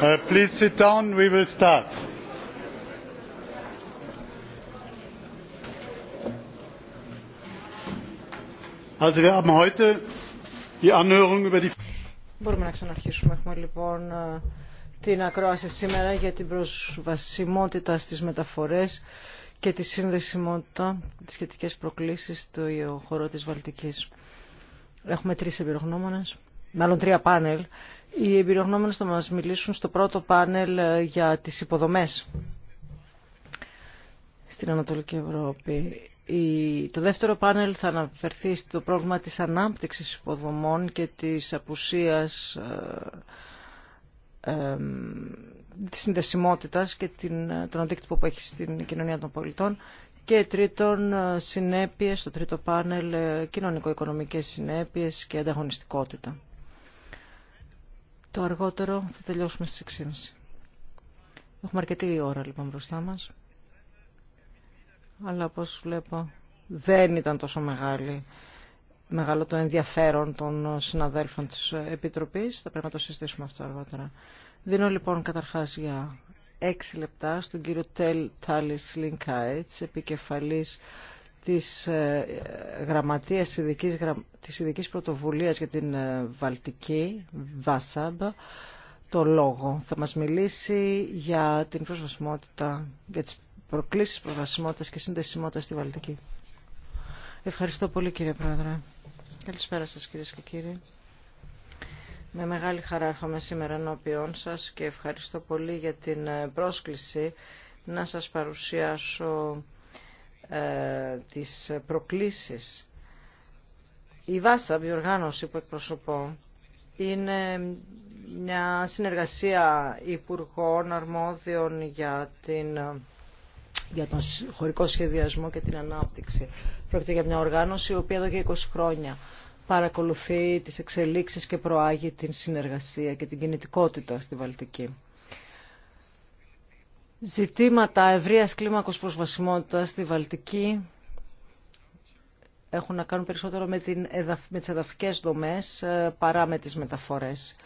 Μπορούμε να ξαναρχίσουμε. Έχουμε λοιπόν ε, την ακρόαση σήμερα για την προσβασιμότητα στις μεταφορές και τη σύνδεσιμότητα, τις σχετικές προκλήσεις στο χώρο της Βαλτικής. Έχουμε τρεις εμπειρογνώμονες μάλλον τρία πάνελ. Οι εμπειρογνωμένε θα μας μιλήσουν στο πρώτο πάνελ ε, για τις υποδομές στην Ανατολική Ευρώπη. Το δεύτερο πάνελ θα αναφερθεί στο πρόβλημα της ανάπτυξης υποδομών και της απουσίας ε, ε, της συνδεσιμότητας και τον αντίκτυπο που έχει στην κοινωνία των πολιτών. Και τρίτον, συνέπειες, το τρίτο πάνελ, κοινωνικο-οικονομικές συνέπειες και ανταγωνιστικότητα. Το αργότερο θα τελειώσουμε στις 6.30. Έχουμε αρκετή ώρα λοιπόν μπροστά μας. Αλλά όπως βλέπω δεν ήταν τόσο μεγάλη, μεγάλο το ενδιαφέρον των συναδέλφων της Επιτροπής. Θα πρέπει να το συζητήσουμε αυτό αργότερα. Δίνω λοιπόν καταρχάς για 6 λεπτά στον κύριο Τελ Τάλις Λινκάιτς, επικεφαλής της ε, γραμματείας ειδικής, της ειδικής πρωτοβουλίας για την ε, Βαλτική, ΒΑΣΑΜΠ, το λόγο. Θα μας μιλήσει για την προσβασιμότητα, για τις προκλήσεις προσβασιμότητας και συνδεσιμότητας στη Βαλτική. Ευχαριστώ πολύ κύριε Πρόεδρε. Καλησπέρα σας κύριε και κύριοι. Με μεγάλη χαρά έρχομαι σήμερα ενώπιόν σας και ευχαριστώ πολύ για την ε, πρόσκληση να σας παρουσιάσω ε, τις προκλήσεις. Η Βάστα, η οργάνωση που εκπροσωπώ, είναι μια συνεργασία υπουργών αρμόδιων για, την, για τον χωρικό σχεδιασμό και την ανάπτυξη. Πρόκειται για μια οργάνωση η οποία εδώ και 20 χρόνια παρακολουθεί τις εξελίξεις και προάγει την συνεργασία και την κινητικότητα στη Βαλτική. Ζητήματα ευρείας κλίμακος προσβασιμότητας στη Βαλτική έχουν να κάνουν περισσότερο με, την, με τις εδαφικές δομές ε, παρά με τις μεταφορές.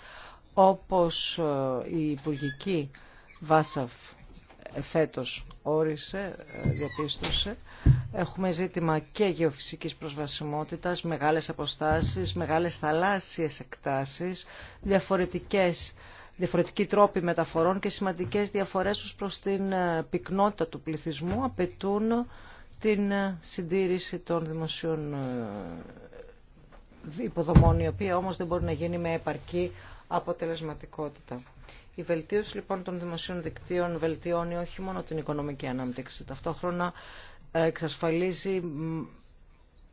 Όπως ε, η Υπουργική Βάσαφ φέτος όρισε, ε, διαπίστωσε, έχουμε ζήτημα και γεωφυσικής προσβασιμότητας, μεγάλες αποστάσεις, μεγάλες θαλάσσιες εκτάσεις, διαφορετικές διαφορετικοί τρόποι μεταφορών και σημαντικές διαφορές ως προς την ε, πυκνότητα του πληθυσμού απαιτούν ε, την ε, συντήρηση των δημοσίων υποδομών, η οποία όμως δεν μπορεί να γίνει με επαρκή αποτελεσματικότητα. Η βελτίωση λοιπόν των δημοσίων δικτύων βελτιώνει όχι μόνο την οικονομική ανάπτυξη, ταυτόχρονα εξασφαλίζει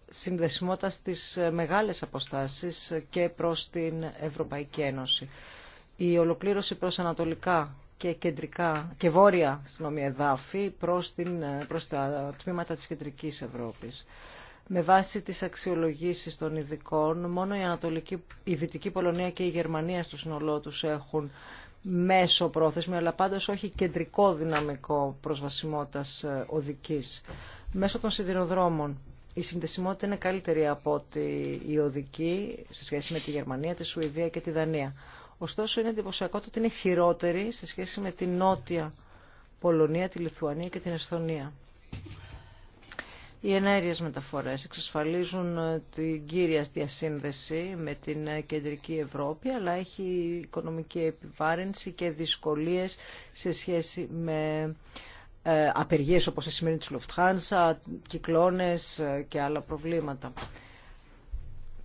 συνδεσιμότητα στις μεγάλες αποστάσεις και προς την Ευρωπαϊκή Ένωση η ολοκλήρωση προς ανατολικά και κεντρικά και βόρεια εδάφη προς, την, προς τα τμήματα της κεντρικής Ευρώπης. Με βάση τις αξιολογήσεις των ειδικών, μόνο η, Ανατολική, η Δυτική Πολωνία και η Γερμανία στο σύνολό τους έχουν μέσο πρόθεσμο, αλλά πάντως όχι κεντρικό δυναμικό προσβασιμότητας ε, οδικής. Μέσω των σιδηροδρόμων η συνδεσιμότητα είναι καλύτερη από ότι η οδική σε σχέση με τη Γερμανία, τη Σουηδία και τη Δανία. Ωστόσο είναι εντυπωσιακό ότι είναι χειρότερη σε σχέση με την νότια Πολωνία, τη Λιθουανία και την Εσθονία. Οι ενέργειες μεταφορές εξασφαλίζουν ε, την κύρια διασύνδεση με την ε, κεντρική Ευρώπη, αλλά έχει οικονομική επιβάρυνση και δυσκολίες σε σχέση με ε, απεργίες όπως η σημερινή της Λουφτχάνσα, κυκλώνες και άλλα προβλήματα.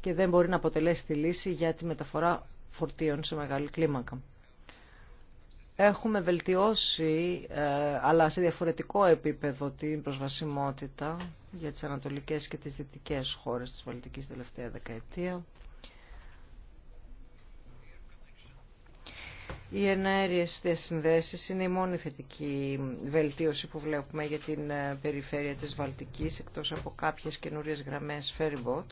Και δεν μπορεί να αποτελέσει τη λύση για τη μεταφορά φορτίων σε μεγάλη κλίμακα. Έχουμε βελτιώσει, ε, αλλά σε διαφορετικό επίπεδο, την προσβασιμότητα για τις ανατολικές και τις δυτικές χώρες της Βαλτικής τελευταία δεκαετία. Οι ενέργειες διασυνδέσεις είναι η μόνη θετική βελτίωση που βλέπουμε για την ε, περιφέρεια της Βαλτικής, εκτός από κάποιες καινούριες γραμμές boat.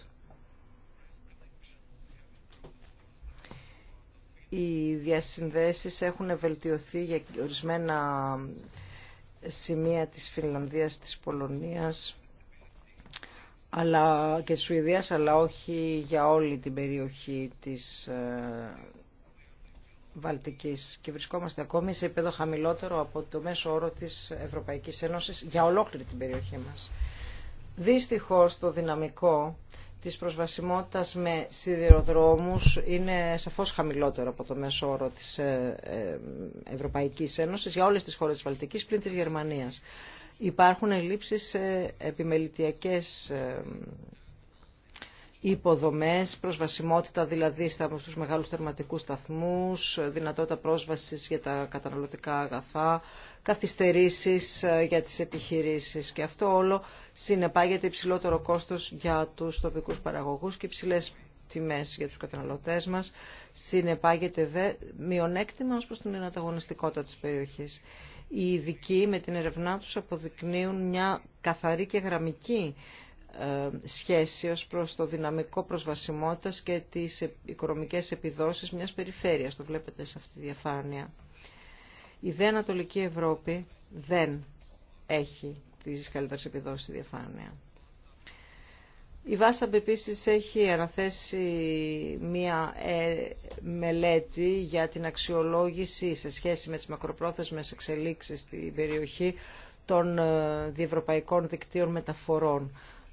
οι διασυνδέσεις έχουν βελτιωθεί για ορισμένα σημεία της Φινλανδίας, της Πολωνίας αλλά και της Σουηδίας, αλλά όχι για όλη την περιοχή της ε, Βαλτικής και βρισκόμαστε ακόμη σε επίπεδο χαμηλότερο από το μέσο όρο της Ευρωπαϊκής Ένωσης για ολόκληρη την περιοχή μας. Δυστυχώς το δυναμικό της προσβασιμότητας με σιδηροδρόμους είναι σαφώς χαμηλότερο από το μέσο όρο της ε, ε, Ευρωπαϊκής Ένωσης για όλες τις χώρες της Βαλτικής πλην της Γερμανίας. Υπάρχουν ελλείψεις σε επιμελητιακές ε, υποδομές, προσβασιμότητα δηλαδή στους μεγάλους θερματικούς σταθμούς, δυνατότητα πρόσβασης για τα καταναλωτικά αγαθά, καθυστερήσεις ε, για τις επιχειρήσεις. Και αυτό όλο συνεπάγεται υψηλότερο κόστος για τους τοπικούς παραγωγούς και υψηλές τιμές για τους καταναλωτές μας. Συνεπάγεται δε μειονέκτημα ως προς την ανταγωνιστικότητα της περιοχής. Οι ειδικοί με την ερευνά τους αποδεικνύουν μια καθαρή και γραμμική ε, σχέση ως προς το δυναμικό προσβασιμότητας και τις οικονομικές επιδόσεις μιας περιφέρειας. Το βλέπετε σε αυτή τη διαφάνεια. Η δε Ανατολική Ευρώπη δεν έχει τις καλύτερες επιδόσεις διαφάνεια. Η Βάσαμπ επίσης έχει αναθέσει μία ε, μελέτη για την αξιολόγηση σε σχέση με τις μακροπρόθεσμες εξελίξεις στην περιοχή των ε, διευρωπαϊκών δικτύων μεταφορών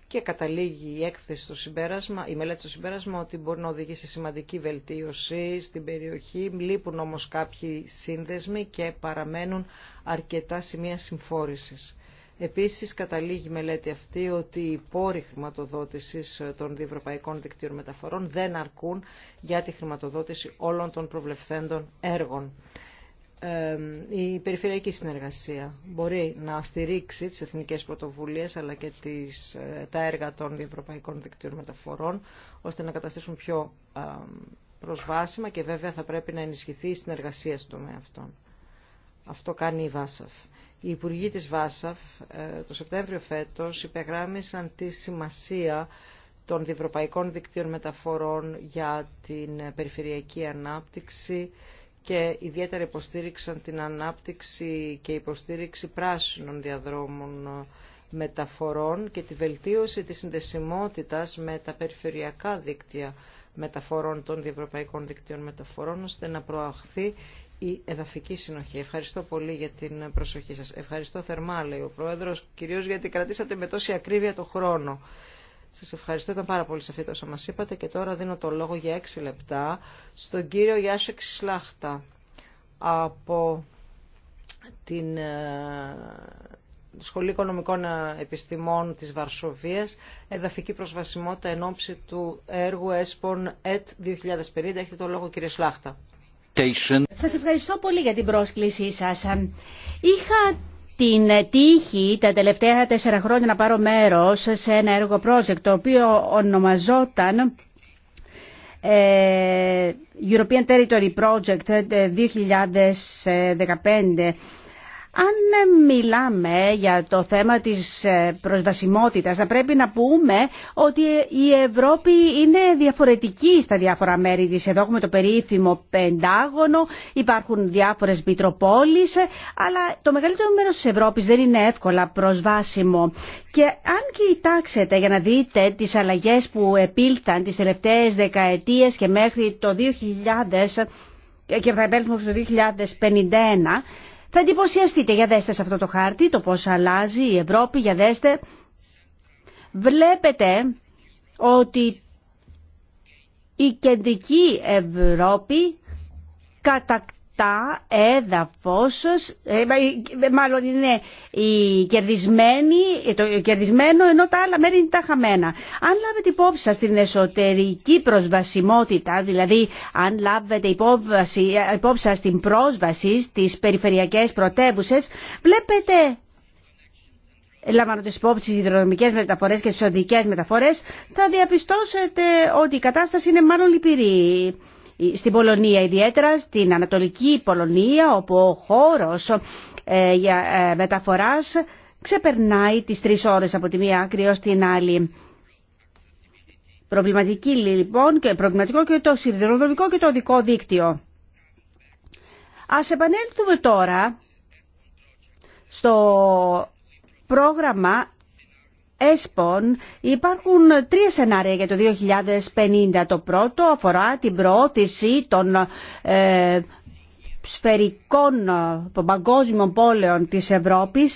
και καταλήγει η έκθεση στο συμπέρασμα, η μελέτη στο συμπέρασμα ότι μπορεί να οδηγήσει σημαντική βελτίωση στην περιοχή. Λείπουν όμως κάποιοι σύνδεσμοι και παραμένουν αρκετά σημεία συμφόρησης. Επίσης καταλήγει η μελέτη αυτή ότι οι πόροι χρηματοδότησης των διευρωπαϊκών δικτύων μεταφορών δεν αρκούν για τη χρηματοδότηση όλων των προβλεφθέντων έργων η περιφερειακή συνεργασία μπορεί να στηρίξει τις εθνικές πρωτοβουλίες αλλά και τις, ε, τα έργα των διευρωπαϊκών δικτύων μεταφορών ώστε να καταστήσουν πιο προσβάσιμα και βέβαια θα πρέπει να ενισχυθεί η συνεργασία στο τομέα αυτών. Αυτό κάνει η Βάσαφ. Οι Υπουργοί της Βάσαφ ε, το Σεπτέμβριο φέτος υπεγράμμισαν τη σημασία των διευρωπαϊκών δικτύων μεταφορών για την ε, περιφερειακή ανάπτυξη και ιδιαίτερα υποστήριξαν την ανάπτυξη και υποστήριξη πράσινων διαδρόμων ε, μεταφορών και τη βελτίωση της συνδεσιμότητας με τα περιφερειακά δίκτυα μεταφορών των διευρωπαϊκών δικτύων μεταφορών ώστε να προαχθεί η εδαφική συνοχή. Ευχαριστώ πολύ για την προσοχή σας. Ευχαριστώ θερμά, λέει ο Πρόεδρος, κυρίως γιατί κρατήσατε με τόση ακρίβεια το χρόνο. Σας ευχαριστώ, ήταν πάρα πολύ σαφή όσα μας είπατε και τώρα δίνω το λόγο για 6 λεπτά στον κύριο Γιάσο Σλάχτα από την ε, Σχολή Οικονομικών Επιστημών της Βαρσοβίας, εδαφική προσβασιμότητα εν ώψη του έργου ΕΣΠΟΝ ΕΤ 2050. Έχετε το λόγο κύριε Σλάχτα. Σας ευχαριστώ πολύ για την πρόσκλησή σας. Είχα την τύχη τα τελευταία τέσσερα χρόνια να πάρω μέρος σε ένα έργο project το οποίο ονομαζόταν ε, European Territory Project 2015 ε, ε, αν μιλάμε για το θέμα της ε, προσβασιμότητας, θα πρέπει να πούμε ότι ε, η Ευρώπη είναι διαφορετική στα διάφορα μέρη της. Εδώ έχουμε το περίφημο πεντάγωνο, υπάρχουν διάφορες μητροπόλεις, ε, αλλά το μεγαλύτερο μέρος της Ευρώπης δεν είναι εύκολα προσβάσιμο. Και αν κοιτάξετε για να δείτε τις αλλαγές που επήλθαν τις τελευταίες δεκαετίες και μέχρι το και θα επέλθουμε στο 2051, θα εντυπωσιαστείτε, για δέστε σε αυτό το χάρτη, το πώς αλλάζει η Ευρώπη, για δέστε. Βλέπετε ότι η κεντρική Ευρώπη κατακτήθηκε τα έδαφος, ε, ε, ε, μάλλον είναι η κερδισμένη, το κερδισμένο ενώ τα άλλα μέρη είναι τα χαμένα. Αν λάβετε υπόψη σας την εσωτερική προσβασιμότητα, δηλαδή αν λάβετε υπόψη, υπόψη σας την πρόσβαση στις περιφερειακές πρωτεύουσες, βλέπετε λαμβάνοντα υπόψη τι υδροδρομικέ μεταφορέ και τι οδικέ μεταφορέ, θα διαπιστώσετε ότι η κατάσταση είναι μάλλον λυπηρή. Ε, στην Πολωνία ιδιαίτερα, στην Ανατολική Πολωνία, όπου ο χώρος ε, για ε, μεταφοράς ξεπερνάει τις τρεις ώρες από τη μία άκρη ως την άλλη. Προβληματική λοιπόν και προβληματικό και το σιδηροδρομικό και το οδικό δίκτυο. Ας επανέλθουμε τώρα στο πρόγραμμα ΕΣΠΟΝ υπάρχουν τρία σενάρια για το 2050. Το πρώτο αφορά την προώθηση των ε, σφαιρικών ε, των παγκόσμιων πόλεων της Ευρώπης.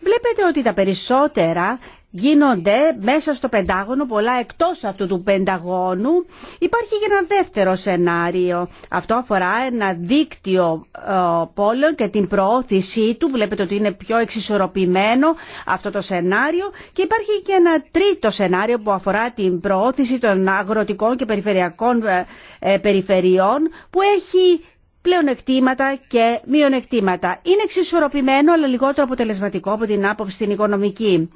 Βλέπετε ότι τα περισσότερα γίνονται μέσα στο πεντάγωνο, πολλά εκτός αυτού του πενταγώνου. Υπάρχει και ένα δεύτερο σενάριο. Αυτό αφορά ένα δίκτυο ε, πόλεων και την προώθησή του. Βλέπετε ότι είναι πιο εξισορροπημένο αυτό το σενάριο. Και υπάρχει και ένα τρίτο σενάριο που αφορά την προώθηση των αγροτικών και περιφερειακών ε, ε, περιφερειών που έχει πλεονεκτήματα και μειονεκτήματα. Είναι εξισορροπημένο αλλά λιγότερο αποτελεσματικό από την άποψη στην οικονομική.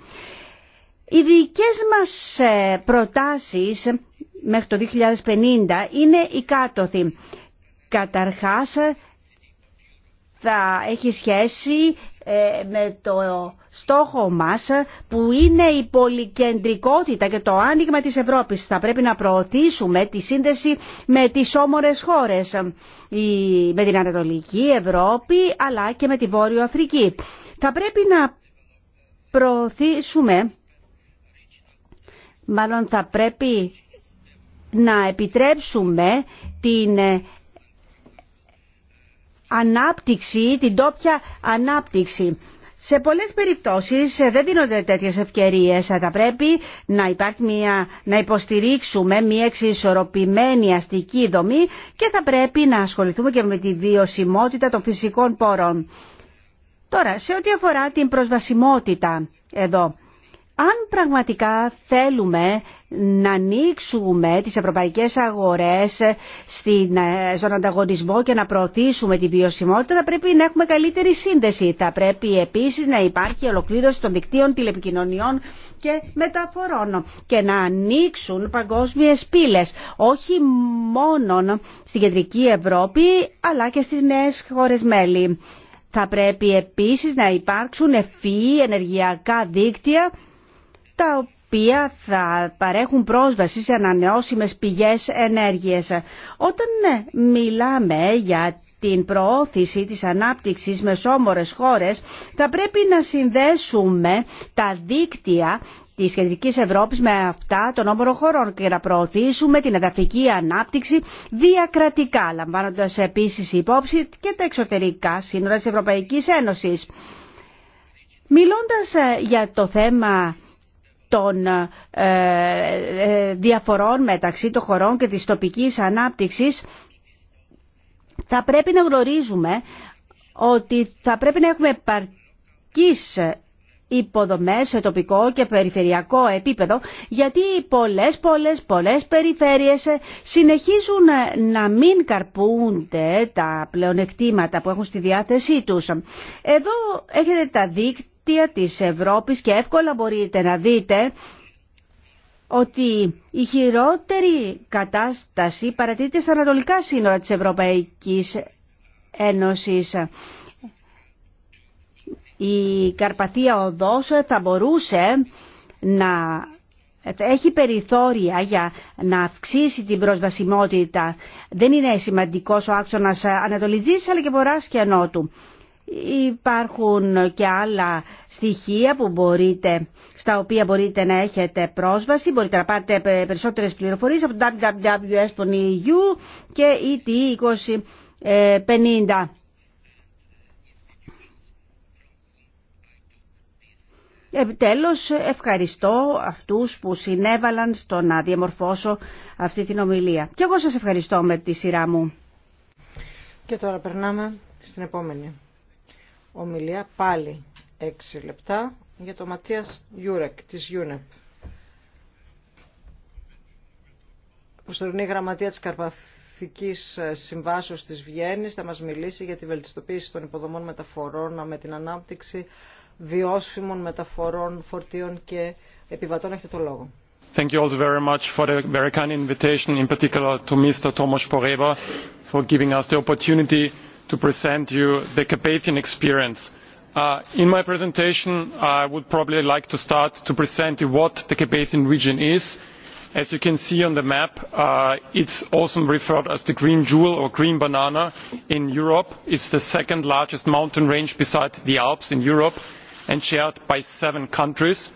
Οι δικές μας ε, προτάσεις μέχρι το 2050 είναι οι κάτωθοι. Καταρχάς θα έχει σχέση ε, με το στόχο μας που είναι η πολυκεντρικότητα και το άνοιγμα της Ευρώπης. Θα πρέπει να προωθήσουμε τη σύνδεση με τις όμορες χώρες, με την Ανατολική Ευρώπη αλλά και με τη Βόρειο Αφρική. Θα πρέπει να προωθήσουμε μάλλον θα πρέπει να επιτρέψουμε την ε, ανάπτυξη, την τόπια ανάπτυξη. Σε πολλές περιπτώσεις ε, δεν δίνονται τέτοιες ευκαιρίες. Ε, θα πρέπει να, υπάρχει μια, να υποστηρίξουμε μια εξισορροπημένη αστική δομή και θα πρέπει να ασχοληθούμε και με τη βιωσιμότητα των φυσικών πόρων. Τώρα, σε ό,τι αφορά την προσβασιμότητα εδώ, αν πραγματικά θέλουμε να ανοίξουμε τις ευρωπαϊκές αγορές στην, ε, στον ανταγωνισμό και να προωθήσουμε τη βιωσιμότητα θα πρέπει να έχουμε καλύτερη σύνδεση. Θα πρέπει επίσης να υπάρχει ολοκλήρωση των δικτύων τηλεπικοινωνιών και μεταφορών και να ανοίξουν παγκόσμιες πύλες όχι μόνο στην κεντρική Ευρώπη αλλά και στις νέες χώρες μέλη. Θα πρέπει επίσης να υπάρξουν ευφυή ενεργειακά δίκτυα τα οποία θα παρέχουν πρόσβαση σε ανανεώσιμες πηγές ενέργειας. Όταν ναι, μιλάμε για την προώθηση της ανάπτυξης με σώμορες χώρες θα πρέπει να συνδέσουμε τα δίκτυα της Κεντρικής Ευρώπης με αυτά των όμορων χωρών και να προωθήσουμε την εδαφική ανάπτυξη διακρατικά, λαμβάνοντας επίσης υπόψη και τα εξωτερικά σύνορα της Ευρωπαϊκής Ένωσης. Μιλώντας ε, για το θέμα των ε, ε, διαφορών μεταξύ των χωρών και της τοπικής ανάπτυξης θα πρέπει να γνωρίζουμε ότι θα πρέπει να έχουμε επαρκείς υποδομές σε τοπικό και περιφερειακό επίπεδο γιατί πολλές πολλές πολλές περιφέρειες συνεχίζουν να μην καρπούνται τα πλεονεκτήματα που έχουν στη διάθεσή τους. Εδώ έχετε τα δίκτυα δίκτυα της Ευρώπης και εύκολα μπορείτε να δείτε ότι η χειρότερη κατάσταση παρατηρείται στα ανατολικά σύνορα της Ευρωπαϊκής Ένωσης. Η Καρπαθία Οδός θα μπορούσε να έχει περιθώρια για να αυξήσει την προσβασιμότητα. Δεν είναι σημαντικός ο άξονας Ανατολής αλλά και Βοράς και Ανώτου. Υπάρχουν και άλλα στοιχεία που μπορείτε, στα οποία μπορείτε να έχετε πρόσβαση. Μπορείτε να πάρετε περισσότερες πληροφορίες από το www.espon.eu και ET2050. Επιτέλους ευχαριστώ αυτούς που συνέβαλαν στο να διαμορφώσω αυτή την ομιλία. Και εγώ σας ευχαριστώ με τη σειρά μου. Και τώρα περνάμε στην επόμενη ομιλία πάλι 6 λεπτά για το Ματίας Γιούρεκ της UNEP. Προστορνή γραμματεία της Καρπαθικής Συμβάσεως της Βιέννης θα μας μιλήσει για τη βελτιστοποίηση των υποδομών μεταφορών με την ανάπτυξη βιώσιμων μεταφορών φορτίων και επιβατών. Έχετε το λόγο. Thank you also very much for the very kind invitation, in particular to Mr. Tomos Poreba, for giving us the opportunity to present you the Carpathian experience. In my presentation, I would probably like to start to present you what the Carpathian region is. As you can see on the map, it's also referred as the green jewel or green banana in Europe. It's the second largest mountain range beside the Alps in Europe and shared by seven countries.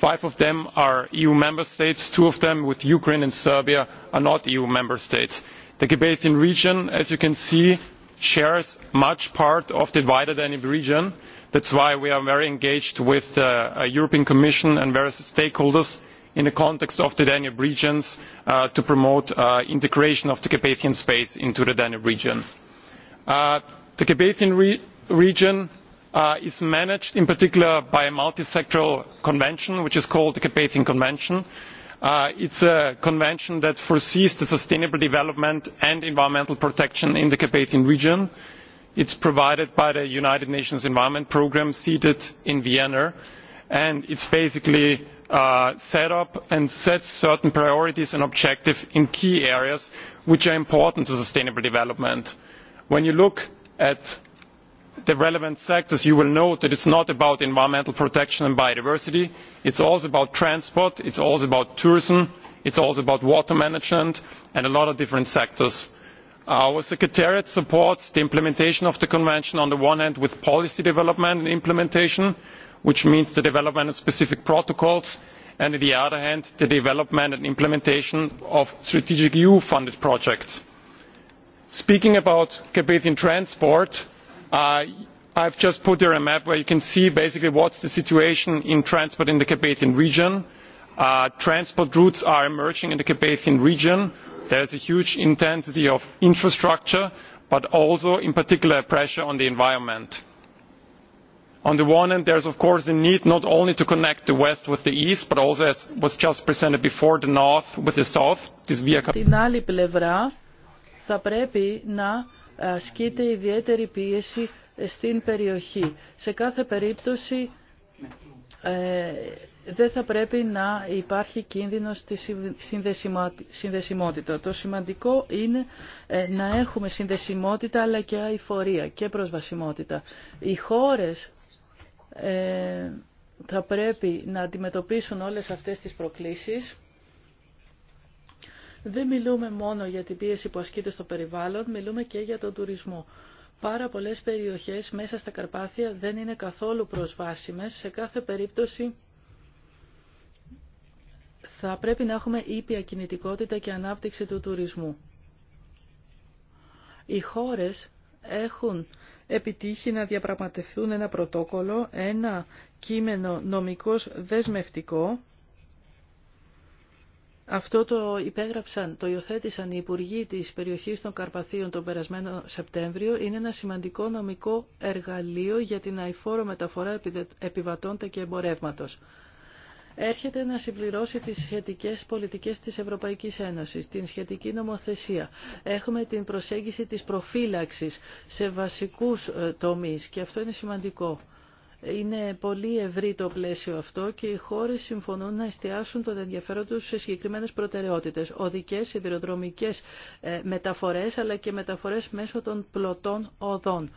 Five of them are EU member states. Two of them, with Ukraine and Serbia, are not EU member states. The Carpathian region, as you can see, shares much part of the wider danube region. That is why we are very engaged with the European Commission and various stakeholders in the context of the Danube regions to promote integration of the Carpathian space into the Danube region. The Carpathian region is managed in particular by a multi-sectoral convention which is called the Carpathian Convention It is a convention that foresees the sustainable development and environmental protection in the Carpathian region. It is provided by the United Nations Environment Programme, seated in Vienna, and it is basically set up and sets certain priorities and objectives in key areas which are important to sustainable development. When you look at the relevant sectors you will note that it is not about environmental protection and biodiversity it is also about transport it is also about tourism it is also about water management and a lot of different sectors. our secretariat supports the implementation of the convention on the one hand with policy development and implementation which means the development of specific protocols and on the other hand the development and implementation of strategic eu funded projects. speaking about carpathian transport I have just put there a map where you can see basically what's the situation in transport in the Carpathian region. Transport routes are emerging in the Carpathian region. There is a huge intensity of infrastructure, but also in particular pressure on the environment. On the one hand, there is of course a need not only to connect the west with the east, but also, as was just presented before, the north with the south. This via ασκείται ιδιαίτερη πίεση στην περιοχή. Σε κάθε περίπτωση ε, δεν θα πρέπει να υπάρχει κίνδυνο στη συνδεσιμότητα. Το σημαντικό είναι ε, να έχουμε συνδεσιμότητα αλλά και αηφορία και προσβασιμότητα. Οι χώρες ε, θα πρέπει να αντιμετωπίσουν όλες αυτές τις προκλήσεις δεν μιλούμε μόνο για την πίεση που ασκείται στο περιβάλλον, μιλούμε και για τον τουρισμό. Πάρα πολλές περιοχές μέσα στα Καρπάθια δεν είναι καθόλου προσβάσιμες. Σε κάθε περίπτωση θα πρέπει να έχουμε ήπια κινητικότητα και ανάπτυξη του τουρισμού. Οι χώρες έχουν επιτύχει να διαπραγματευτούν ένα πρωτόκολλο, ένα κείμενο νομικός δεσμευτικό, αυτό το υπέγραψαν, το υιοθέτησαν οι Υπουργοί της περιοχής των Καρπαθίων τον περασμένο Σεπτέμβριο. Είναι ένα σημαντικό νομικό εργαλείο για την αηφόρο μεταφορά επιβατών και εμπορεύματος. Έρχεται να συμπληρώσει τις σχετικές πολιτικές της Ευρωπαϊκής Ένωσης, την σχετική νομοθεσία. Έχουμε την προσέγγιση της προφύλαξης σε βασικούς ε, τομείς και αυτό είναι σημαντικό. Είναι πολύ ευρύ το πλαίσιο αυτό και οι χώρες συμφωνούν να εστιάσουν τον ενδιαφέρον τους σε συγκεκριμένες προτεραιότητες, οδικές, σιδηροδρομικές ε, μεταφορές, αλλά και μεταφορές μέσω των πλωτών οδών.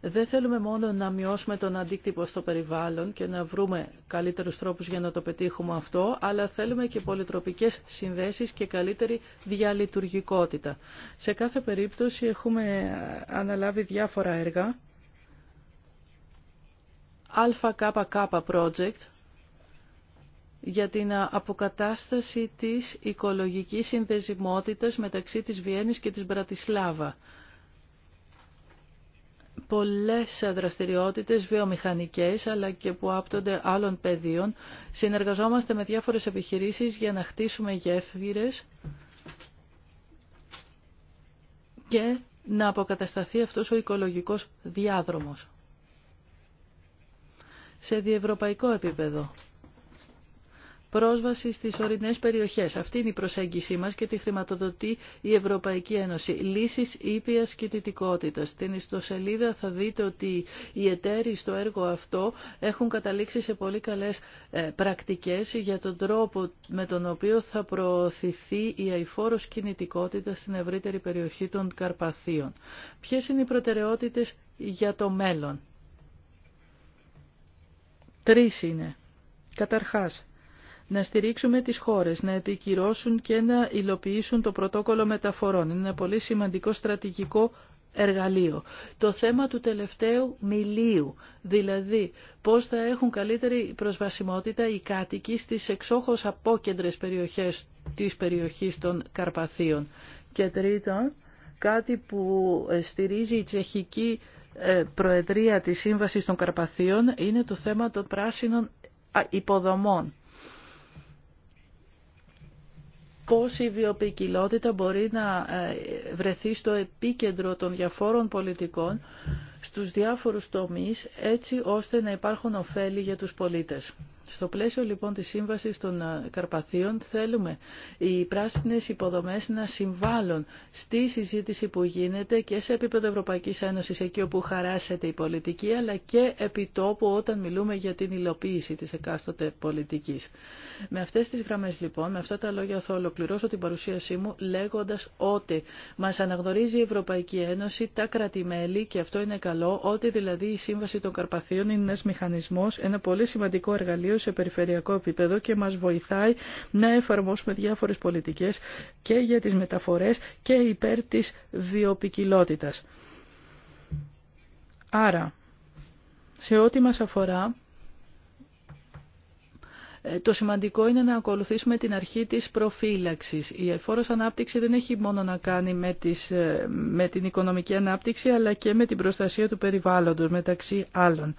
Δεν θέλουμε μόνο να μειώσουμε τον αντίκτυπο στο περιβάλλον και να βρούμε καλύτερους τρόπους για να το πετύχουμε αυτό, αλλά θέλουμε και πολυτροπικές συνδέσεις και καλύτερη διαλειτουργικότητα. Σε κάθε περίπτωση έχουμε αναλάβει διάφορα έργα ΑΚΚ Project για την αποκατάσταση της οικολογικής συνδεσιμότητας μεταξύ της Βιέννης και της Μπρατισλάβα. Πολλές δραστηριότητες βιομηχανικές αλλά και που άπτονται άλλων πεδίων. Συνεργαζόμαστε με διάφορες επιχειρήσεις για να χτίσουμε γέφυρες και να αποκατασταθεί αυτός ο οικολογικός διάδρομος σε διευρωπαϊκό επίπεδο. Πρόσβαση στις ορεινές περιοχές. Αυτή είναι η προσέγγιση μας και τη χρηματοδοτεί η Ευρωπαϊκή Ένωση. Λύσεις ήπιας κινητικότητα. Στην ιστοσελίδα θα δείτε ότι οι εταίροι στο έργο αυτό έχουν καταλήξει σε πολύ καλές ε, πρακτικές για τον τρόπο με τον οποίο θα προωθηθεί η αηφόρος κινητικότητα στην ευρύτερη περιοχή των Καρπαθίων. Ποιες είναι οι προτεραιότητες για το μέλλον. Τρεις είναι. Καταρχάς, να στηρίξουμε τις χώρες να επικυρώσουν και να υλοποιήσουν το πρωτόκολλο μεταφορών. Είναι ένα πολύ σημαντικό στρατηγικό εργαλείο. Το θέμα του τελευταίου μιλίου, δηλαδή πώς θα έχουν καλύτερη προσβασιμότητα οι κάτοικοι στις εξόχως απόκεντρες περιοχές της περιοχής των Καρπαθίων. Και τρίτον, κάτι που στηρίζει η τσεχική ε, Προεδρία της Σύμβασης των Καρπαθίων είναι το θέμα των πράσινων υποδομών. Πώς η βιοποικιλότητα μπορεί να ε, βρεθεί στο επίκεντρο των διαφόρων πολιτικών στους διάφορους τομείς έτσι ώστε να υπάρχουν ωφέλη για τους πολίτες. Στο πλαίσιο λοιπόν της σύμβασης των ε, Καρπαθίων θέλουμε οι πράσινες υποδομές να συμβάλλουν στη συζήτηση που γίνεται και σε επίπεδο Ευρωπαϊκής Ένωσης εκεί όπου χαράσεται η πολιτική αλλά και επί τόπου όταν μιλούμε για την υλοποίηση της εκάστοτε πολιτικής. Με αυτές τις γραμμές λοιπόν, με αυτά τα λόγια θα ολοκληρώσω την παρουσίασή μου λέγοντας ότι μας αναγνωρίζει η Ευρωπαϊκή Ένωση, τα κρατημέλη και αυτό είναι καλό, ότι δηλαδή η Σύμβαση των Καρπαθίων είναι ένας μηχανισμός, ένα πολύ σημαντικό εργαλείο σε περιφερειακό επίπεδο και μας βοηθάει να εφαρμόσουμε διάφορες πολιτικές και για τις μεταφορές και υπέρ της βιοπικιλότητας. Άρα, σε ό,τι μας αφορά, ε, το σημαντικό είναι να ακολουθήσουμε την αρχή της προφύλαξης. Η εφόρος ανάπτυξη δεν έχει μόνο να κάνει ε, με, την οικονομική ανάπτυξη, αλλά και με την προστασία του περιβάλλοντος, μεταξύ άλλων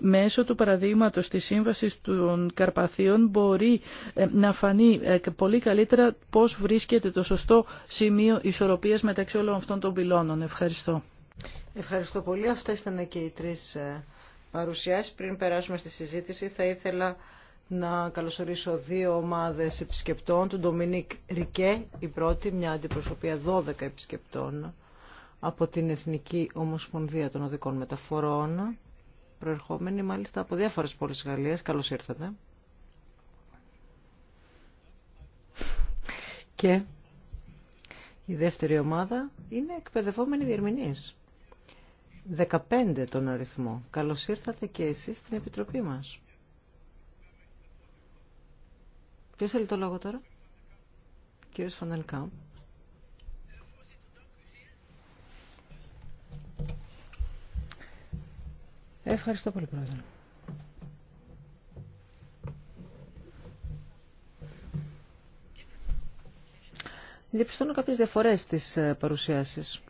μέσω του παραδείγματος της σύμβασης των Καρπαθίων μπορεί ε, να φανεί ε, πολύ καλύτερα πώς βρίσκεται το σωστό σημείο ισορροπίας μεταξύ όλων αυτών των πυλώνων. Ευχαριστώ. Ευχαριστώ πολύ. Αυτά ήταν και οι τρεις ε, παρουσιάσεις. Πριν περάσουμε στη συζήτηση θα ήθελα να καλωσορίσω δύο ομάδες επισκεπτών. τον Ντομινίκ Ρικέ, η πρώτη, μια αντιπροσωπεία 12 επισκεπτών από την Εθνική Ομοσπονδία των Οδικών Μεταφορών προερχόμενοι μάλιστα από διάφορες πόλεις της Γαλλίας. Καλώς ήρθατε. Και η δεύτερη ομάδα είναι εκπαιδευόμενοι διερμηνείς. 15 τον αριθμό. Καλώς ήρθατε και εσείς στην Επιτροπή μας. Ποιος θέλει το λόγο τώρα? Κύριος Φαντανκάμπ. Ευχαριστώ πολύ, Πρόεδρε. Διαπιστώνω κάποιες διαφορές στις ε, παρουσιάσεις.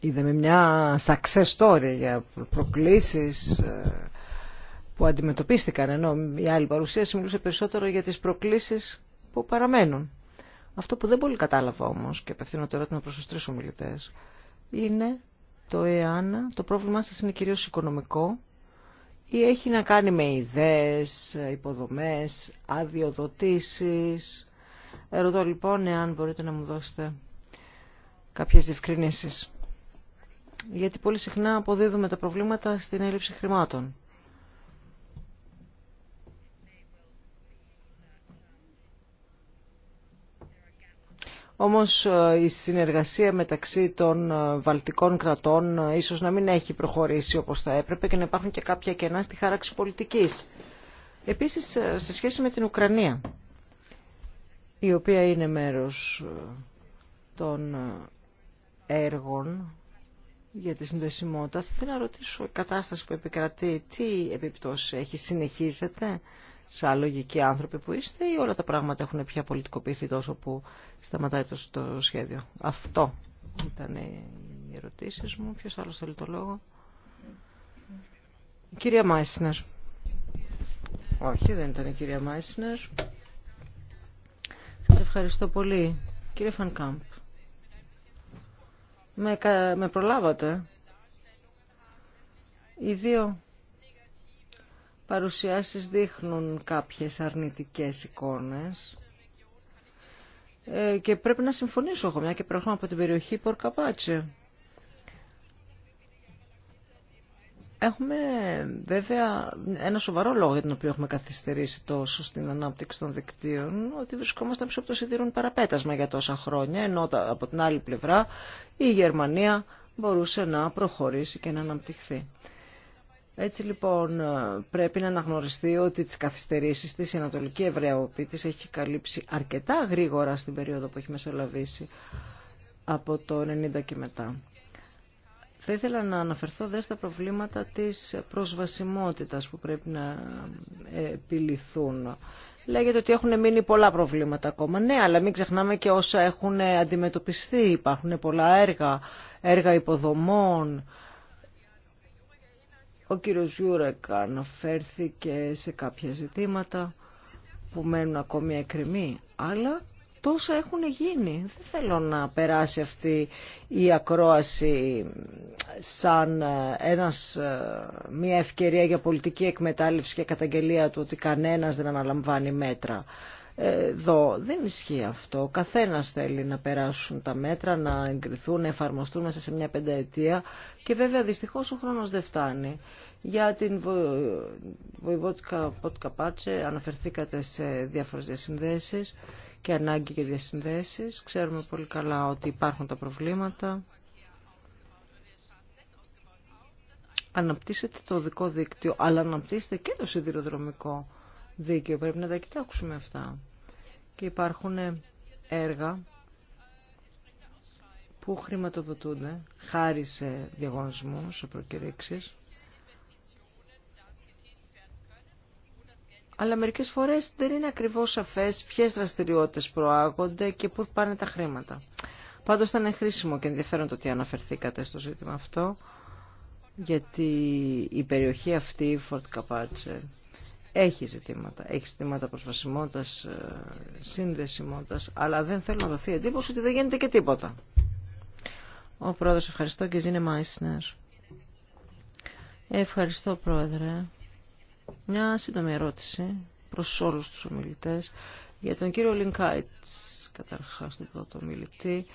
Είδαμε μια success story για προκλήσεις ε, που αντιμετωπίστηκαν, ενώ η άλλη παρουσίαση μιλούσε περισσότερο για τις προκλήσεις που παραμένουν. Αυτό που δεν πολύ κατάλαβα όμως και απευθύνω το ερώτημα προς τους τρεις ομιλητές είναι το εάν το πρόβλημά σας είναι κυρίως οικονομικό ή έχει να κάνει με ιδέες, υποδομές, αδειοδοτήσεις. Ερωτώ λοιπόν εάν μπορείτε να μου δώσετε κάποιες διευκρινήσεις. Γιατί πολύ συχνά αποδίδουμε τα προβλήματα στην έλλειψη χρημάτων. Όμως ε, η συνεργασία μεταξύ των ε, βαλτικών κρατών ε, ίσως να μην έχει προχωρήσει όπως θα έπρεπε και να υπάρχουν και κάποια κενά στη χάραξη πολιτικής. Επίσης σε σχέση με την Ουκρανία, η οποία είναι μέρος των έργων για τη συνδεσιμότητα, θα ήθελα να ρωτήσω η κατάσταση που επικρατεί, τι επιπτώσεις έχει, συνεχίζεται σαν λογικοί άνθρωποι που είστε ή όλα τα πράγματα έχουν πια πολιτικοποιηθεί τόσο που σταματάει το, σχέδιο. Αυτό ήταν οι ερωτήσει μου. Ποιο άλλο θέλει το λόγο. Η κυρία Μάισνερ. Όχι, δεν ήταν η κυρία Μάισνερ. Σας ευχαριστώ πολύ. Κύριε Φανκάμπ, με, με προλάβατε. Οι δύο παρουσιάσεις δείχνουν κάποιες αρνητικές εικόνες ε, και πρέπει να συμφωνήσω εγώ, μια και προχωράμε από την περιοχή Πορκαπάτσε. Έχουμε βέβαια ένα σοβαρό λόγο για τον οποίο έχουμε καθυστερήσει τόσο στην ανάπτυξη των δικτύων, ότι βρισκόμαστε πίσω από το σιδηρούν παραπέτασμα για τόσα χρόνια, ενώ από την άλλη πλευρά η Γερμανία μπορούσε να προχωρήσει και να αναπτυχθεί. Έτσι λοιπόν ε, πρέπει να αναγνωριστεί ότι τις καθυστερήσεις της η Ανατολική έχει καλύψει αρκετά γρήγορα στην περίοδο που έχει μεσολαβήσει από το 90 και μετά. Θα ήθελα να αναφερθώ δε στα προβλήματα της προσβασιμότητας που πρέπει να ε, επιληθούν. Λέγεται ότι έχουν μείνει πολλά προβλήματα ακόμα. Ναι, αλλά μην ξεχνάμε και όσα έχουν ε, αντιμετωπιστεί. Υπάρχουν πολλά έργα, έργα υποδομών, ο κύριος Γιούρεκ αναφέρθηκε σε κάποια ζητήματα που μένουν ακόμη εκκρεμοί, αλλά τόσα έχουν γίνει. Δεν θέλω να περάσει αυτή η ακρόαση σαν ε, ένας, ε, μια ευκαιρία για πολιτική εκμετάλλευση και καταγγελία του ότι κανένας δεν αναλαμβάνει μέτρα εδώ. Δεν ισχύει αυτό. Ο καθένας θέλει να περάσουν τα μέτρα, να εγκριθούν, να εφαρμοστούν μέσα σε μια πενταετία και βέβαια δυστυχώς ο χρόνος δεν φτάνει. Για την Βοηβότικα Πότκα Πάτσε αναφερθήκατε σε διάφορες διασυνδέσεις και ανάγκη και διασυνδέσεις. Ξέρουμε πολύ καλά ότι υπάρχουν τα προβλήματα. Αναπτύσσετε το οδικό δίκτυο, αλλά αναπτύσσετε και το σιδηροδρομικό δίκαιο. Πρέπει να τα κοιτάξουμε αυτά. Και υπάρχουν έργα που χρηματοδοτούνται χάρη σε διαγωνισμού, σε προκηρύξεις. Αλλά μερικές φορές δεν είναι ακριβώς σαφές ποιες δραστηριότητες προάγονται και πού πάνε τα χρήματα. Πάντως ήταν χρήσιμο και ενδιαφέρον το ότι αναφερθήκατε στο ζήτημα αυτό, γιατί η περιοχή αυτή, η Fort έχει ζητήματα. Έχει ζητήματα προσβασιμότητα, ε, σύνδεσιμότητα, αλλά δεν θέλω να δοθεί εντύπωση ότι δεν γίνεται και τίποτα. Ο πρόεδρο, ευχαριστώ και Ζήνε Μάισνερ. Ευχαριστώ πρόεδρε. Μια σύντομη ερώτηση προ όλου του ομιλητέ για τον κύριο Λινκάιτ, Καταρχά τον πρώτο ομιλητή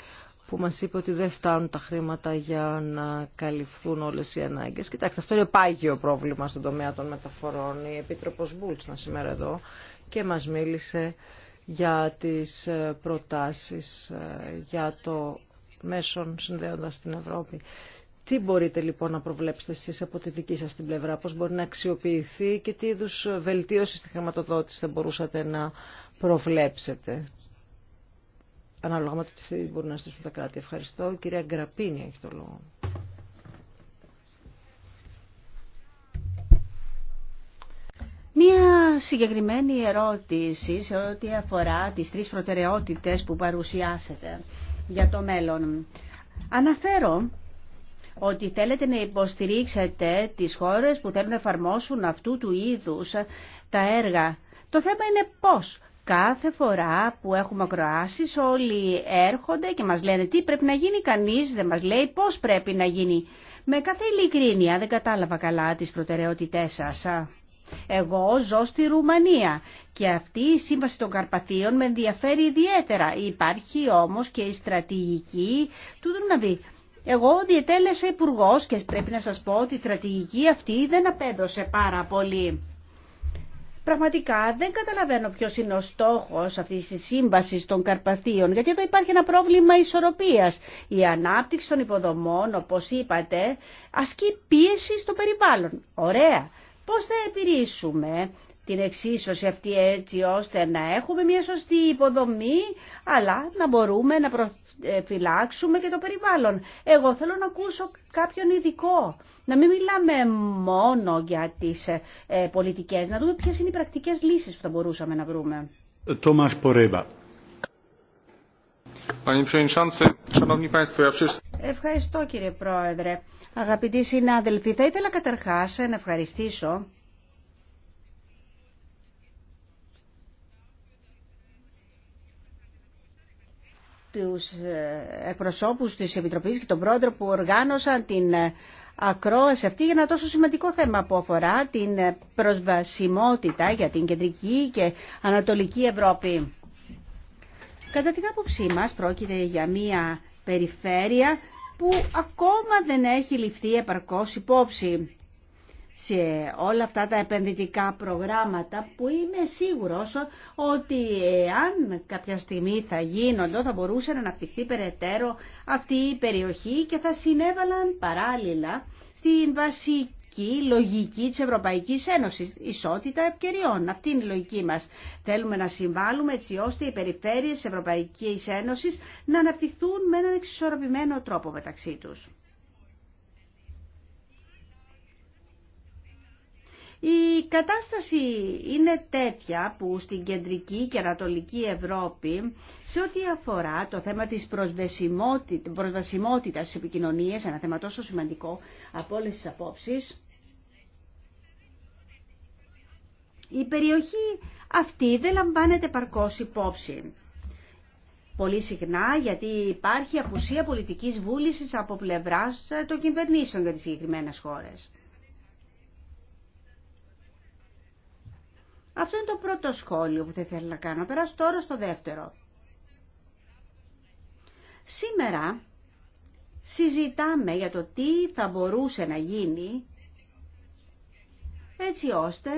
που μας είπε ότι δεν φτάνουν τα χρήματα για να καλυφθούν όλες οι ανάγκες. Κοιτάξτε, αυτό είναι πάγιο πρόβλημα στον τομέα των μεταφορών. Η Επίτροπος Μπούλτς ήταν σήμερα εδώ και μας μίλησε για τις ε, προτάσεις ε, για το μέσον συνδέοντας την Ευρώπη. Τι μπορείτε λοιπόν να προβλέψετε εσείς από τη δική σας την πλευρά, πώς μπορεί να αξιοποιηθεί και τι είδους βελτίωση στη χρηματοδότηση θα μπορούσατε να προβλέψετε ανάλογα με το τι μπορούν να στήσουν τα κράτη. Ευχαριστώ. Η κυρία Γκραπίνη έχει το λόγο. Μία συγκεκριμένη ερώτηση σε ό,τι αφορά τις τρεις προτεραιότητες που παρουσιάσετε για το μέλλον. Αναφέρω ότι θέλετε να υποστηρίξετε τις χώρες που θέλουν να εφαρμόσουν αυτού του είδους τα έργα. Το θέμα είναι πώς. Κάθε φορά που έχουμε ακροάσεις όλοι έρχονται και μας λένε τι πρέπει να γίνει κανείς, δεν μας λέει πώς πρέπει να γίνει. Με κάθε ειλικρίνεια δεν κατάλαβα καλά τις προτεραιότητές σας. Εγώ ζω στη Ρουμανία και αυτή η σύμβαση των Καρπαθίων με ενδιαφέρει ιδιαίτερα. Υπάρχει όμως και η στρατηγική του δει. Εγώ διετέλεσα υπουργό και πρέπει να σας πω ότι η στρατηγική αυτή δεν απέδωσε πάρα πολύ. Πραγματικά δεν καταλαβαίνω ποιο είναι ο στόχος αυτής της σύμβαση των Καρπαθίων, γιατί εδώ υπάρχει ένα πρόβλημα ισορροπίας. Η ανάπτυξη των υποδομών, όπως είπατε, ασκεί πίεση στο περιβάλλον. Ωραία. Πώς θα επιρρήσουμε την εξίσωση αυτή έτσι ώστε να έχουμε μια σωστή υποδομή αλλά να μπορούμε να προφυλάξουμε και το περιβάλλον. Εγώ θέλω να ακούσω κάποιον ειδικό. Να μην μιλάμε μόνο για τις ε, πολιτικές, να δούμε ποιες είναι οι πρακτικές λύσεις που θα μπορούσαμε να βρούμε. Τόμας Ευχαριστώ κύριε Πρόεδρε. Αγαπητοί συνάδελφοι, θα ήθελα καταρχάς να ευχαριστήσω τους ε, εκπροσώπους της Επιτροπής και τον πρόεδρο που οργάνωσαν την ε, ακρόαση αυτή για ένα τόσο σημαντικό θέμα που αφορά την ε, προσβασιμότητα για την κεντρική και ανατολική Ευρώπη. Κατά την άποψή μας πρόκειται για μια περιφέρεια που ακόμα δεν έχει ληφθεί επαρκώς υπόψη σε όλα αυτά τα επενδυτικά προγράμματα που είμαι σίγουρος ότι ε, αν κάποια στιγμή θα γίνονται θα μπορούσε να αναπτυχθεί περαιτέρω αυτή η περιοχή και θα συνέβαλαν παράλληλα στην βασική λογική της Ευρωπαϊκής Ένωσης, ισότητα ευκαιριών. Αυτή είναι η λογική μας. Θέλουμε να συμβάλλουμε έτσι ώστε οι περιφέρειες της Ευρωπαϊκής Ένωσης να αναπτυχθούν με έναν εξισορροπημένο τρόπο μεταξύ τους. Η κατάσταση είναι τέτοια που στην κεντρική και ανατολική Ευρώπη σε ό,τι αφορά το θέμα της προσβασιμότητας της επικοινωνίας ένα θέμα τόσο σημαντικό από όλες τις απόψεις, η περιοχή αυτή δεν λαμβάνεται παρκώς υπόψη. Πολύ συχνά γιατί υπάρχει απουσία πολιτικής βούλησης από πλευράς των κυβερνήσεων για τις συγκεκριμένες χώρες. Αυτό είναι το πρώτο σχόλιο που θα ήθελα να κάνω. Περάσω τώρα στο δεύτερο. Σήμερα συζητάμε για το τι θα μπορούσε να γίνει έτσι ώστε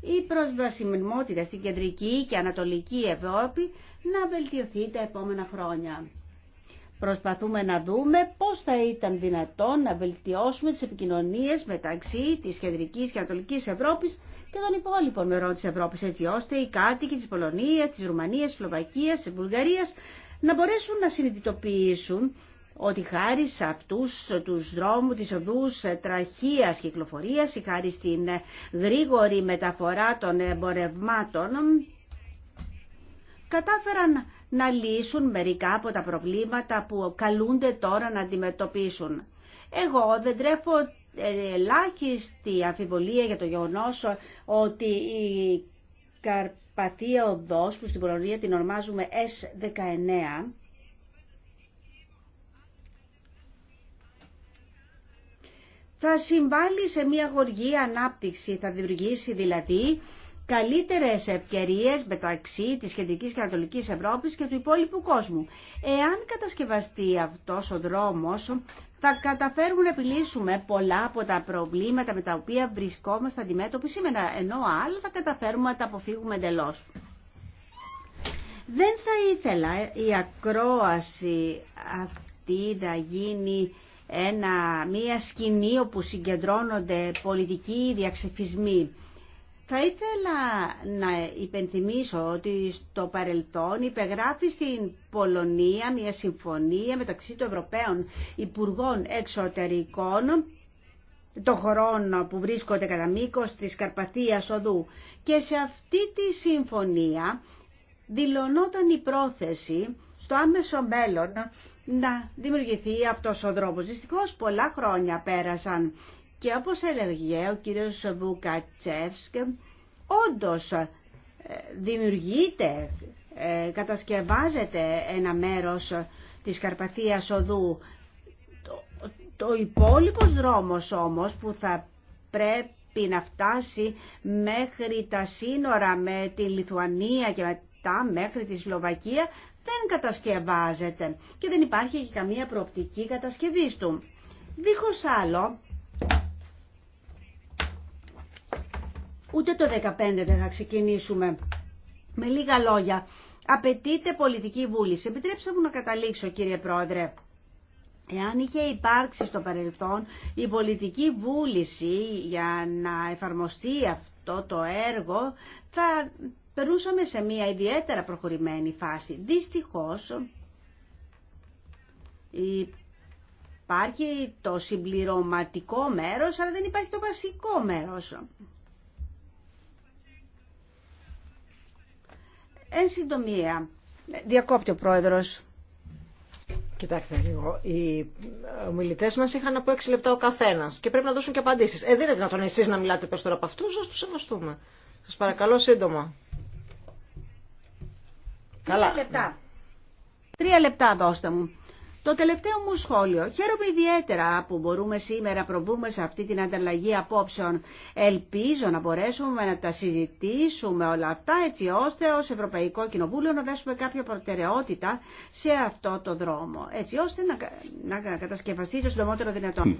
η προσβασιμότητα στην κεντρική και ανατολική Ευρώπη να βελτιωθεί τα επόμενα χρόνια. Προσπαθούμε να δούμε πώς θα ήταν δυνατόν να βελτιώσουμε τις επικοινωνίες μεταξύ της κεντρικής και ανατολικής Ευρώπης και των υπόλοιπων μερών της Ευρώπης, έτσι ώστε οι κάτοικοι της Πολωνίας, της Ρουμανίας, της Σλοβακίας, της Βουλγαρίας να μπορέσουν να συνειδητοποιήσουν ότι χάρη σε αυτούς τους δρόμους, τις οδούς τραχίας κυκλοφορίας ή χάρη στην γρήγορη μεταφορά των εμπορευμάτων κατάφεραν να λύσουν μερικά από τα προβλήματα που καλούνται τώρα να αντιμετωπίσουν. Εγώ δεν τρέφω ελάχιστη αμφιβολία για το γεγονός ότι η Καρπαθία Οδός που στην Πολωνία την ονομάζουμε S19 θα συμβάλλει σε μια γοργή ανάπτυξη, θα δημιουργήσει δηλαδή καλύτερες ευκαιρίες μεταξύ της σχετικής και Ανατολικής Ευρώπης και του υπόλοιπου κόσμου. Εάν κατασκευαστεί αυτός ο δρόμος, θα καταφέρουμε να επιλύσουμε πολλά από τα προβλήματα με τα οποία βρισκόμαστε αντιμέτωποι σήμερα, ενώ άλλα θα καταφέρουμε να τα αποφύγουμε εντελώ. Δεν θα ήθελα η ακρόαση αυτή να γίνει ένα, μια σκηνή όπου συγκεντρώνονται πολιτικοί διαξεφισμοί. Θα ήθελα να υπενθυμίσω ότι στο παρελθόν υπεγράφει στην Πολωνία μια συμφωνία μεταξύ των Ευρωπαίων Υπουργών Εξωτερικών το χρόνο που βρίσκονται κατά μήκο της καρπαθιας Οδού και σε αυτή τη συμφωνία δηλωνόταν η πρόθεση στο άμεσο μέλλον να δημιουργηθεί αυτός ο δρόμος. Δυστυχώς πολλά χρόνια πέρασαν και όπως έλεγε ο κύριος Βουκατσεύσκ, όντως ε, δημιουργείται, ε, κατασκευάζεται ένα μέρος της Καρπαθίας Οδού. Το, το υπόλοιπος δρόμος όμως που θα πρέπει να φτάσει μέχρι τα σύνορα με τη Λιθουανία και μετά μέχρι τη Σλοβακία δεν κατασκευάζεται και δεν υπάρχει και καμία προοπτική κατασκευής του. Δίχως άλλο, ούτε το 15 δεν θα ξεκινήσουμε. Με λίγα λόγια, απαιτείται πολιτική βούληση. Επιτρέψτε μου να καταλήξω κύριε Πρόεδρε. Εάν είχε υπάρξει στο παρελθόν η πολιτική βούληση για να εφαρμοστεί αυτό το έργο, θα περούσαμε σε μια ιδιαίτερα προχωρημένη φάση. Δυστυχώς υπάρχει το συμπληρωματικό μέρος, αλλά δεν υπάρχει το βασικό μέρος. Εν συντομία, διακόπτει ο πρόεδρος. Κοιτάξτε λίγο. Οι ομιλητέ μα είχαν από 6 λεπτά ο καθένα και πρέπει να δώσουν και απαντήσει. Ε, δεν είναι δυνατόν εσεί να μιλάτε περισσότερο από αυτού, α του σεβαστούμε. Σα παρακαλώ σύντομα. Καλά. Τρία λεπτά. Τρία λεπτά δώστε μου. Το τελευταίο μου σχόλιο. Χαίρομαι ιδιαίτερα που μπορούμε σήμερα προβούμε σε αυτή την ανταλλαγή απόψεων. Ελπίζω να μπορέσουμε να τα συζητήσουμε όλα αυτά έτσι ώστε ως Ευρωπαϊκό Κοινοβούλιο να δέσουμε κάποια προτεραιότητα σε αυτό το δρόμο. Έτσι ώστε να, να κατασκευαστεί το συντομότερο δυνατόν.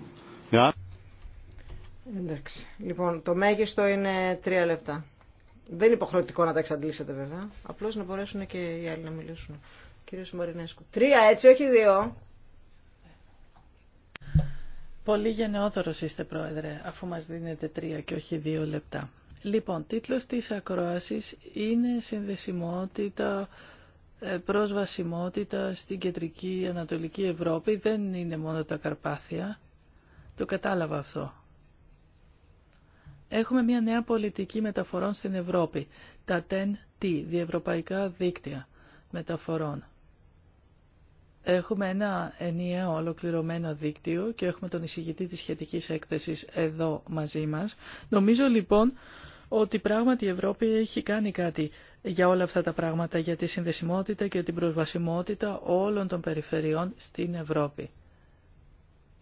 Εντάξει. Λοιπόν, το μέγιστο είναι τρία λεπτά. Δεν είναι υποχρεωτικό να τα εξαντλήσετε βέβαια. Απλώς να μπορέσουν και οι άλλοι να μιλήσουν. Τρία έτσι, όχι δύο. Πολύ γενναιόδωρος είστε, Πρόεδρε, αφού μας δίνετε τρία και όχι δύο λεπτά. Λοιπόν, τίτλος της ακρόασης είναι «Συνδεσιμότητα, ε, πρόσβασιμότητα στην κεντρική Ανατολική Ευρώπη». Δεν είναι μόνο τα Καρπάθια. Το κατάλαβα αυτό. Έχουμε μια νέα πολιτική μεταφορών στην Ευρώπη, τα TEN-T, διευρωπαϊκά δίκτυα μεταφορών. Έχουμε ένα ενιαίο ολοκληρωμένο δίκτυο και έχουμε τον εισηγητή της σχετικής έκθεσης εδώ μαζί μας. Νομίζω λοιπόν ότι πράγματι η Ευρώπη έχει κάνει κάτι για όλα αυτά τα πράγματα, για τη συνδεσιμότητα και την προσβασιμότητα όλων των περιφερειών στην Ευρώπη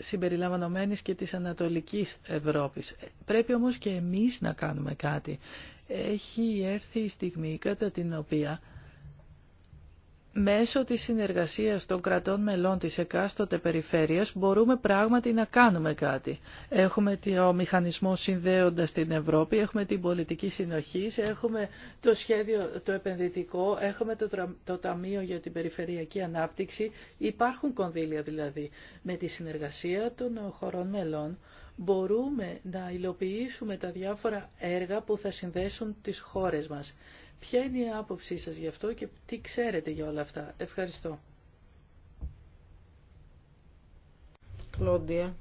συμπεριλαμβανομένης και της Ανατολικής Ευρώπης. Πρέπει όμως και εμείς να κάνουμε κάτι. Έχει έρθει η στιγμή κατά την οποία μέσω της συνεργασίας των κρατών μελών της εκάστοτε περιφέρειας μπορούμε πράγματι να κάνουμε κάτι. Έχουμε το μηχανισμό συνδέοντας την Ευρώπη, έχουμε την πολιτική συνοχής, έχουμε το σχέδιο το επενδυτικό, έχουμε το, το Ταμείο για την Περιφερειακή Ανάπτυξη. Υπάρχουν κονδύλια δηλαδή. Με τη συνεργασία των χωρών μελών μπορούμε να υλοποιήσουμε τα διάφορα έργα που θα συνδέσουν τις χώρες μας. Ποια είναι η άποψή σας γι' αυτό και τι ξέρετε για όλα αυτά. Ευχαριστώ. Κλόντια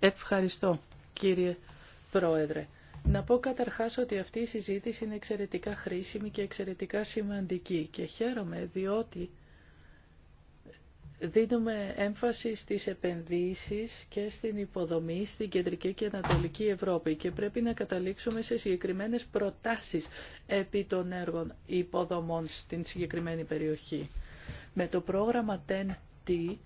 Ευχαριστώ κύριε Πρόεδρε. Να πω καταρχάς ότι αυτή η συζήτηση είναι εξαιρετικά χρήσιμη και εξαιρετικά σημαντική και χαίρομαι διότι δίνουμε έμφαση στις επενδύσεις και στην υποδομή στην Κεντρική και Ανατολική Ευρώπη και πρέπει να καταλήξουμε σε συγκεκριμένες προτάσεις επί των έργων υποδομών στην συγκεκριμένη περιοχή. Με το πρόγραμμα TEN-T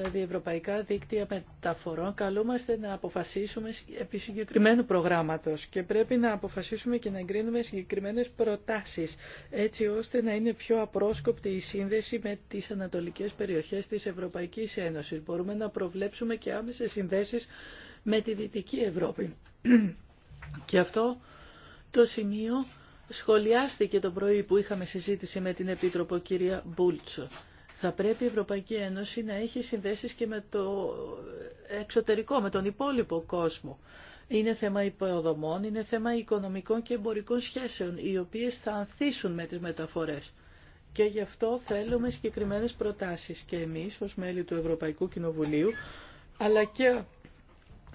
τα διευρωπαϊκά δίκτυα μεταφορών καλούμαστε να αποφασίσουμε επί συγκεκριμένου προγράμματος και πρέπει να αποφασίσουμε και να εγκρίνουμε συγκεκριμένες προτάσεις έτσι ώστε να είναι πιο απρόσκοπτη η σύνδεση με τις ανατολικές περιοχές της Ευρωπαϊκής Ένωσης. Μπορούμε να προβλέψουμε και άμεσες συνδέσεις με τη Δυτική Ευρώπη. και αυτό το σημείο σχολιάστηκε το πρωί που είχαμε συζήτηση με την Επίτροπο κυρία Μπούλτσο. Θα πρέπει η Ευρωπαϊκή Ένωση να έχει συνδέσεις και με το εξωτερικό, με τον υπόλοιπο κόσμο. Είναι θέμα υποδομών, είναι θέμα οικονομικών και εμπορικών σχέσεων, οι οποίες θα ανθίσουν με τις μεταφορές. Και γι' αυτό θέλουμε συγκεκριμένες προτάσεις και εμείς ως μέλη του Ευρωπαϊκού Κοινοβουλίου, αλλά και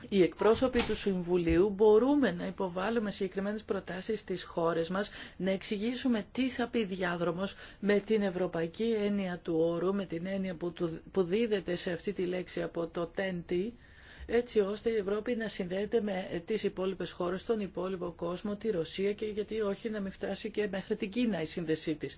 οι εκπρόσωποι του Συμβουλίου μπορούμε να υποβάλουμε συγκεκριμένες προτάσεις στις χώρες μας, να εξηγήσουμε τι θα πει διάδρομος με την ευρωπαϊκή έννοια του όρου, με την έννοια που, δίδεται σε αυτή τη λέξη από το TENTI, έτσι ώστε η Ευρώπη να συνδέεται με τις υπόλοιπες χώρες, τον υπόλοιπο κόσμο, τη Ρωσία και γιατί όχι να μην φτάσει και μέχρι την Κίνα η σύνδεσή της.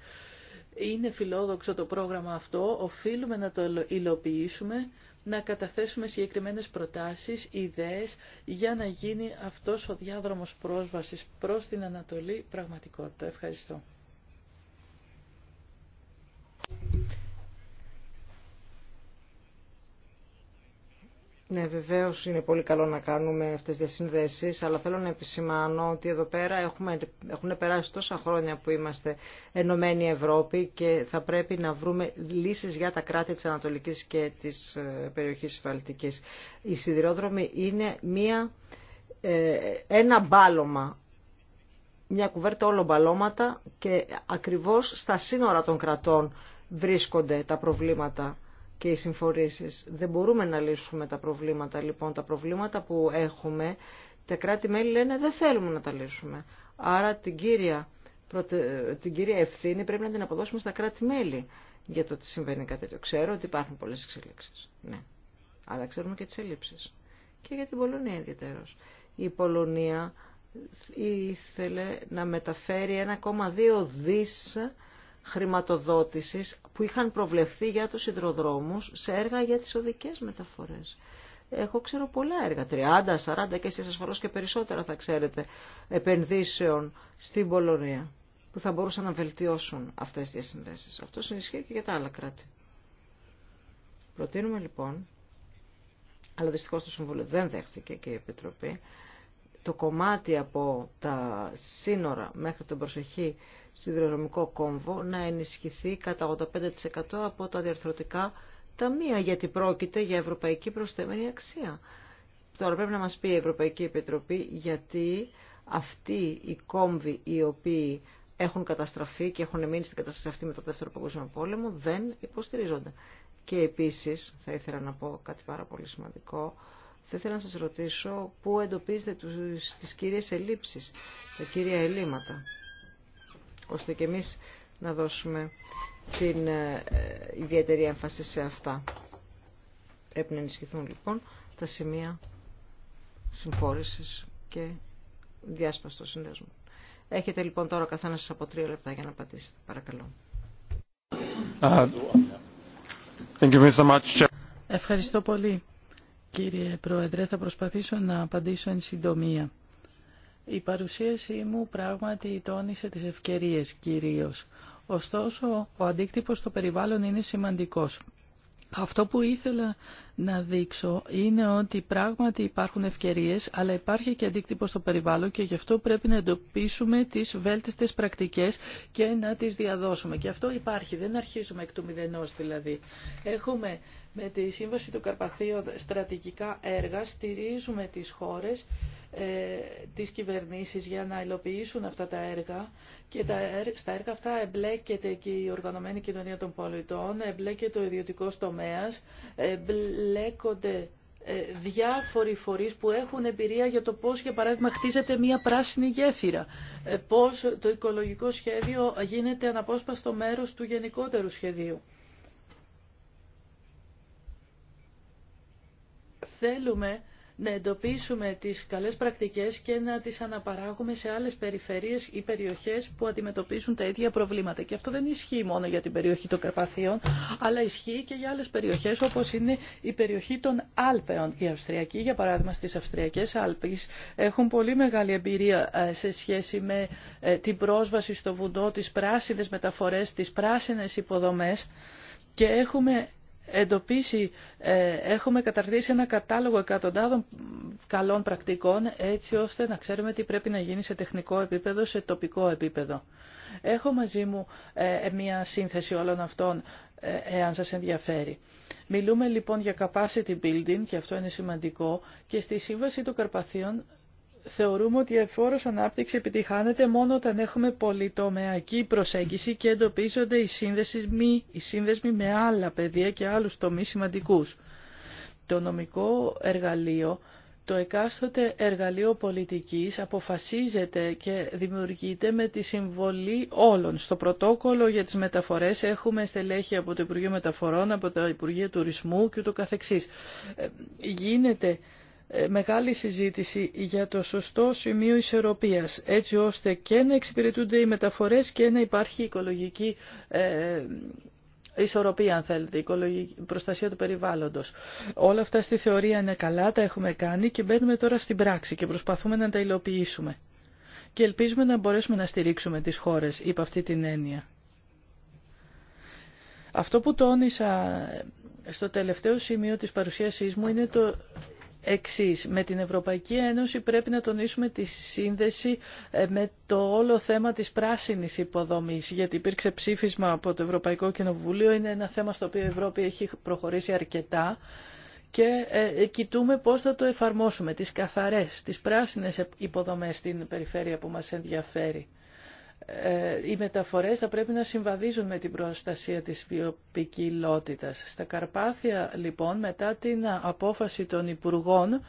Είναι φιλόδοξο το πρόγραμμα αυτό, οφείλουμε να το υλοποιήσουμε, να καταθέσουμε συγκεκριμένες προτάσεις, ιδέες για να γίνει αυτός ο διάδρομος πρόσβασης προς την Ανατολή πραγματικότητα. Ευχαριστώ. Ναι, βεβαίω είναι πολύ καλό να κάνουμε αυτέ τι διασυνδέσει, αλλά θέλω να επισημάνω ότι εδώ πέρα έχουμε, έχουν περάσει τόσα χρόνια που είμαστε ενωμένοι Ευρώπη και θα πρέπει να βρούμε λύσει για τα κράτη τη Ανατολική και τη ε, περιοχή τη Βαλτική. Η σιδηρόδρομη είναι μία, ε, ένα μπάλωμα μια κουβέρτα όλων μπαλώματα και ακριβώς στα σύνορα των κρατών βρίσκονται τα προβλήματα και οι συμφορήσεις. Δεν μπορούμε να λύσουμε τα προβλήματα λοιπόν. Τα προβλήματα που έχουμε, τα κράτη-μέλη λένε δεν θέλουμε να τα λύσουμε. Άρα την κύρια, την κύρια ευθύνη πρέπει να την αποδώσουμε στα κράτη-μέλη για το ότι συμβαίνει κάτι τέτοιο. Ξέρω ότι υπάρχουν πολλές εξελίξεις. Ναι. Αλλά ξέρουμε και τις ελλείψεις. Και για την Πολωνία ιδιαίτερως. Η Πολωνία ήθελε να μεταφέρει 1,2 δις χρηματοδότησης που είχαν προβλεφθεί για τους υδροδρόμους σε έργα για τις οδικές μεταφορές. Έχω ξέρω πολλά έργα, 30, 40 και εσείς ασφαλώς και περισσότερα θα ξέρετε, επενδύσεων στην Πολωνία που θα μπορούσαν να βελτιώσουν αυτές τις διασυνδέσεις. Αυτό συνισχύει και για τα άλλα κράτη. Προτείνουμε λοιπόν, αλλά δυστυχώς το Συμβούλιο δεν δέχθηκε και η Επιτροπή, το κομμάτι από τα σύνορα μέχρι την προσοχή σιδηροδρομικό κόμβο να ενισχυθεί κατά 85% από τα διαρθρωτικά ταμεία, γιατί πρόκειται για ευρωπαϊκή προσθέμενη αξία. Τώρα πρέπει να μας πει η Ευρωπαϊκή Επιτροπή γιατί αυτοί οι κόμβοι οι οποίοι έχουν καταστραφεί και έχουν μείνει στην καταστραφή μετά το Δεύτερο Παγκόσμιο Πόλεμο δεν υποστηρίζονται. Και επίσης, θα ήθελα να πω κάτι πάρα πολύ σημαντικό, θα ήθελα να σας ρωτήσω πού εντοπίζετε τις κύριες ελλείψεις, τα κύρια ελλείμματα ώστε και εμείς να δώσουμε την ε, ιδιαίτερη έμφαση σε αυτά. Πρέπει να ενισχυθούν λοιπόν τα σημεία συμφόρησης και διάσπαστο συνδέσμου. Έχετε λοιπόν τώρα καθένα σας από τρία λεπτά για να απαντήσετε. Παρακαλώ. Ευχαριστώ πολύ κύριε Πρόεδρε. Θα προσπαθήσω να απαντήσω εν συντομία. Η παρουσίασή μου πράγματι τόνισε τις ευκαιρίες κυρίως. Ωστόσο, ο αντίκτυπος στο περιβάλλον είναι σημαντικός. Αυτό που ήθελα να δείξω είναι ότι πράγματι υπάρχουν ευκαιρίες, αλλά υπάρχει και αντίκτυπο στο περιβάλλον και γι' αυτό πρέπει να εντοπίσουμε τις βέλτιστες πρακτικές και να τις διαδώσουμε. Και αυτό υπάρχει, δεν αρχίζουμε εκ του μηδενός δηλαδή. Έχουμε με τη Σύμβαση του Καρπαθίου στρατηγικά έργα, στηρίζουμε τις χώρες ε, τις κυβερνήσεις για να υλοποιήσουν αυτά τα έργα και τα, στα έργα αυτά εμπλέκεται και η οργανωμένη κοινωνία των πολιτών, εμπλέκεται ο ιδιωτικός τομέας, εμπλέκονται ε, διάφοροι φορείς που έχουν εμπειρία για το πώς, για παράδειγμα, χτίζεται μία πράσινη γέφυρα, ε, πώς το οικολογικό σχέδιο γίνεται αναπόσπαστο μέρος του γενικότερου σχεδίου. Θέλουμε να εντοπίσουμε τις καλές πρακτικές και να τις αναπαράγουμε σε άλλες περιφερειές ή περιοχές που αντιμετωπίζουν τα ίδια προβλήματα. Και αυτό δεν ισχύει μόνο για την περιοχή των Καρπαθίων, αλλά ισχύει και για άλλες περιοχές όπως είναι η περιοχή των Άλπαιων. Οι Αυστριακοί, για παράδειγμα, στις Αυστριακές Άλπεις έχουν πολύ μεγάλη εμπειρία ε, σε σχέση με ε, την πρόσβαση στο βουντό, τις πράσινες μεταφορές, τις πράσινες υποδομές και έχουμε εντοπίσει, ε, έχουμε καταρτήσει ένα κατάλογο εκατοντάδων καλών πρακτικών έτσι ώστε να ξέρουμε τι πρέπει να γίνει σε τεχνικό επίπεδο, σε τοπικό επίπεδο. Έχω μαζί μου ε, μια σύνθεση όλων αυτών ε, εάν σας ενδιαφέρει. Μιλούμε λοιπόν για capacity building και αυτό είναι σημαντικό και στη Σύμβαση των Καρπαθίων θεωρούμε ότι η εφόρος ανάπτυξη επιτυχάνεται μόνο όταν έχουμε πολυτομεακή προσέγγιση και εντοπίζονται οι σύνδεσμοι, οι σύνδεσμοι με άλλα πεδία και άλλους τομείς σημαντικούς. Το νομικό εργαλείο το εκάστοτε εργαλείο πολιτικής αποφασίζεται και δημιουργείται με τη συμβολή όλων. Στο πρωτόκολλο για τις μεταφορές έχουμε στελέχη από το Υπουργείο Μεταφορών, από το Υπουργείο Τουρισμού και ούτω καθεξής. Ε, γίνεται ε, μεγάλη συζήτηση για το σωστό σημείο ισορροπίας, έτσι ώστε και να εξυπηρετούνται οι μεταφορές και να υπάρχει οικολογική ε, ισορροπία αν θέλετε, η προστασία του περιβάλλοντος. Όλα αυτά στη θεωρία είναι καλά, τα έχουμε κάνει και μπαίνουμε τώρα στην πράξη και προσπαθούμε να τα υλοποιήσουμε. Και ελπίζουμε να μπορέσουμε να στηρίξουμε τις χώρες υπ' αυτή την έννοια. Αυτό που τόνισα στο τελευταίο σημείο της παρουσίασής μου είναι το εξής. Με την Ευρωπαϊκή Ένωση πρέπει να τονίσουμε τη σύνδεση ε, με το όλο θέμα της πράσινης υποδομής, γιατί υπήρξε ψήφισμα από το Ευρωπαϊκό Κοινοβούλιο, είναι ένα θέμα στο οποίο η Ευρώπη έχει προχωρήσει αρκετά και ε, ε, κοιτούμε πώς θα το εφαρμόσουμε, τις καθαρές, τις πράσινες υποδομές στην περιφέρεια που μας ενδιαφέρει. Ε, οι μεταφορές θα πρέπει να συμβαδίζουν με την προστασία της βιοποικιλότητας. Στα Καρπάθια, λοιπόν, μετά την απόφαση των Υπουργών,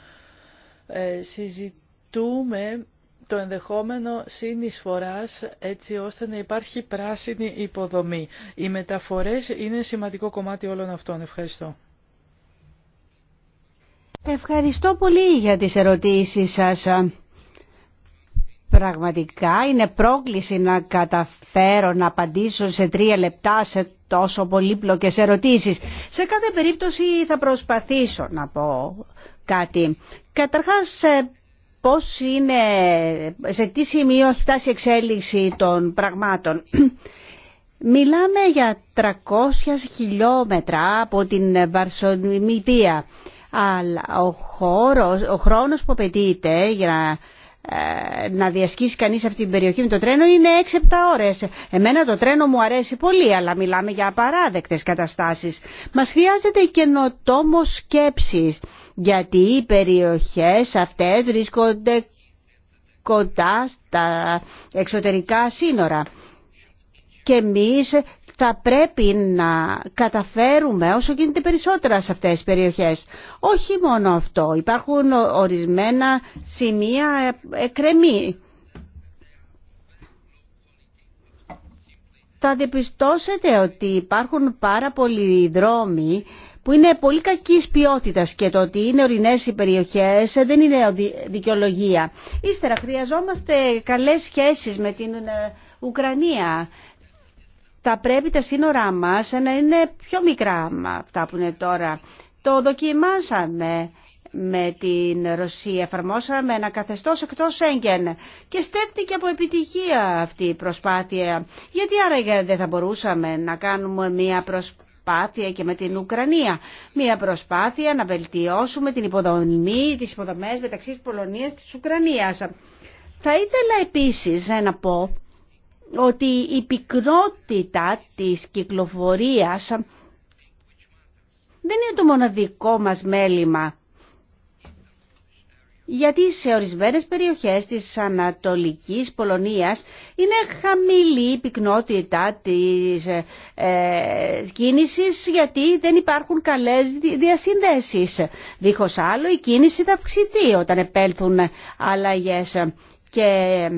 ε, συζητούμε το ενδεχόμενο συνεισφοράς έτσι ώστε να υπάρχει πράσινη υποδομή. Οι μεταφορές είναι σημαντικό κομμάτι όλων αυτών. Ευχαριστώ. Ευχαριστώ πολύ για τις ερωτήσεις σας. Πραγματικά είναι πρόκληση να καταφέρω να απαντήσω σε τρία λεπτά σε τόσο πολύπλοκες ερωτήσεις. Σε κάθε περίπτωση θα προσπαθήσω να πω κάτι. Καταρχάς, πώς είναι, σε τι σημείο φτάσει η εξέλιξη των πραγμάτων. Μιλάμε για 300 χιλιόμετρα από την Βαρσονιμιτία, αλλά ο, χώρος, ο χρόνος που απαιτείται για να ε, να διασκήσει κανείς αυτή την περιοχή με το τρένο είναι 6-7 ώρες. Εμένα το τρένο μου αρέσει πολύ, αλλά μιλάμε για απαράδεκτες καταστάσεις. Μας χρειάζεται καινοτόμο σκέψης, γιατί οι περιοχές αυτές βρίσκονται κοντά στα εξωτερικά σύνορα. Και εμείς θα πρέπει να καταφέρουμε όσο γίνεται περισσότερα σε αυτές τις περιοχές. Όχι μόνο αυτό, υπάρχουν ορισμένα σημεία εκκρεμή. Θα διαπιστώσετε ότι υπάρχουν πάρα πολλοί δρόμοι που είναι πολύ κακής ποιότητας και το ότι είναι ορεινές οι περιοχές δεν είναι δικαιολογία. Ύστερα χρειαζόμαστε καλές σχέσεις με την ε, Ουκρανία θα πρέπει τα σύνορά μας να είναι πιο μικρά αυτά που είναι τώρα. Το δοκιμάσαμε με την Ρωσία. Εφαρμόσαμε ένα καθεστώς εκτός έγκεν και στέφτηκε από επιτυχία αυτή η προσπάθεια. Γιατί άραγε δεν θα μπορούσαμε να κάνουμε μια προσπάθεια και με την Ουκρανία. Μια προσπάθεια να βελτιώσουμε την υποδομή, τις υποδομές μεταξύ της Πολωνίας και της Ουκρανίας. Θα ήθελα επίσης να πω ότι η πυκνότητα της κυκλοφορίας δεν είναι το μοναδικό μας μέλημα. Γιατί σε ορισμένες περιοχές της Ανατολικής Πολωνίας είναι χαμηλή η πυκνότητα της ε, κίνησης γιατί δεν υπάρχουν καλές διασύνδεσεις. Δίχως άλλο η κίνηση θα αυξηθεί όταν επέλθουν αλλαγές. Και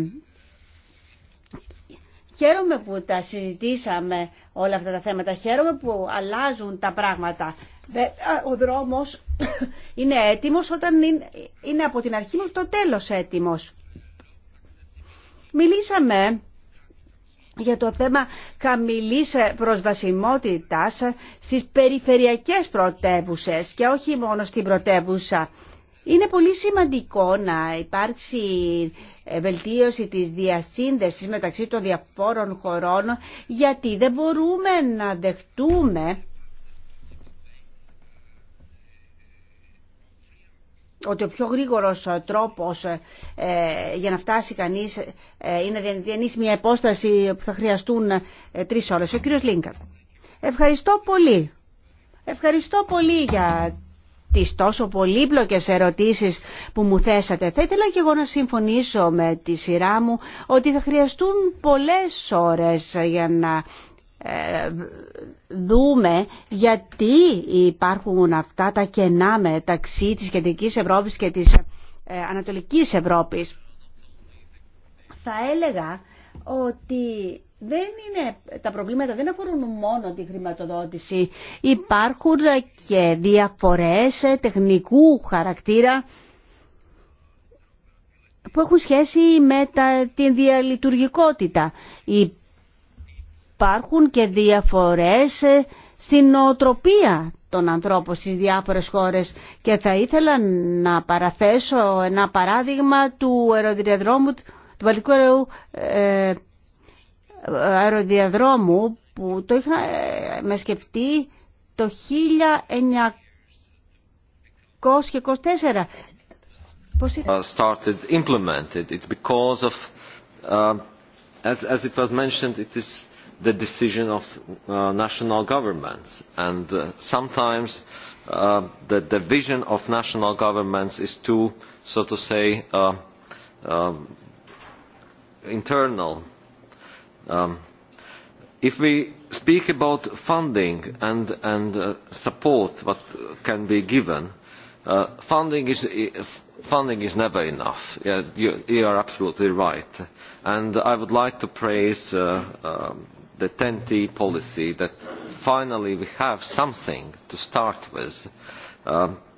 Χαίρομαι που τα συζητήσαμε όλα αυτά τα θέματα. Χαίρομαι που αλλάζουν τα πράγματα. Ο δρόμος είναι έτοιμος όταν είναι από την αρχή μέχρι το τέλος έτοιμος. Μιλήσαμε για το θέμα χαμηλής προσβασιμότητας στις περιφερειακές πρωτεύουσες και όχι μόνο στην πρωτεύουσα. Είναι πολύ σημαντικό να υπάρξει ε, βελτίωση της διασύνδεσης μεταξύ των διαφόρων χωρών γιατί δεν μπορούμε να δεχτούμε ότι ο πιο γρήγορος τρόπος ε, για να φτάσει κανείς ε, είναι να διανύσει μια υπόσταση που θα χρειαστούν τρεις ώρες. Ο κύριος Λίνκαρ. Ευχαριστώ πολύ. Ευχαριστώ πολύ για τις τόσο πολύπλοκες ερωτήσεις που μου θέσατε. Θα ήθελα και εγώ να συμφωνήσω με τη σειρά μου ότι θα χρειαστούν πολλές ώρες για να ε, δούμε γιατί υπάρχουν αυτά τα κενά μεταξύ της Κεντρικής Ευρώπης και της ε, Ανατολικής Ευρώπης. Θα έλεγα ότι δεν είναι, τα προβλήματα δεν αφορούν μόνο τη χρηματοδότηση. Υπάρχουν και διαφορές τεχνικού χαρακτήρα που έχουν σχέση με τα, την διαλειτουργικότητα. Υπάρχουν και διαφορές στην νοοτροπία των ανθρώπων στις διάφορες χώρες και θα ήθελα να παραθέσω ένα παράδειγμα του αεροδιαδρόμου του Βαλτικού αεροδρόμου ε, αεροδιαδρόμου που το είχα με σκεφτεί το 1924. Πώς είναι? started implemented. It's because of, uh, as, as it was mentioned, it is the decision of uh, national governments. And uh, sometimes uh, the, the vision of national governments is too, so to say, uh, uh, internal If we speak about funding and support that can be given, funding is never enough. You are absolutely right. And I would like to praise the 10T policy that finally we have something to start with,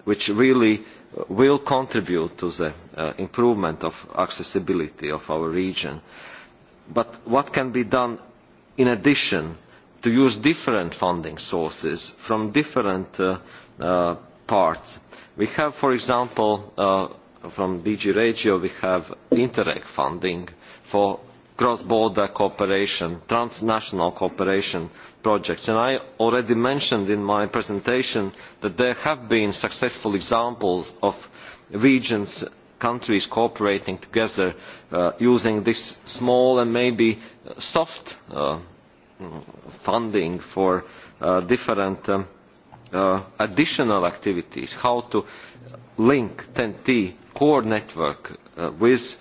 which really will contribute to the improvement of accessibility of our region but what can be done in addition to use different funding sources from different parts. We have, for example, from DG Regio, we have Interreg funding for cross-border cooperation, transnational cooperation projects. And I already mentioned in my presentation that there have been successful examples of regions countries cooperating together using this small and maybe soft funding for different additional activities, how to link TEN-T core network with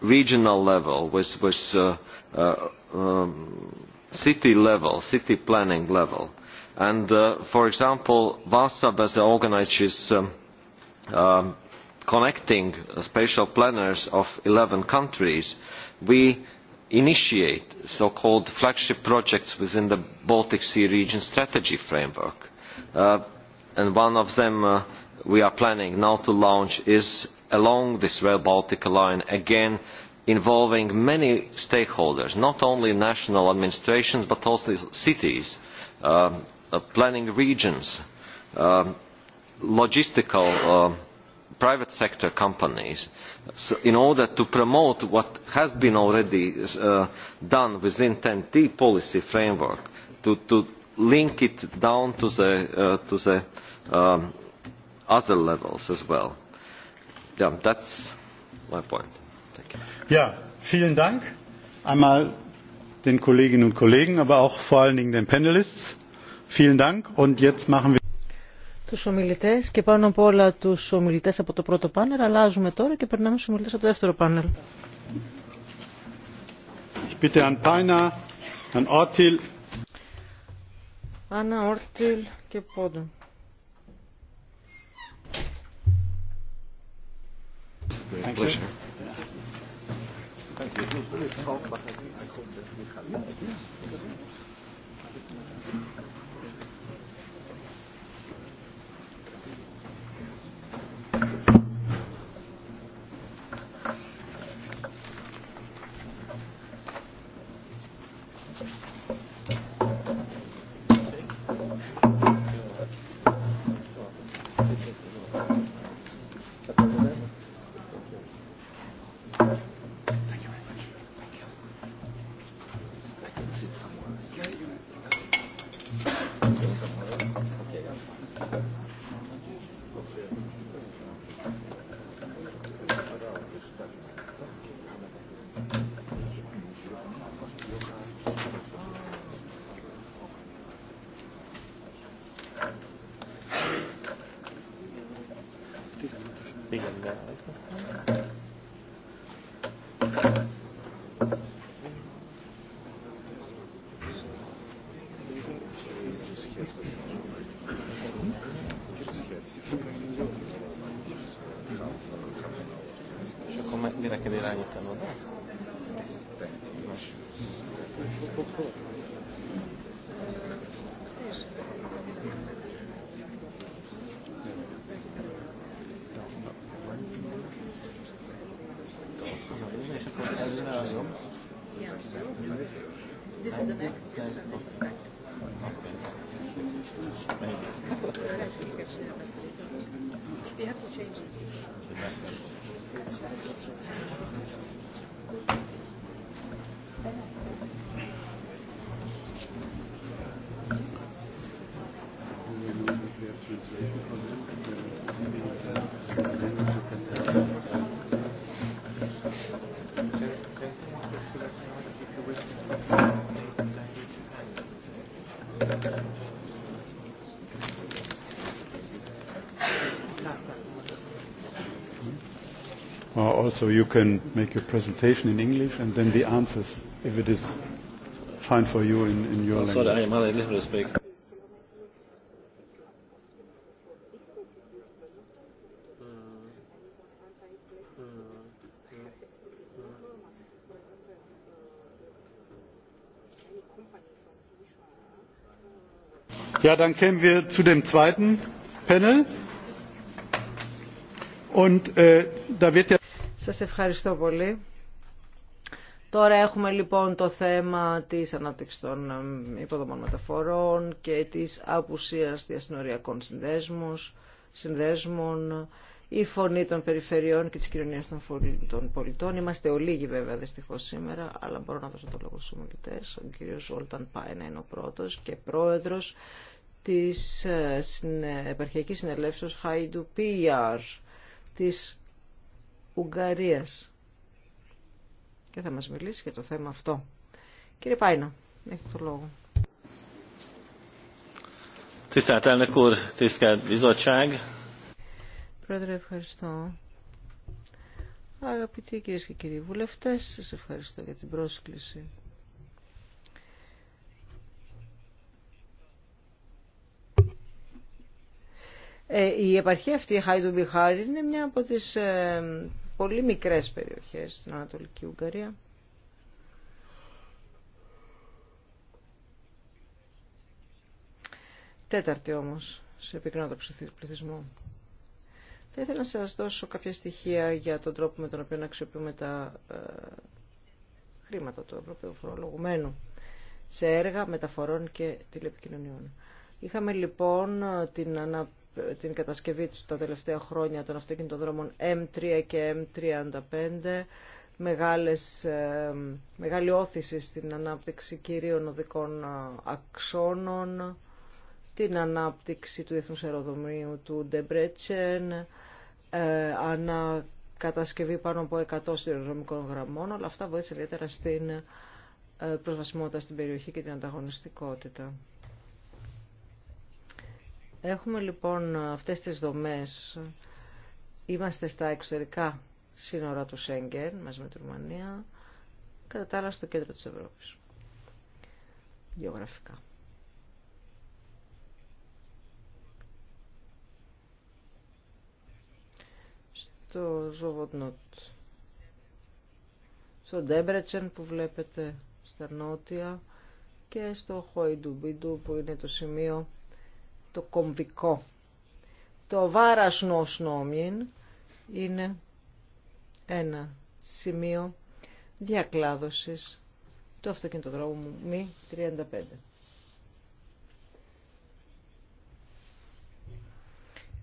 regional level, with city level, city planning level. And, for example, VASAB as organizes connecting spatial planners of 11 countries, we initiate so-called flagship projects within the Baltic Sea Region Strategy Framework. And one of them we are planning now to launch is along this Rail Baltic line, again involving many stakeholders, not only national administrations but also cities, planning regions, logistical private sector companies in order to promote what has been already done within ten t policy framework to link it down to the other levels as well. That's my point. Ja, vielen Dank einmal den Kolleginnen und Kollegen, aber auch vor allen Dingen den Panelists. Vielen Dank und jetzt machen wir τους ομιλητές και πάνω απ' όλα τους ομιλητές από το πρώτο πάνελ. Αλλάζουμε τώρα και περνάμε στους ομιλητές από το δεύτερο πάνελ. Άννα, Όρτιλ και Πόντο. Thank you. so you can make your presentation in English and then the answers, if it is fine for you in, in your language. Ja, dann kämen wir zu dem zweiten Panel. Und da wird ja σας ευχαριστώ πολύ. Τώρα έχουμε λοιπόν το θέμα της ανάπτυξης των ε, υποδομών μεταφορών και της απουσίας διασυνοριακών συνδέσμων, η φωνή των περιφερειών και της κοινωνίας των πολιτών. Είμαστε ολίγοι βέβαια δυστυχώς σήμερα, αλλά μπορώ να δώσω το λόγο στους ομιλητές. Ο κύριος Όλταν Πάινα είναι ο πρώτος και πρόεδρος της ε, επαρχιακής συνελεύσεως Χάιντου Πίαρ της Ουγγαρίας. Και θα μας μιλήσει για το θέμα αυτό. Κύριε Πάινα, έχετε το λόγο. Πρόεδρε, ευχαριστώ. Αγαπητοί κυρίες και κύριοι βουλευτέ. Σα ευχαριστώ για την πρόσκληση. Ε, η επαρχία αυτή, η Χάιντου Μπιχάρη, είναι μια από τις ε, πολύ μικρές περιοχές στην Ανατολική Ουγγαρία. Τέταρτη όμως σε πυκνότητα πληθυσμό. Θα ήθελα να σας δώσω κάποια στοιχεία για τον τρόπο με τον οποίο αξιοποιούμε τα ε, χρήματα του Ευρωπαίου Φορολογουμένου σε έργα μεταφορών και τηλεπικοινωνιών. Είχαμε λοιπόν ε, την την κατασκευή τους τα τελευταία χρόνια των αυτοκινητοδρόμων M3 και M35, μεγάλες, ε, μεγάλη όθηση στην ανάπτυξη κυρίων οδικών ε, αξώνων, την ανάπτυξη του Διεθνούς Αεροδρομίου του Ντεμπρέτσεν, ε, ανακατασκευή πάνω από 100 σιδηροδρομικών γραμμών. Όλα αυτά βοήθησαν ιδιαίτερα στην ε, προσβασιμότητα στην περιοχή και την ανταγωνιστικότητα. Έχουμε λοιπόν αυτές τις δομές. Είμαστε στα εξωτερικά σύνορα του Σέγγεν, μαζί με τη Ρουμανία, κατά τα άλλα στο κέντρο της Ευρώπης. Γεωγραφικά. Στο Ζοβοτνότ. Στο Ντέμπρετσεν που βλέπετε στα νότια και στο Χοϊντουμπίντου που είναι το σημείο το κομβικό. Το βάρας νος νόμιν είναι ένα σημείο διακλάδωσης του αυτοκινητοδρόμου μη 35.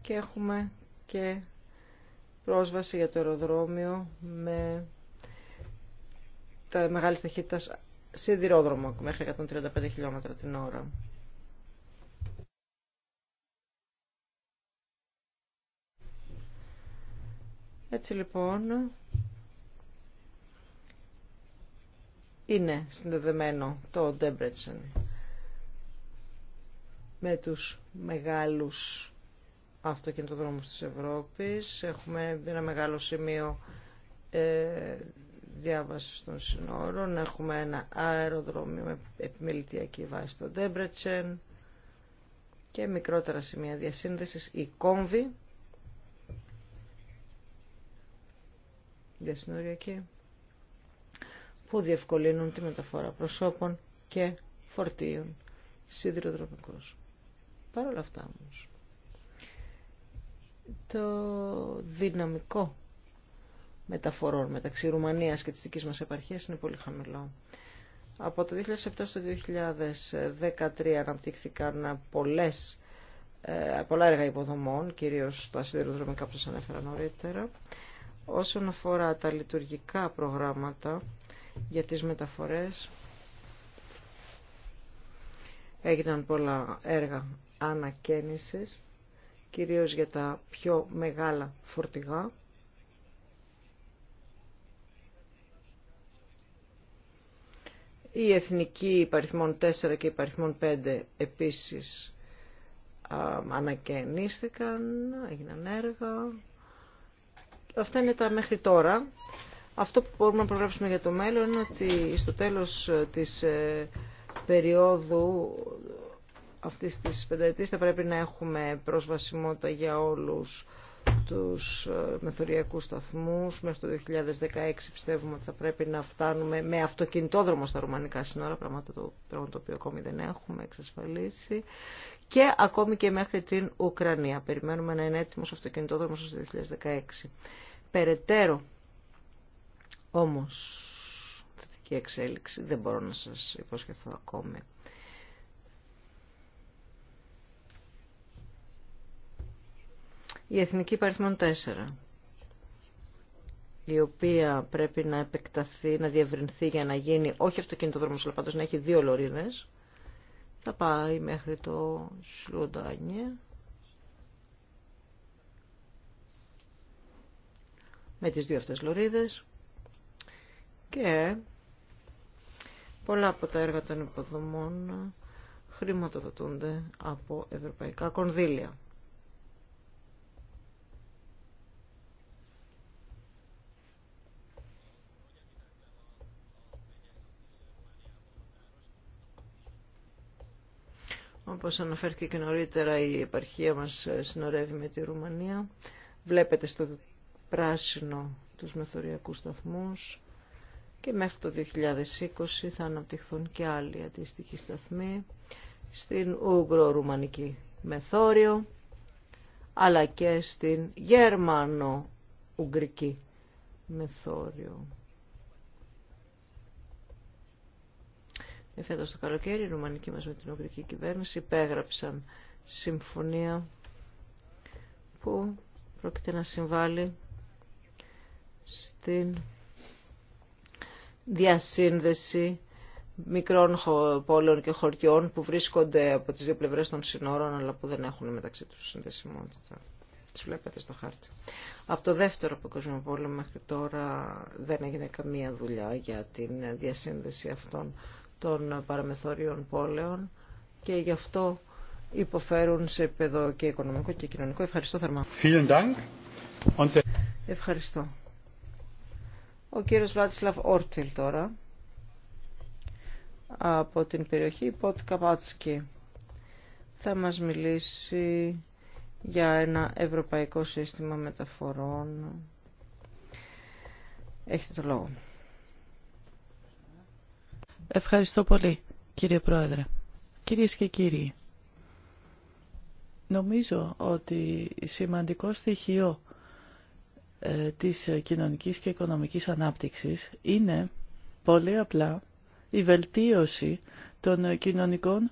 Και έχουμε και πρόσβαση για το αεροδρόμιο με τα μεγάλη ταχύτητα σιδηρόδρομο μέχρι 135 χιλιόμετρα την ώρα. Έτσι λοιπόν είναι συνδεδεμένο το Ντέμπρετσεν με τους μεγάλους αυτοκινητοδρόμους της Ευρώπης. Έχουμε ένα μεγάλο σημείο ε, διάβασης των συνόρων. Έχουμε ένα αεροδρόμιο με επιμελητιακή βάση στο Ντέμπρετσεν και μικρότερα σημεία διασύνδεσης, η κόμβη διασυνοριακοί που διευκολύνουν τη μεταφορά προσώπων και φορτίων σιδηροδρομικούς. Παρ' όλα αυτά όμως, το δυναμικό μεταφορών μεταξύ Ρουμανίας και της δικής μας επαρχίας είναι πολύ χαμηλό. Από το 2007 στο 2013 αναπτύχθηκαν πολλές, ε, πολλά έργα υποδομών, κυρίως τα σιδηροδρομικά που σας ανέφερα νωρίτερα, Όσον αφορά τα λειτουργικά προγράμματα για τις μεταφορές, έγιναν πολλά έργα ανακαίνησης, κυρίως για τα πιο μεγάλα φορτηγά. Η εθνική υπαριθμών 4 και υπαριθμών 5 επίσης ανακαινίστηκαν, έγιναν έργα. Αυτά είναι τα μέχρι τώρα. Αυτό που μπορούμε να προγράψουμε για το μέλλον είναι ότι στο τέλος ε, της ε, περίοδου αυτής της πενταετής θα πρέπει να έχουμε προσβασιμότητα για όλους τους ε, μεθοριακούς σταθμούς. Μέχρι το 2016 πιστεύουμε ότι θα πρέπει να φτάνουμε με αυτοκινητόδρομο στα ρουμανικά σύνορα, πράγμα το, πράγμα το οποίο ακόμη δεν έχουμε εξασφαλίσει. Και ακόμη και μέχρι την Ουκρανία. Περιμένουμε να είναι έτοιμος αυτοκινητόδρομος στο 2016 περαιτέρω όμως θετική εξέλιξη δεν μπορώ να σας υποσχεθώ ακόμη. Η Εθνική παριθμόν 4 η οποία πρέπει να επεκταθεί, να διευρυνθεί για να γίνει όχι αυτοκινητοδρόμος, αλλά πάντως να έχει δύο λωρίδες, θα πάει μέχρι το Σλουντάνιε με τις δύο αυτές λωρίδες και πολλά από τα έργα των υποδομών χρηματοδοτούνται από ευρωπαϊκά κονδύλια. Όπως αναφέρθηκε και νωρίτερα η επαρχία μας συνορεύει με τη Ρουμανία. Βλέπετε στο πράσινο τους μεθοριακούς σταθμούς και μέχρι το 2020 θα αναπτυχθούν και άλλοι αντίστοιχοι σταθμοί στην Ουγγρο-Ρουμανική Μεθόριο αλλά και στην Γερμανο-Ουγγρική Μεθόριο. Εφέτος το καλοκαίρι οι Ρουμανικοί μας με την Ουγγρική κυβέρνηση υπέγραψαν συμφωνία που πρόκειται να συμβάλλει στην διασύνδεση μικρών πόλεων και χωριών που βρίσκονται από τις δύο πλευρές των συνόρων αλλά που δεν έχουν μεταξύ τους συνδεσιμότητα. Τις βλέπετε στο χάρτη. Από το δεύτερο παγκόσμιο πόλεμο μέχρι τώρα δεν έγινε καμία δουλειά για την διασύνδεση αυτών των παραμεθόριων πόλεων και γι' αυτό υποφέρουν σε επίπεδο και οικονομικό και κοινωνικό. Ευχαριστώ θερμά. Ευχαριστώ. Ο κύριος Βλάτισλαβ Όρτιλ τώρα από την περιοχή Ποτ Καπάτσκι θα μας μιλήσει για ένα ευρωπαϊκό σύστημα μεταφορών. Έχετε το λόγο. Ευχαριστώ πολύ κύριε Πρόεδρε. Κυρίες και κύριοι, νομίζω ότι σημαντικό στοιχείο ε, της κοινωνικής και οικονομικής ανάπτυξης είναι πολύ απλά η βελτίωση των κοινωνικών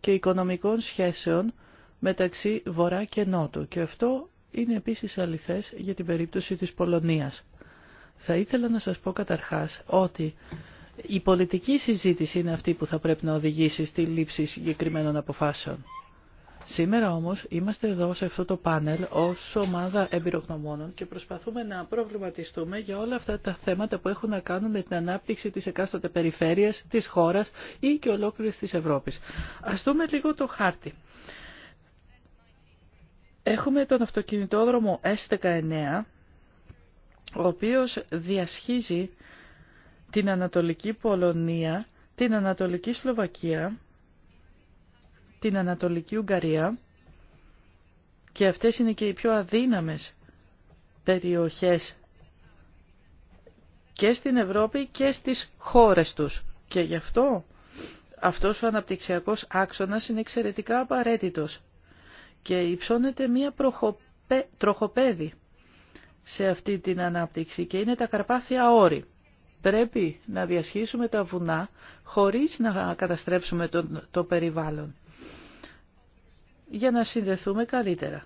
και οικονομικών σχέσεων μεταξύ Βορρά και Νότου. Και αυτό είναι επίσης αληθές για την περίπτωση της Πολωνίας. Θα ήθελα να σας πω καταρχάς ότι η πολιτική συζήτηση είναι αυτή που θα πρέπει να οδηγήσει στη λήψη συγκεκριμένων αποφάσεων. Σήμερα όμως είμαστε εδώ σε αυτό το πάνελ ως ομάδα εμπειρογνωμόνων και προσπαθούμε να προβληματιστούμε για όλα αυτά τα θέματα που έχουν να κάνουν με την ανάπτυξη της εκάστοτε περιφέρειας, της χώρας ή και ολόκληρης της Ευρώπης. Ας δούμε λίγο το χάρτη. Έχουμε τον αυτοκινητόδρομο S19, ο οποίος διασχίζει την Ανατολική Πολωνία, την Ανατολική Σλοβακία, την Ανατολική Ουγγαρία και αυτές είναι και οι πιο αδύναμες περιοχές και στην Ευρώπη και στις χώρες τους. Και γι' αυτό αυτός ο αναπτυξιακός άξονας είναι εξαιρετικά απαραίτητος και υψώνεται μία τροχοπέδη σε αυτή την ανάπτυξη και είναι τα καρπάθια όρη. Πρέπει να διασχίσουμε τα βουνά χωρίς να καταστρέψουμε το, το περιβάλλον για να συνδεθούμε καλύτερα.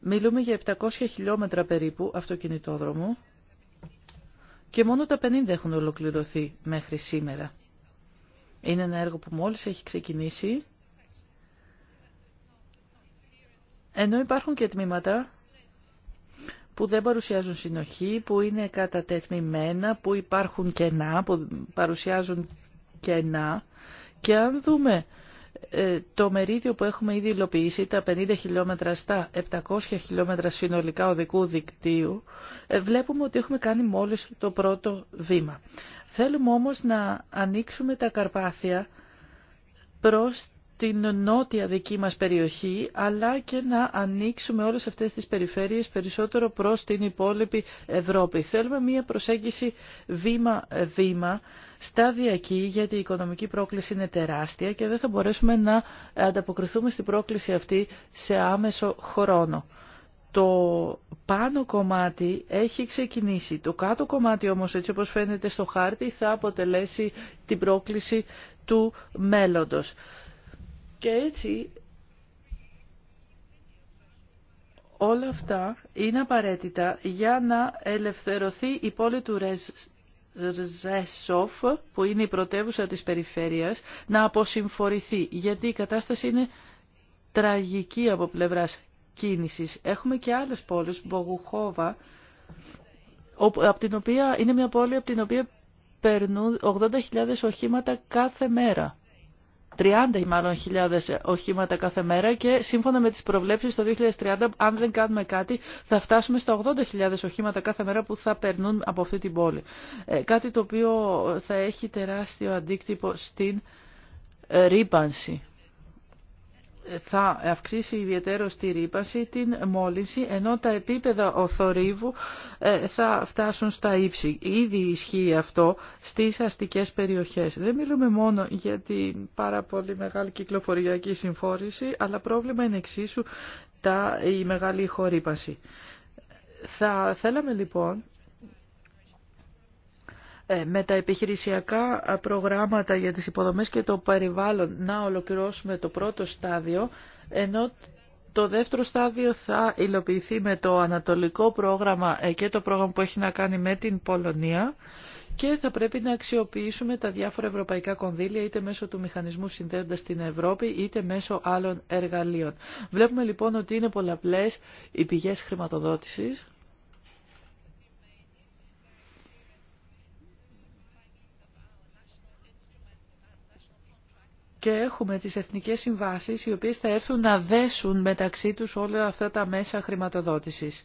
Μιλούμε για 700 χιλιόμετρα περίπου αυτοκινητόδρομου και μόνο τα 50 έχουν ολοκληρωθεί μέχρι σήμερα. Είναι ένα έργο που μόλις έχει ξεκινήσει, ενώ υπάρχουν και τμήματα που δεν παρουσιάζουν συνοχή, που είναι κατατεθμημένα, που υπάρχουν κενά, που παρουσιάζουν κενά. Και αν δούμε ε, το μερίδιο που έχουμε ήδη υλοποιήσει, τα 50 χιλιόμετρα στα 700 χιλιόμετρα συνολικά οδικού δικτύου, ε, βλέπουμε ότι έχουμε κάνει μόλις το πρώτο βήμα. Θέλουμε όμως να ανοίξουμε τα Καρπάθια προς την νότια δική μας περιοχή, αλλά και να ανοίξουμε όλες αυτές τις περιφέρειες περισσότερο προς την υπόλοιπη Ευρώπη. Θέλουμε μία προσέγγιση βήμα-βήμα, σταδιακή, γιατί η οικονομική πρόκληση είναι τεράστια και δεν θα μπορέσουμε να ανταποκριθούμε στην πρόκληση αυτή σε άμεσο χρόνο. Το πάνω κομμάτι έχει ξεκινήσει. Το κάτω κομμάτι όμως, έτσι όπως φαίνεται στο χάρτη, θα αποτελέσει την πρόκληση του μέλλοντος. Και έτσι όλα αυτά είναι απαραίτητα για να ελευθερωθεί η πόλη του Ρεζ, που είναι η πρωτεύουσα της περιφέρειας, να αποσυμφορηθεί, γιατί η κατάσταση είναι τραγική από πλευράς κίνησης. Έχουμε και άλλες πόλεις, Μπογουχόβα, από την οποία, είναι μια πόλη από την οποία περνούν 80.000 οχήματα κάθε μέρα. 30 ή μάλλον χιλιάδες οχήματα κάθε μέρα και σύμφωνα με τις προβλέψεις το 2030 αν δεν κάνουμε κάτι θα φτάσουμε στα 80.000 οχήματα κάθε μέρα που θα περνούν από αυτή την πόλη. Ε, κάτι το οποίο θα έχει τεράστιο αντίκτυπο στην ε, ρήπανση θα αυξήσει ιδιαίτερο στη ρήπαση, την μόλυνση, ενώ τα επίπεδα οθορύβου ε, θα φτάσουν στα ύψη. Ήδη ισχύει αυτό στις αστικές περιοχές. Δεν μιλούμε μόνο για την πάρα πολύ μεγάλη κυκλοφοριακή συμφόρηση, αλλά πρόβλημα είναι εξίσου τα, η μεγάλη χορύπαση. Θα θέλαμε λοιπόν ε, με τα επιχειρησιακά ε, προγράμματα για τις υποδομές και το περιβάλλον να ολοκληρώσουμε το πρώτο στάδιο, ενώ το δεύτερο στάδιο θα υλοποιηθεί με το ανατολικό πρόγραμμα ε, και το πρόγραμμα που έχει να κάνει με την Πολωνία και θα πρέπει να αξιοποιήσουμε τα διάφορα ευρωπαϊκά κονδύλια είτε μέσω του μηχανισμού συνδέοντας την Ευρώπη είτε μέσω άλλων εργαλείων. Βλέπουμε λοιπόν ότι είναι πολλαπλές οι πηγές χρηματοδότησης και έχουμε τις εθνικές συμβάσεις οι οποίες θα έρθουν να δέσουν μεταξύ τους όλα αυτά τα μέσα χρηματοδότησης.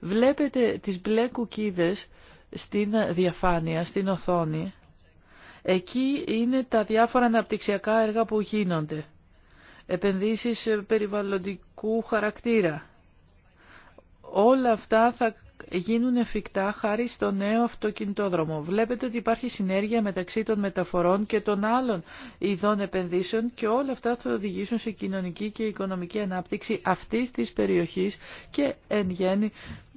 Βλέπετε τις μπλε κουκίδες στην διαφάνεια, στην οθόνη. Εκεί είναι τα διάφορα αναπτυξιακά έργα που γίνονται. Επενδύσεις περιβαλλοντικού χαρακτήρα. Όλα αυτά θα γίνουν εφικτά χάρη στο νέο αυτοκινητόδρομο. Βλέπετε ότι υπάρχει συνέργεια μεταξύ των μεταφορών και των άλλων ειδών επενδύσεων και όλα αυτά θα οδηγήσουν σε κοινωνική και οικονομική ανάπτυξη αυτής της περιοχής και εν γέννη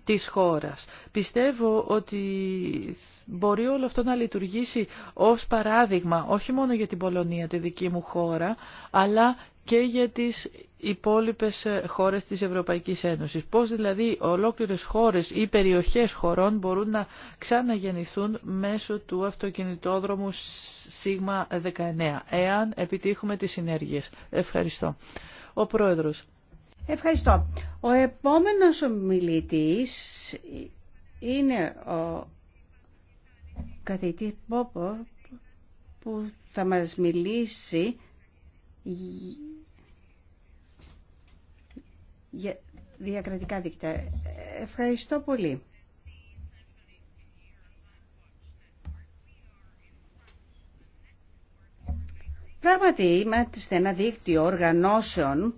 της χώρας. Πιστεύω ότι μπορεί όλο αυτό να λειτουργήσει ως παράδειγμα, όχι μόνο για την Πολωνία, τη δική μου χώρα, αλλά και για τις υπόλοιπες ε, χώρες της Ευρωπαϊκής Ένωσης. Πώς δηλαδή ολόκληρες χώρες ή περιοχές χωρών μπορούν να ξαναγεννηθούν μέσω του αυτοκινητόδρομου ΣΥΓΜΑ 19, εάν επιτύχουμε τις συνέργειες. Ευχαριστώ. Ο Πρόεδρος. Ευχαριστώ. Ο επόμενος ομιλητής είναι ο καθηγητής Πόπο που θα μας μιλήσει για διακρατικά δίκτυα. Ευχαριστώ πολύ. Πράγματι είμαστε ένα δίκτυο οργανώσεων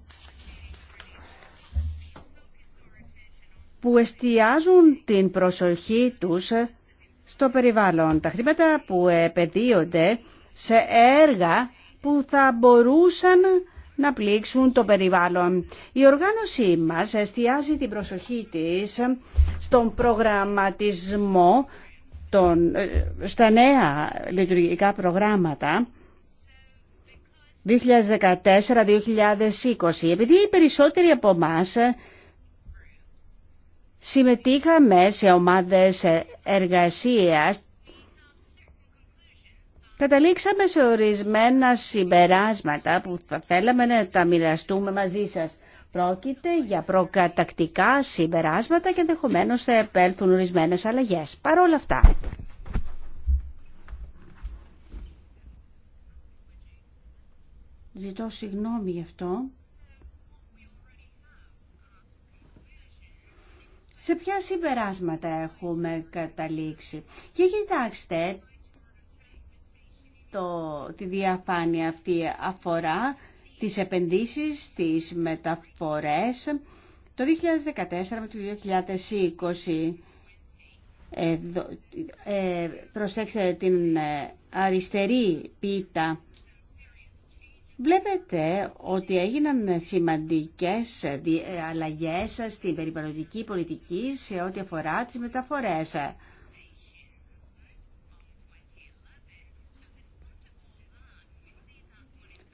που εστιάζουν την προσοχή τους στο περιβάλλον. Τα χρήματα που επαιδείονται σε έργα που θα μπορούσαν να πλήξουν το περιβάλλον. Η οργάνωσή μας εστιάζει την προσοχή της στον προγραμματισμό των, ε, στα νέα λειτουργικά προγράμματα 2014-2020. Επειδή οι περισσότεροι από εμά Συμμετείχαμε σε ομάδες εργασίας. Καταλήξαμε σε ορισμένα συμπεράσματα που θα θέλαμε να τα μοιραστούμε μαζί σας. Πρόκειται για προκατακτικά συμπεράσματα και ενδεχομένω θα επέλθουν ορισμένε αλλαγέ. Παρ' όλα αυτά. Ζητώ συγγνώμη γι' αυτό. σε ποια συμπεράσματα έχουμε καταλήξει. Και κοιτάξτε, το, τη διαφάνεια αυτή αφορά τις επενδύσεις, τις μεταφορές το 2014 με το 2020. Ε, ε, προσέξτε την ε, αριστερή πίτα Βλέπετε ότι έγιναν σημαντικές αλλαγές στην περιβαλλοντική πολιτική σε ό,τι αφορά τις μεταφορές.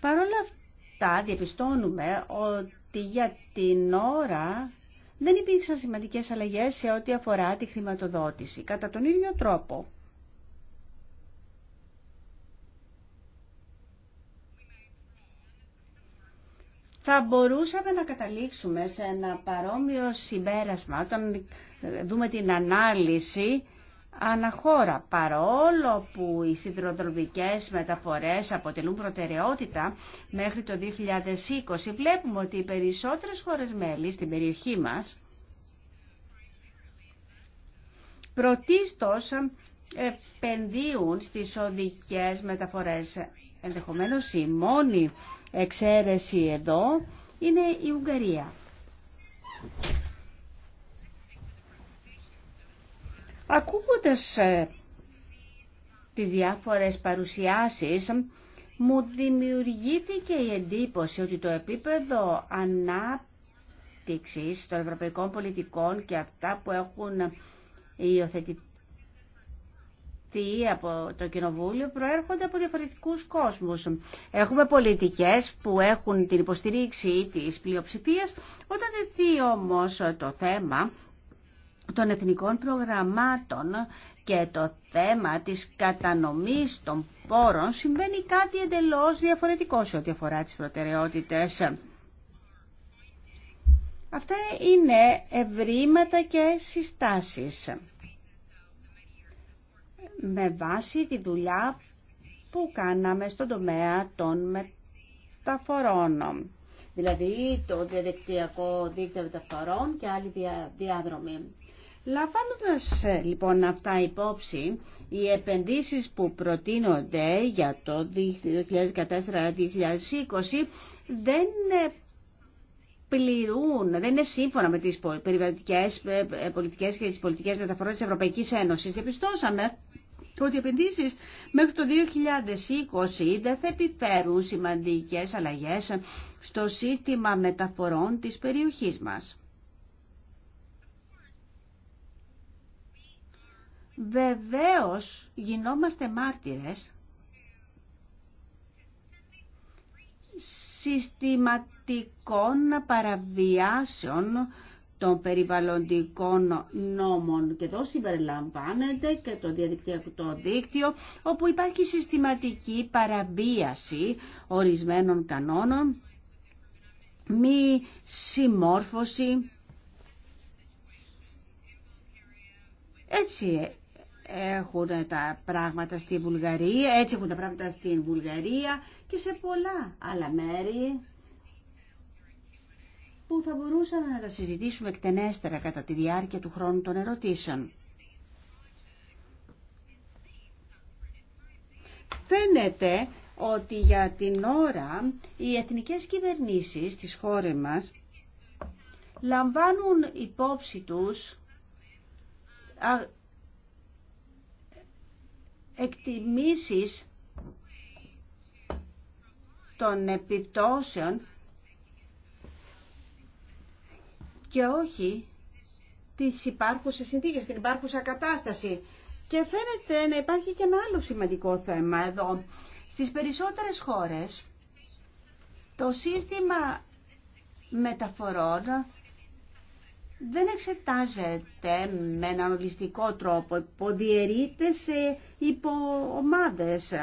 Παρ' όλα αυτά διαπιστώνουμε ότι για την ώρα δεν υπήρξαν σημαντικές αλλαγές σε ό,τι αφορά τη χρηματοδότηση. Κατά τον ίδιο τρόπο, θα μπορούσαμε να καταλήξουμε σε ένα παρόμοιο συμπέρασμα όταν δούμε την ανάλυση αναχώρα. Παρόλο που οι σιδηροδρομικές μεταφορές αποτελούν προτεραιότητα μέχρι το 2020, βλέπουμε ότι οι περισσότερες χώρες μέλη στην περιοχή μας πρωτίστως επενδύουν στις οδικές μεταφορές. Ενδεχομένως η μόνη εξαίρεση εδώ είναι η Ουγγαρία. Ακούγοντας ε, τις διάφορες παρουσιάσεις, μου δημιουργήθηκε η εντύπωση ότι το επίπεδο ανάπτυξης των ευρωπαϊκών πολιτικών και αυτά που έχουν υιοθετηθεί από το Κοινοβούλιο προέρχονται από διαφορετικούς κόσμους. Έχουμε πολιτικές που έχουν την υποστηρίξη της πλειοψηφίας, όταν δεθεί όμως το θέμα των εθνικών προγραμμάτων και το θέμα της κατανομής των πόρων συμβαίνει κάτι εντελώς διαφορετικό σε ό,τι αφορά τις προτεραιότητες. Αυτά είναι ευρήματα και συστάσεις με βάση τη δουλειά που κάναμε στον τομέα των μεταφορών. Δηλαδή το διαδικτυακό δίκτυο μεταφορών και άλλη διάδρομη. Λαμβάνοντας ε, λοιπόν αυτά υπόψη, οι επενδύσεις που προτείνονται για το 2014-2020 δεν ε, πληρούν, δεν είναι σύμφωνα με τις περιβαλλοντικές ε, πολιτικές και τις πολιτικές μεταφορές της Ευρωπαϊκής Ένωσης. Διαπιστώσαμε ότι οι επενδύσεις μέχρι το 2020 δεν θα επιφέρουν σημαντικές αλλαγές στο σύστημα μεταφορών της περιοχής μας. Βεβαίως γινόμαστε μάρτυρες συστηματικών παραβιάσεων των περιβαλλοντικών νόμων. Και εδώ συμπεριλαμβάνεται και το διαδικτυακό δίκτυο, όπου υπάρχει συστηματική παραβίαση ορισμένων κανόνων, μη συμμόρφωση. Έτσι ε, έχουν τα πράγματα στη Βουλγαρία, έτσι έχουν τα πράγματα στην Βουλγαρία και σε πολλά άλλα μέρη που θα μπορούσαμε να τα συζητήσουμε εκτενέστερα κατά τη διάρκεια του χρόνου των ερωτήσεων. Φαίνεται ότι για την ώρα οι εθνικές κυβερνήσεις της χώρα μας λαμβάνουν υπόψη τους εκτιμήσεις των επιπτώσεων και όχι τις υπάρχουσες συνθήκες, την υπάρχουσα κατάσταση. Και φαίνεται να υπάρχει και ένα άλλο σημαντικό θέμα εδώ. Στις περισσότερες χώρες το σύστημα μεταφορών δεν εξετάζεται με έναν ολιστικό τρόπο, υποδιαιρείται σε υποομάδες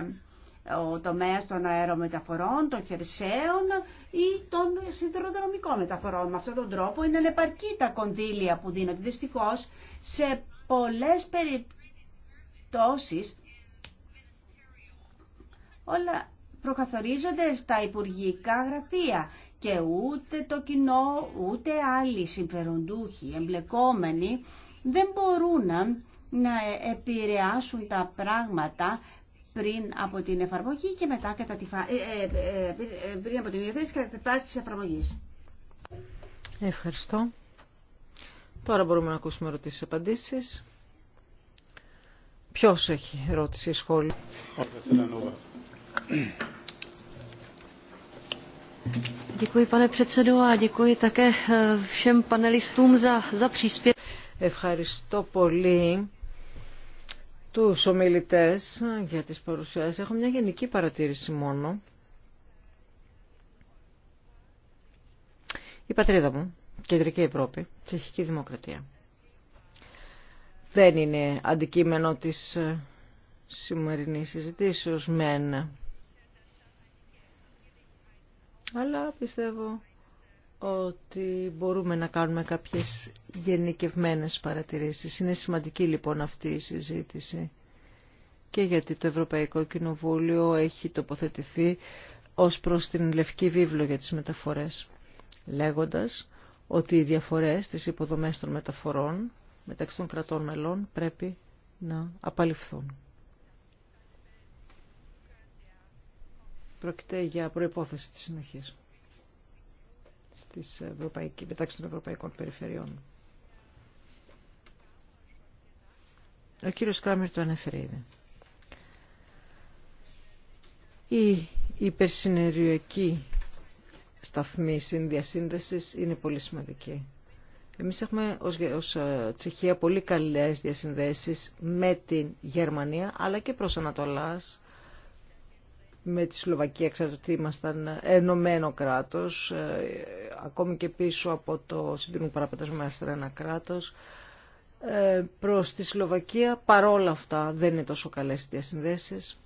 ο τομέας των αερομεταφορών, των χερσαίων ή των σιδηροδρομικών μεταφορών. Με αυτόν τον τρόπο είναι ανεπαρκή τα κονδύλια που δίνονται. Δυστυχώς, σε πολλές περιπτώσεις όλα προκαθορίζονται στα υπουργικά γραφεία και ούτε το κοινό ούτε άλλοι συμφεροντούχοι εμπλεκόμενοι δεν μπορούν να επηρεάσουν τα πράγματα πριν από την εφαρμογή και μετά κατά τη φα... ε, ε, ε, ε, ε πριν από την υιοθέτηση κατά τη φάση της εφαρμογής. Ευχαριστώ. Τώρα μπορούμε να ακούσουμε ερωτήσεις απαντήσεις. Ποιος έχει ερώτηση ή σχόλιο. Ευχαριστώ πολύ τους ομιλητές για τις παρουσιάσεις. Έχω μια γενική παρατήρηση μόνο. Η πατρίδα μου, Κεντρική Ευρώπη, Τσεχική Δημοκρατία, δεν είναι αντικείμενο της ε, σημερινής συζητήσεως μεν. Αλλά πιστεύω ότι μπορούμε να κάνουμε κάποιες γενικευμένες παρατηρήσεις. Είναι σημαντική λοιπόν αυτή η συζήτηση και γιατί το Ευρωπαϊκό Κοινοβούλιο έχει τοποθετηθεί ως προς την Λευκή Βίβλο για τις μεταφορές, λέγοντας ότι οι διαφορές στις υποδομές των μεταφορών μεταξύ των κρατών μελών πρέπει να απαλληφθούν. Πρόκειται για προϋπόθεση της συνοχής στις μεταξύ των ευρωπαϊκών περιφερειών. Ο κύριος Κράμερ το ανέφερε ήδη. Η υπερσυνεριακή σταθμή διασύνδεσης είναι πολύ σημαντική. Εμείς έχουμε ως, ως ε, Τσεχία πολύ καλές διασυνδέσεις με την Γερμανία, αλλά και προς Ανατολάς, με τη Σλοβακία, ξέρετε ότι ήμασταν ενωμένο κράτος, ε, ακόμη και πίσω από το σύντριμο με ένα κράτος. Ε, προς τη Σλοβακία. Παρόλα αυτά δεν είναι τόσο καλές οι διασυνδέσεις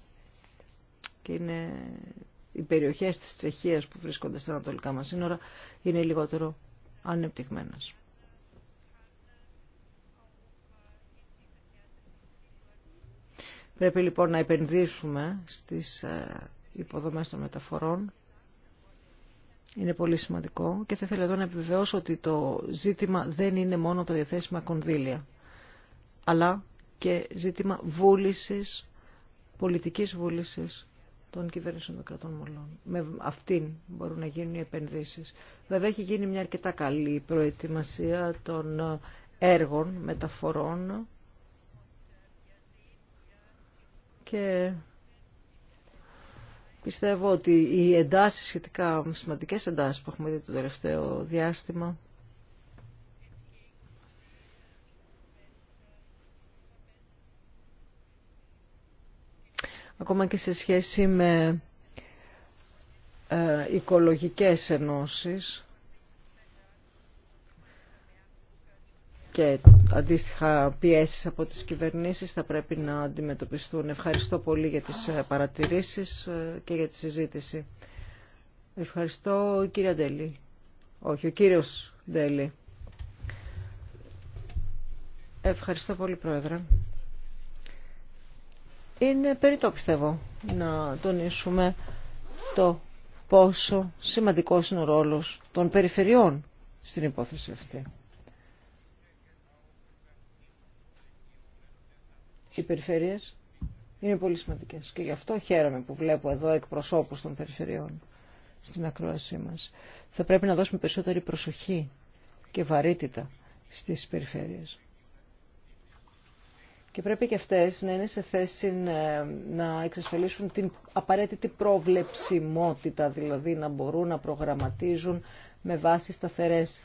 και είναι οι περιοχές της Τσεχίας που βρίσκονται στα ανατολικά μας σύνορα είναι λιγότερο ανεπτυγμένες. Πρέπει λοιπόν να επενδύσουμε στις ε, υποδομές των μεταφορών είναι πολύ σημαντικό και θα ήθελα εδώ να επιβεβαιώσω ότι το ζήτημα δεν είναι μόνο τα διαθέσιμα κονδύλια, αλλά και ζήτημα βούλησης, πολιτικής βούλησης των κυβέρνησεων των κρατών μολών. Με αυτήν μπορούν να γίνουν οι επενδύσεις. Βέβαια έχει γίνει μια αρκετά καλή προετοιμασία των έργων μεταφορών και Πιστεύω ότι οι εντάσεις σχετικά, σημαντικές εντάσεις που έχουμε δει το τελευταίο διάστημα, ακόμα και σε σχέση με ε, οικολογικές ενώσεις, και αντίστοιχα πιέσεις από τις κυβερνήσεις θα πρέπει να αντιμετωπιστούν. Ευχαριστώ πολύ για τις ε, παρατηρήσεις ε, και για τη συζήτηση. Ευχαριστώ κύριε Ντέλη. Όχι, ο κύριος Ντέλη. Ευχαριστώ πολύ πρόεδρε. Είναι περίτω πιστεύω να τονίσουμε το πόσο σημαντικός είναι ο ρόλος των περιφερειών στην υπόθεση αυτή. οι περιφέρειες είναι πολύ σημαντικές. Και γι' αυτό χαίρομαι που βλέπω εδώ εκπροσώπους των περιφερειών στην ακρόασή μας. Θα πρέπει να δώσουμε περισσότερη προσοχή και βαρύτητα στις περιφέρειες. Και πρέπει και αυτές να είναι σε θέση να εξασφαλίσουν την απαραίτητη προβλεψιμότητα, δηλαδή να μπορούν να προγραμματίζουν με βάση σταθερές,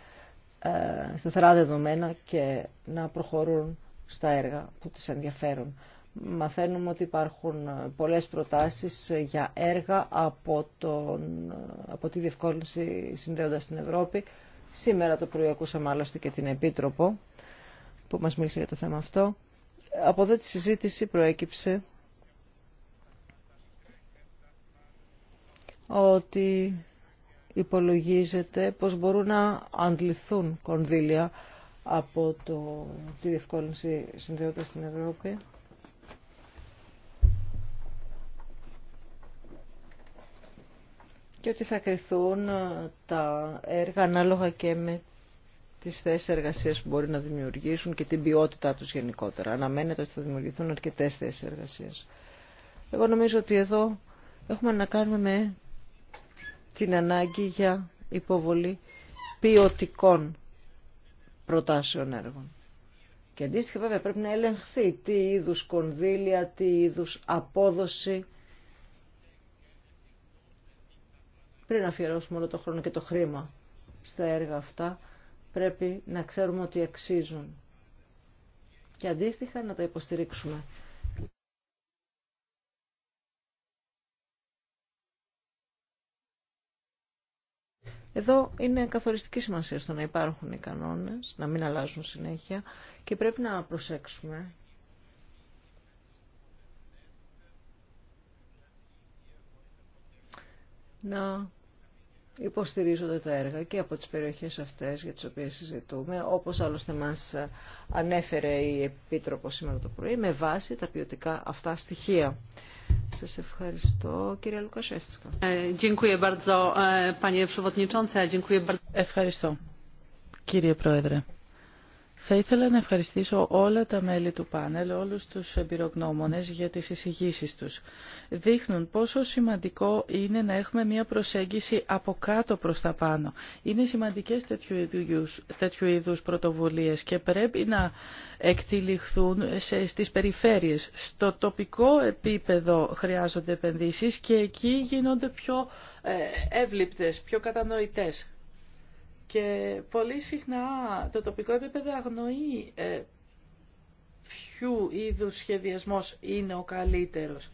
ε, σταθερά δεδομένα και να προχωρούν στα έργα που τις ενδιαφέρουν. Μαθαίνουμε ότι υπάρχουν ε, πολλές προτάσεις ε, για έργα από, τον, ε, από τη διευκόλυνση συνδέοντας την Ευρώπη. Σήμερα το πρωί ακούσαμε άλλωστε και την Επίτροπο που μας μίλησε για το θέμα αυτό. Από εδώ τη συζήτηση προέκυψε ότι υπολογίζεται πως μπορούν να αντληθούν κονδύλια από το, τη διευκόλυνση συνδέοντας στην Ευρώπη. και ότι θα κρυθούν ε, τα έργα ανάλογα και με τις θέσεις εργασίας που μπορεί να δημιουργήσουν και την ποιότητά τους γενικότερα. Αναμένεται ότι θα δημιουργηθούν αρκετές θέσεις εργασίας. Εγώ νομίζω ότι εδώ έχουμε να κάνουμε με την ανάγκη για υποβολή ποιοτικών προτάσεων έργων. Και αντίστοιχα βέβαια πρέπει να ελεγχθεί τι είδους κονδύλια, τι είδους απόδοση πριν αφιερώσουμε όλο το χρόνο και το χρήμα στα έργα αυτά πρέπει να ξέρουμε ότι αξίζουν και αντίστοιχα να τα υποστηρίξουμε. Εδώ είναι καθοριστική σημασία στο να υπάρχουν οι κανόνες, να μην αλλάζουν συνέχεια και πρέπει να προσέξουμε να υποστηρίζονται τα έργα και από τις περιοχές αυτές για τις οποίες συζητούμε, όπως άλλωστε μας ανέφερε η Επίτροπο σήμερα το πρωί, με βάση τα ποιοτικά αυτά στοιχεία. Σας ευχαριστώ, κυρία Λουκασέφσκα. Ε, ε, ευχαριστώ, κύριε Πρόεδρε. Θα ήθελα να ευχαριστήσω όλα τα μέλη του πάνελ, όλους τους εμπειρογνώμονες για τις εισηγήσεις τους. Δείχνουν πόσο σημαντικό είναι να έχουμε μια προσέγγιση από κάτω προς τα πάνω. Είναι σημαντικές τέτοιου είδους, τέτοιου είδους πρωτοβουλίες και πρέπει να εκτυλιχθούν σε, στις περιφέρειες. Στο τοπικό επίπεδο χρειάζονται επενδύσεις και εκεί γίνονται πιο ε, εύληπτες, πιο κατανοητές. Και πολύ συχνά το τοπικό επίπεδο αγνοεί ε, ποιου είδου σχεδιασμός είναι ο καλύτερος.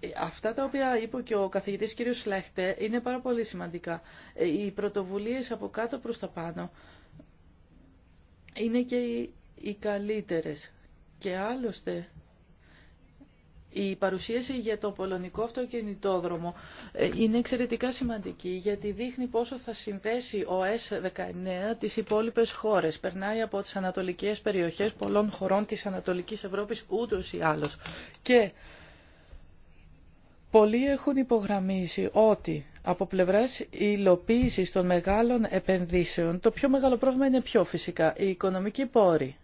Ε, αυτά τα οποία είπε και ο καθηγητής κ. Σλέχτε είναι πάρα πολύ σημαντικά. Ε, οι πρωτοβουλίες από κάτω προς τα πάνω είναι και οι, οι καλύτερες. Και άλλωστε η παρουσίαση για το πολωνικό αυτοκινητόδρομο ε, είναι εξαιρετικά σημαντική γιατί δείχνει πόσο θα συνδέσει ο S19 τις υπόλοιπες χώρες. Περνάει από τις ανατολικές περιοχές πολλών χωρών της Ανατολικής Ευρώπης ούτως ή άλλως. Και πολλοί έχουν υπογραμμίσει ότι από πλευράς υλοποίησης των μεγάλων επενδύσεων το πιο μεγάλο πρόβλημα είναι πιο φυσικά, η οικονομική πόρη.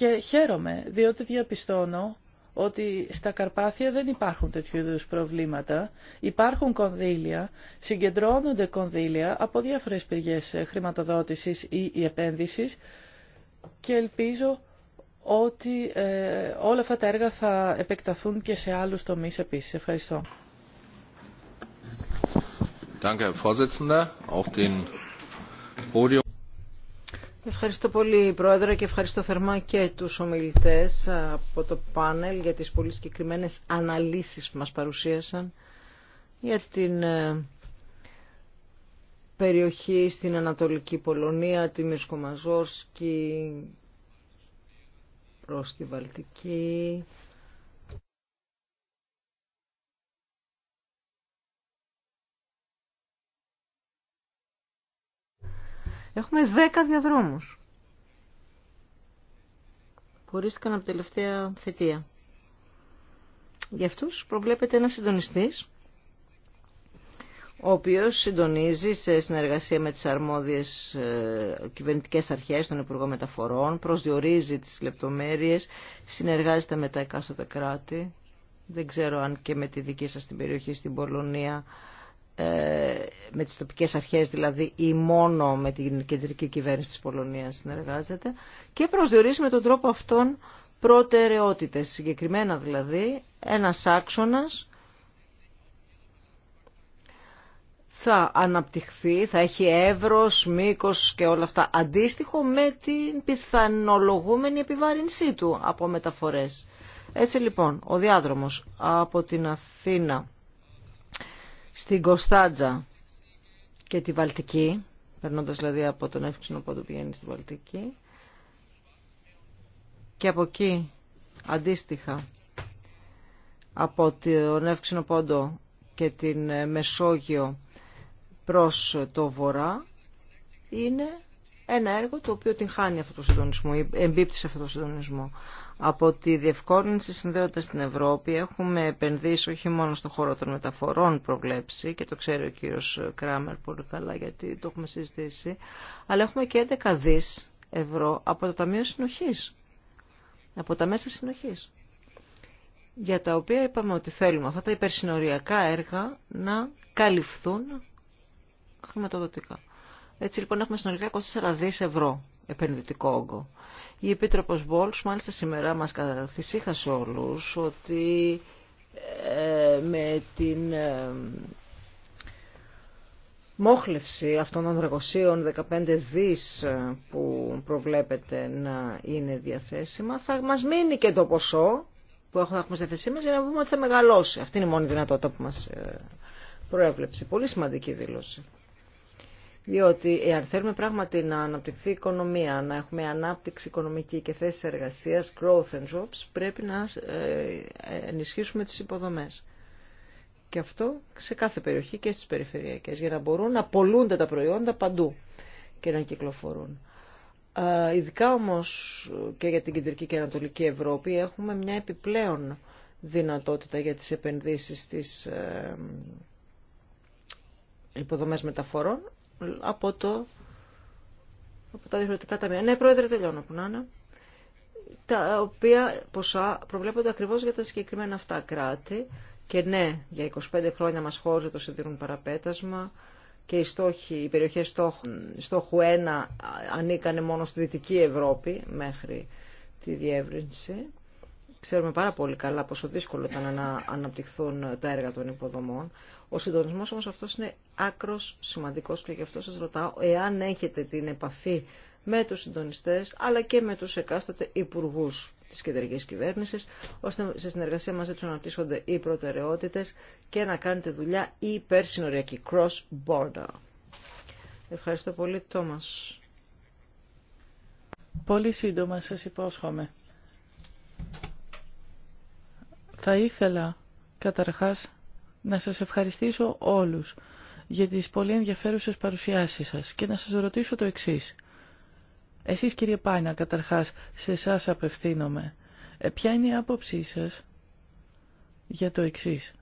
Και χαίρομαι, διότι διαπιστώνω ότι στα Καρπάθια δεν υπάρχουν τέτοιου είδους προβλήματα. Υπάρχουν κονδύλια, συγκεντρώνονται κονδύλια από διάφορες πηγές χρηματοδότησης ή επένδυσης και ελπίζω ότι ε, όλα αυτά τα έργα θα επεκταθούν και σε άλλους τομείς επίσης. Ευχαριστώ. Ευχαριστώ πολύ Πρόεδρε και ευχαριστώ θερμά και τους ομιλητές από το πάνελ για τις πολύ συγκεκριμένε αναλύσεις που μας παρουσίασαν για την ε, περιοχή στην Ανατολική Πολωνία, τη Μισκομαζόρσκη, προς τη Βαλτική, Έχουμε δέκα διαδρόμους που ορίστηκαν από τελευταία θετία. Για αυτούς προβλέπεται ένα συντονιστής, ο οποίος συντονίζει σε συνεργασία με τις αρμόδιες ε, κυβερνητικές αρχές, των Υπουργών Μεταφορών, προσδιορίζει τις λεπτομέρειες, συνεργάζεται με τα εκάστοτε κράτη. Δεν ξέρω αν και με τη δική σας την περιοχή στην Πολωνία ε, με τις τοπικές αρχές δηλαδή ή μόνο με την κεντρική κυβέρνηση της Πολωνίας συνεργάζεται και προσδιορίζει με τον τρόπο αυτόν προτεραιότητες. Συγκεκριμένα δηλαδή ένας άξονας θα αναπτυχθεί, θα έχει εύρος, μήκος και όλα αυτά αντίστοιχο με την πιθανολογούμενη επιβάρυνσή του από μεταφορές. Έτσι λοιπόν, ο διάδρομος από την Αθήνα στην Κωνσταντζα και τη Βαλτική, περνώντας δηλαδή από τον Εύξηνο Πόντο πηγαίνει στη Βαλτική, και από εκεί αντίστοιχα από τον Εύξηνο Πόντο και την Μεσόγειο προς το βορρά είναι ένα έργο το οποίο την χάνει αυτό το συντονισμό ή εμπίπτει σε αυτό το συντονισμό. Από τη διευκόλυνση συνδέοντας την Ευρώπη έχουμε επενδύσει όχι μόνο στον χώρο των μεταφορών προβλέψει και το ξέρει ο κύριος Κράμερ πολύ καλά γιατί το έχουμε συζητήσει αλλά έχουμε και 11 δις ευρώ από το Ταμείο Συνοχής από τα μέσα συνοχής για τα οποία είπαμε ότι θέλουμε αυτά τα υπερσυνοριακά έργα να καλυφθούν χρηματοδοτικά. Έτσι λοιπόν έχουμε συνολικά 24 δις ευρώ επενδυτικό όγκο. Η Επίτροπος Μπόλς μάλιστα σήμερα μας καθησύχασε όλους ότι ε, με την ε, μόχλευση αυτών των εργοσίων 15 δις ε, που προβλέπεται να είναι διαθέσιμα θα μας μείνει και το ποσό που έχουμε στη θέση μας για να πούμε ότι θα μεγαλώσει. Αυτή είναι η μόνη δυνατότητα που μας προέβλεψε. Πολύ σημαντική δήλωση. Διότι εάν θέλουμε πράγματι να αναπτυχθεί η οικονομία, να έχουμε ανάπτυξη οικονομική και θέσεις εργασίας, growth and jobs, πρέπει να ε, ενισχύσουμε τις υποδομές. Και αυτό σε κάθε περιοχή και στις περιφερειακές, για να μπορούν να πολλούνται τα προϊόντα παντού και να κυκλοφορούν. Ε, ειδικά όμως και για την Κεντρική και Ανατολική Ευρώπη έχουμε μια επιπλέον δυνατότητα για τις επενδύσεις στις ε, υποδομές μεταφορών από, το, από τα διαφορετικά ταμεία. Ναι, πρόεδρε, τελειώνω που να είναι. Τα οποία ποσά προβλέπονται ακριβώς για τα συγκεκριμένα αυτά κράτη. Και ναι, για 25 χρόνια μας χώριζε το συντηρούν παραπέτασμα και οι, στόχοι, περιοχές στόχου, στόχου 1 ανήκανε μόνο στη Δυτική Ευρώπη μέχρι τη διεύρυνση. Ξέρουμε πάρα πολύ καλά πόσο δύσκολο ήταν να αναπτυχθούν τα έργα των υποδομών. Ο συντονισμός όμως αυτός είναι άκρος σημαντικός και γι' αυτό σας ρωτάω εάν έχετε την επαφή με τους συντονιστές αλλά και με τους εκάστοτε υπουργούς της κεντρικής κυβέρνησης ώστε σε συνεργασία μαζί του να αναπτύσσονται οι προτεραιότητες και να κάνετε δουλειά υπερσυνοριακή cross-border. Ευχαριστώ πολύ, Τόμας. Πολύ σύντομα σας υπόσχομαι. Θα ήθελα καταρχάς να σας ευχαριστήσω όλους για τις πολύ ενδιαφέρουσες παρουσιάσεις σας και να σας ρωτήσω το εξής. Εσείς κύριε Πάινα καταρχάς σε εσά απευθύνομαι. Ε, ποια είναι η άποψή σας για το εξής.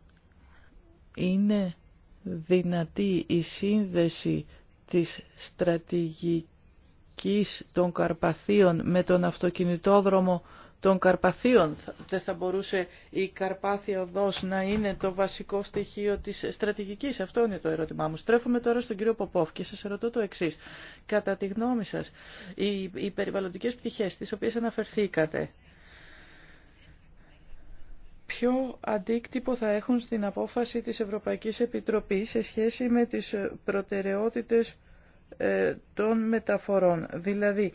Είναι δυνατή η σύνδεση της στρατηγικής των Καρπαθίων με τον αυτοκινητόδρομο των Καρπαθίων. Δεν θα μπορούσε η Καρπάθια οδός να είναι το βασικό στοιχείο της στρατηγικής. Αυτό είναι το ερώτημά μου. Στρέφουμε τώρα στον κύριο Ποπόφ και σας ρωτώ το εξής. Κατά τη γνώμη σας, οι, οι περιβαλλοντικές πτυχές τις οποίες αναφερθήκατε, ποιο αντίκτυπο θα έχουν στην απόφαση της Ευρωπαϊκής Επιτροπής σε σχέση με τις προτεραιότητες ε, των μεταφορών. Δηλαδή,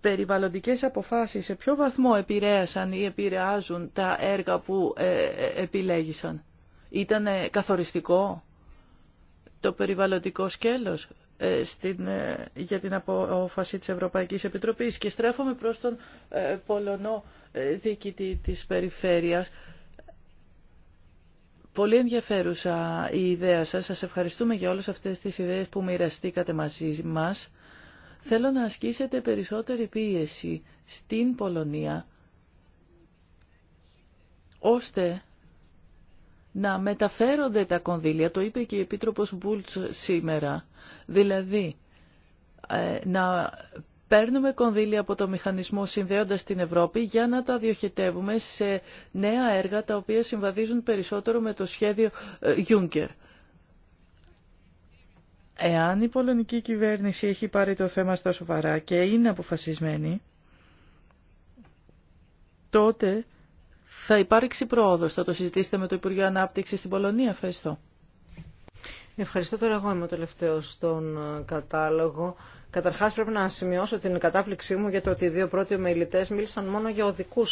περιβαλλοντικές αποφάσεις σε ποιο βαθμό επηρέασαν ή επηρεάζουν τα έργα που ε, ε, επιλέγησαν. Ήταν καθοριστικό το περιβαλλοντικό σκέλος ε, στην, για την απόφαση της Ευρωπαϊκής Επιτροπής και στρέφομαι προς τον Πολωνό διοικητή της περιφέρειας. Πολύ ενδιαφέρουσα η ιδέα σας. Σας ευχαριστούμε για όλες αυτές τις ιδέες που μοιραστήκατε μαζί μας. Θέλω να ασκήσετε περισσότερη πίεση στην Πολωνία, ώστε να μεταφέρονται τα κονδύλια, το είπε και η Επίτροπος Μπούλτς σήμερα, δηλαδή ε, να παίρνουμε κονδύλια από το μηχανισμό συνδέοντας την Ευρώπη για να τα διοχετεύουμε σε νέα έργα τα οποία συμβαδίζουν περισσότερο με το σχέδιο ε, Juncker. Εάν η πολωνική κυβέρνηση έχει πάρει το θέμα στα σοβαρά και είναι αποφασισμένη, τότε θα υπάρξει πρόοδος. Θα το συζητήσετε με το Υπουργείο Ανάπτυξης στην Πολωνία. Ευχαριστώ. Ευχαριστώ τώρα εγώ είμαι ο τελευταίο στον κατάλογο. Καταρχάς πρέπει να σημειώσω την κατάπληξή μου για το ότι οι δύο πρώτοι ομιλητέ μίλησαν μόνο για οδικού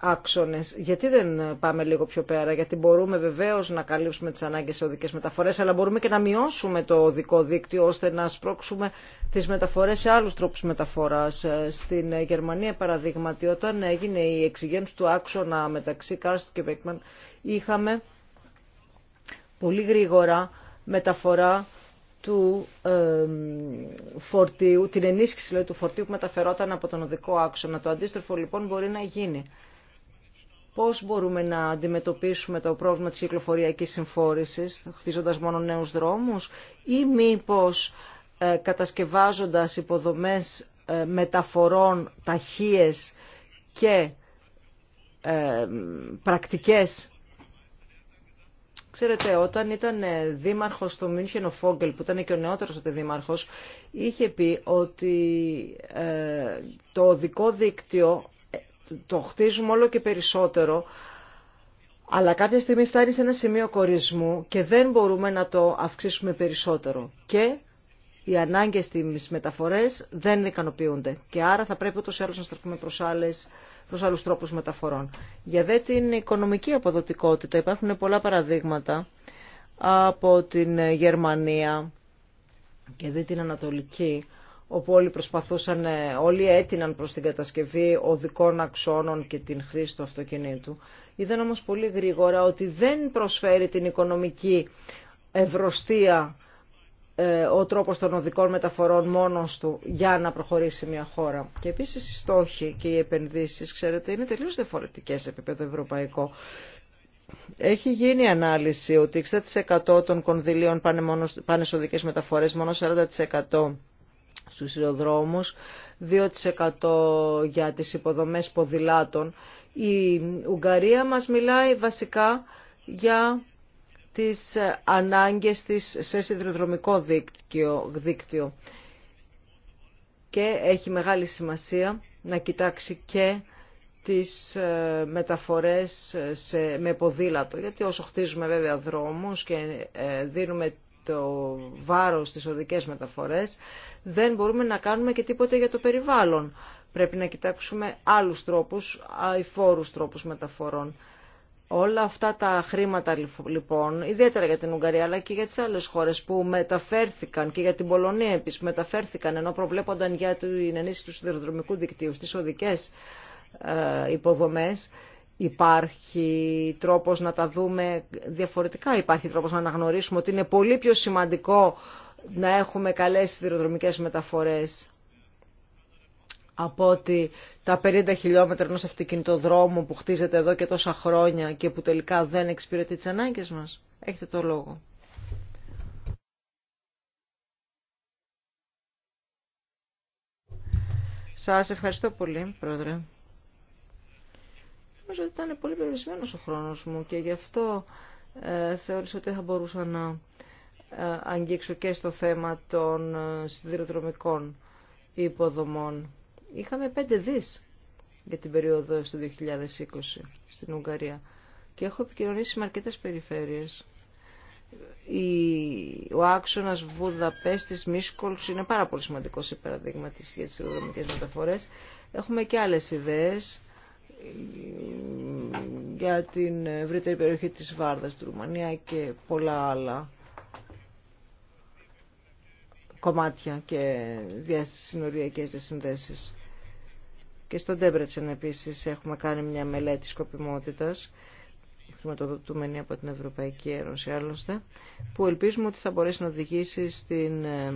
άξονες. Γιατί δεν πάμε λίγο πιο πέρα, γιατί μπορούμε βεβαίως να καλύψουμε τις ανάγκες σε οδικές μεταφορές, αλλά μπορούμε και να μειώσουμε το οδικό δίκτυο ώστε να σπρώξουμε τις μεταφορές σε άλλους τρόπους μεταφοράς. Ε, στην Γερμανία, παραδείγματι, όταν έγινε η εξηγένση του άξονα μεταξύ Κάρστ και Μπέκμαν, είχαμε πολύ γρήγορα μεταφορά του ε, φορτίου, την ενίσχυση λέει, του φορτίου που μεταφερόταν από τον οδικό άξονα. Το αντίστροφο λοιπόν μπορεί να γίνει. Πώς μπορούμε να αντιμετωπίσουμε το πρόβλημα της κυκλοφοριακής συμφόρησης, χτίζοντας μόνο νέους δρόμους ή μήπως ε, κατασκευάζοντας υποδομές ε, μεταφορών ταχείες και ε, πρακτικές Ξέρετε, όταν ήταν ε, δήμαρχος του Μίνχενο Φόγκελ, που ήταν και ο νεότερος ότι δήμαρχος, είχε πει ότι ε, το οδικό δίκτυο ε, το χτίζουμε όλο και περισσότερο, αλλά κάποια στιγμή φτάνει σε ένα σημείο κορισμού και δεν μπορούμε να το αυξήσουμε περισσότερο. Και οι ανάγκε στι μεταφορέ δεν ικανοποιούνται και άρα θα πρέπει ούτω ή άλλω να στραφούμε προς, άλλες, προς άλλους τρόπους μεταφορών. Για δε την οικονομική αποδοτικότητα υπάρχουν πολλά παραδείγματα από την Γερμανία και δε την Ανατολική όπου όλοι προσπαθούσαν, όλοι έτειναν προ την κατασκευή οδικών αξώνων και την χρήση του αυτοκινήτου. Είδαν όμω πολύ γρήγορα ότι δεν προσφέρει την οικονομική ευρωστία ε, ο τρόπος των οδικών μεταφορών μόνος του για να προχωρήσει μια χώρα. Και επίσης οι στόχοι και οι επενδύσεις, ξέρετε, είναι τελείως διαφορετικές σε επίπεδο ευρωπαϊκό. Έχει γίνει ανάλυση ότι 60% των κονδυλίων πάνε, μόνο, σε οδικές μεταφορές, μόνο 40% στους ιδιοδρόμους, 2% για τις υποδομές ποδηλάτων. Η Ουγγαρία μας μιλάει βασικά για τις ε, ανάγκες της σε σιδηροδρομικό δίκτυο, Και έχει μεγάλη σημασία να κοιτάξει και τις ε, μεταφορές ε, σε, με ποδήλατο. Γιατί όσο χτίζουμε βέβαια δρόμους και δίνουμε το βάρος στις οδικές μεταφορές, δεν μπορούμε να κάνουμε και τίποτε για το περιβάλλον. Πρέπει να κοιτάξουμε άλλους τρόπους, αηφόρους τρόπους μεταφορών. Όλα αυτά τα χρήματα λοιπόν, ιδιαίτερα για την Ουγγαρία αλλά και για τις άλλες χώρες που μεταφέρθηκαν και για την Πολωνία επίσης που μεταφέρθηκαν ενώ προβλέπονταν για την ενίσχυση του σιδηροδρομικού δικτύου στις οδικές ε, υποδομές, υπάρχει τρόπος να τα δούμε διαφορετικά, υπάρχει τρόπος να αναγνωρίσουμε ότι είναι πολύ πιο σημαντικό να έχουμε καλές σιδηροδρομικές μεταφορές από ότι τα 50 χιλιόμετρα ενός αυτοκινητοδρόμου που χτίζεται εδώ και τόσα χρόνια και που τελικά δεν εξυπηρετεί τις ανάγκες μας. Έχετε το λόγο. Σας ευχαριστώ πολύ, Πρόεδρε. Νομίζω ότι ήταν πολύ περιορισμένο ο χρόνος μου και γι' αυτό ε, θεώρησα ότι θα μπορούσα να ε, αγγίξω και στο θέμα των ε, σιδηροδρομικών υποδομών είχαμε 5 δις για την περίοδο στο 2020 στην Ουγγαρία και έχω επικοινωνήσει με αρκετές περιφέρειες. Ο άξονας Βουδαπέστης Μίσκολς είναι πάρα πολύ σημαντικό σε παραδείγμα της για τις μεταφορές. Έχουμε και άλλες ιδέες για την ευρύτερη περιοχή της Βάρδας, της Ρουμανία και πολλά άλλα κομμάτια και διασυνοριακές διασυνδέσεις. Και στον Τέμπρετσεν επίσης έχουμε κάνει μια μελέτη σκοπιμότητας χρηματοδοτούμενη από την Ευρωπαϊκή Ένωση άλλωστε, που ελπίζουμε ότι θα μπορέσει να οδηγήσει στην ε,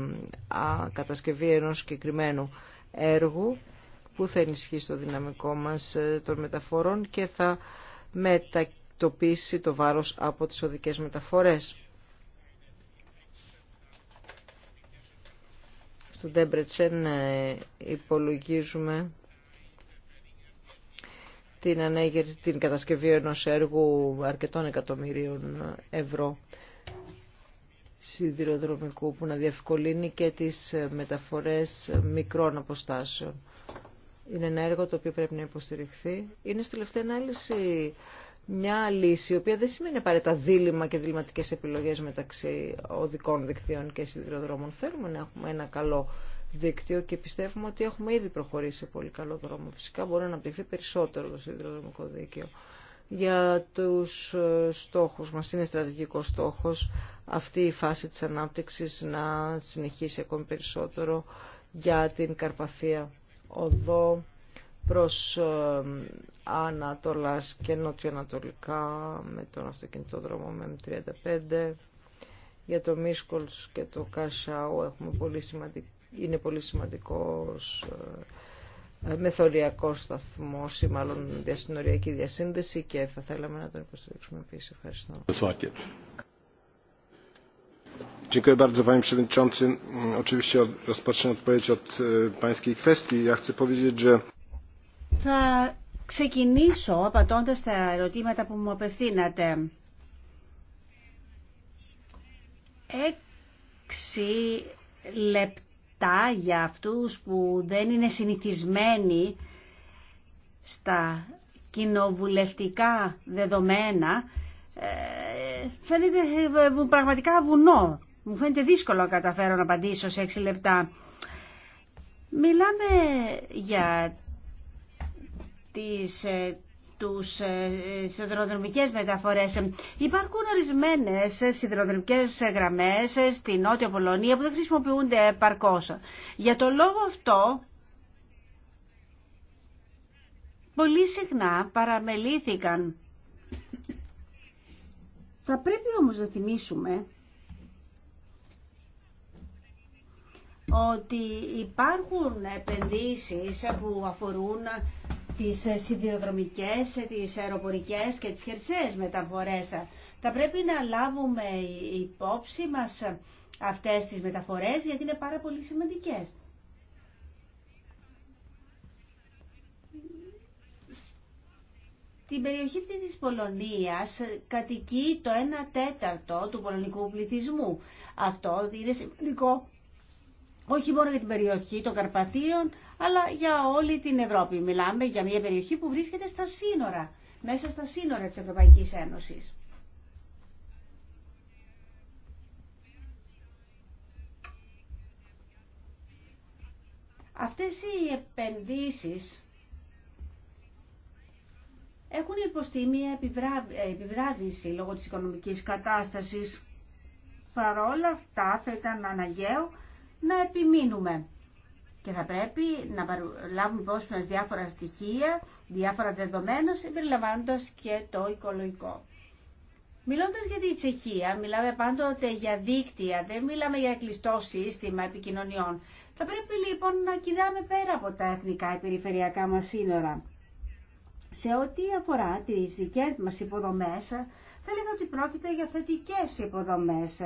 κατασκευή ενός συγκεκριμένου έργου που θα ενισχύσει το δυναμικό μας ε, των μεταφορών και θα μετατοπίσει το βάρος από τις οδικές μεταφορές. Στον Τέμπρετσεν ε, υπολογίζουμε την, την κατασκευή ενός έργου αρκετών εκατομμυρίων ευρώ σιδηροδρομικού που να διευκολύνει και τις μεταφορές μικρών αποστάσεων. Είναι ένα έργο το οποίο πρέπει να υποστηριχθεί. Είναι στη τελευταία ανάλυση μια λύση, η οποία δεν σημαίνει απαραίτητα δίλημα και διληματικές επιλογές μεταξύ οδικών δικτύων και σιδηροδρόμων. Θέλουμε να έχουμε ένα καλό δίκτυο και πιστεύουμε ότι έχουμε ήδη προχωρήσει σε πολύ καλό δρόμο. Φυσικά μπορεί να αναπτυχθεί περισσότερο το σιδηροδρομικό δίκαιο. Για τους ε, στόχους μας είναι στρατηγικός στόχος αυτή η φάση της ανάπτυξης να συνεχίσει ακόμη περισσότερο για την Καρπαθία οδό προς ε, Ανατολάς και Νότιο-Ανατολικά με τον αυτοκινητόδρομο με 35 για το Μίσκολς και το Κάσαου έχουμε πολύ σημαντική είναι πολύ σημαντικός ε, ε, μεθοριακός σταθμός ή μάλλον διασυνοριακή διασύνδεση και θα θέλαμε να τον υποστηρίξουμε επίσης. Ευχαριστώ. Dziękuję bardzo Panie Przewodniczący. Mm, oczywiście rozpocznę odpowiedź od e, Pańskiej kwestii. Ja chcę powiedzieć, że... Θα ξεκινήσω απαντώντας τα ερωτήματα που μου απευθύνατε. Έξι λεπτά τα για αυτούς που δεν είναι συνηθισμένοι στα κοινοβουλευτικά δεδομένα ε, φαίνεται ε, πραγματικά βουνό. Μου φαίνεται δύσκολο να καταφέρω να απαντήσω σε έξι λεπτά. Μιλάμε για τις ε, τους ε, σιδηροδρομικές μεταφορές. Υπάρχουν ορισμένε σιδηροδρομικές γραμμές ε, στη Νότια Πολωνία που δεν χρησιμοποιούνται παρκώς. Για το λόγο αυτό πολύ συχνά παραμελήθηκαν. Θα πρέπει όμως να θυμίσουμε ότι υπάρχουν επενδύσεις που αφορούν τις ε, σιδηροδρομικές, ε, τις αεροπορικές και τις χερσαίες μεταφορές. Θα πρέπει να λάβουμε υπόψη μας αυτές τις μεταφορές γιατί είναι πάρα πολύ σημαντικές. Την περιοχή αυτή της Πολωνίας κατοικεί το 1 τέταρτο του πολωνικού πληθυσμού. Αυτό είναι σημαντικό όχι μόνο για την περιοχή των Καρπατίων, αλλά για όλη την Ευρώπη. Μιλάμε για μια περιοχή που βρίσκεται στα σύνορα, μέσα στα σύνορα της Ευρωπαϊκής Ένωσης. Αυτές οι επενδύσεις έχουν υποστεί μια επιβράδυνση λόγω της οικονομικής κατάστασης. Παρόλα αυτά θα ήταν αναγκαίο να επιμείνουμε. Και θα πρέπει να λάβουμε υπόψη μας διάφορα στοιχεία, διάφορα δεδομένα, συμπεριλαμβάνοντα και το οικολογικό. Μιλώντας για τη Τσεχία, μιλάμε πάντοτε για δίκτυα, δεν μιλάμε για κλειστό σύστημα επικοινωνιών. Θα πρέπει λοιπόν να κοιτάμε πέρα από τα εθνικά και περιφερειακά μας σύνορα. Σε ό,τι αφορά τις δικέ μας υποδομέ θα έλεγα ότι πρόκειται για θετικές υποδομές.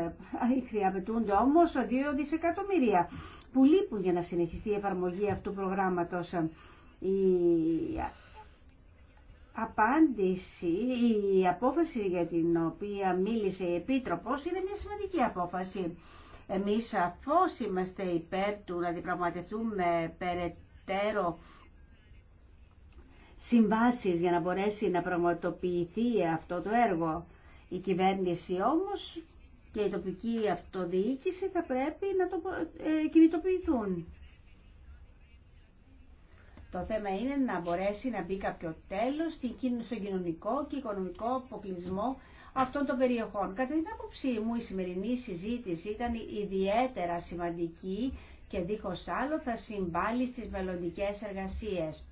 Χρειαπαιτούνται όμως 2 δισεκατομμύρια που λείπουν για να συνεχιστεί η εφαρμογή αυτού του προγράμματος. Η απάντηση, η απόφαση για την οποία μίλησε η Επίτροπος είναι μια σημαντική απόφαση. Εμείς σαφώς είμαστε υπέρ του να διπραγματευτούμε περαιτέρω συμβάσεις για να μπορέσει να πραγματοποιηθεί αυτό το έργο. Η κυβέρνηση όμως και η τοπική αυτοδιοίκηση θα πρέπει να το ε, κινητοποιηθούν. Το θέμα είναι να μπορέσει να μπει κάποιο τέλος στο κοινωνικό και οικονομικό αποκλεισμό αυτών των περιοχών. Κατά την άποψή μου η σημερινή συζήτηση ήταν ιδιαίτερα σημαντική και δίχως άλλο θα συμβάλλει στις μελλοντικέ εργασίες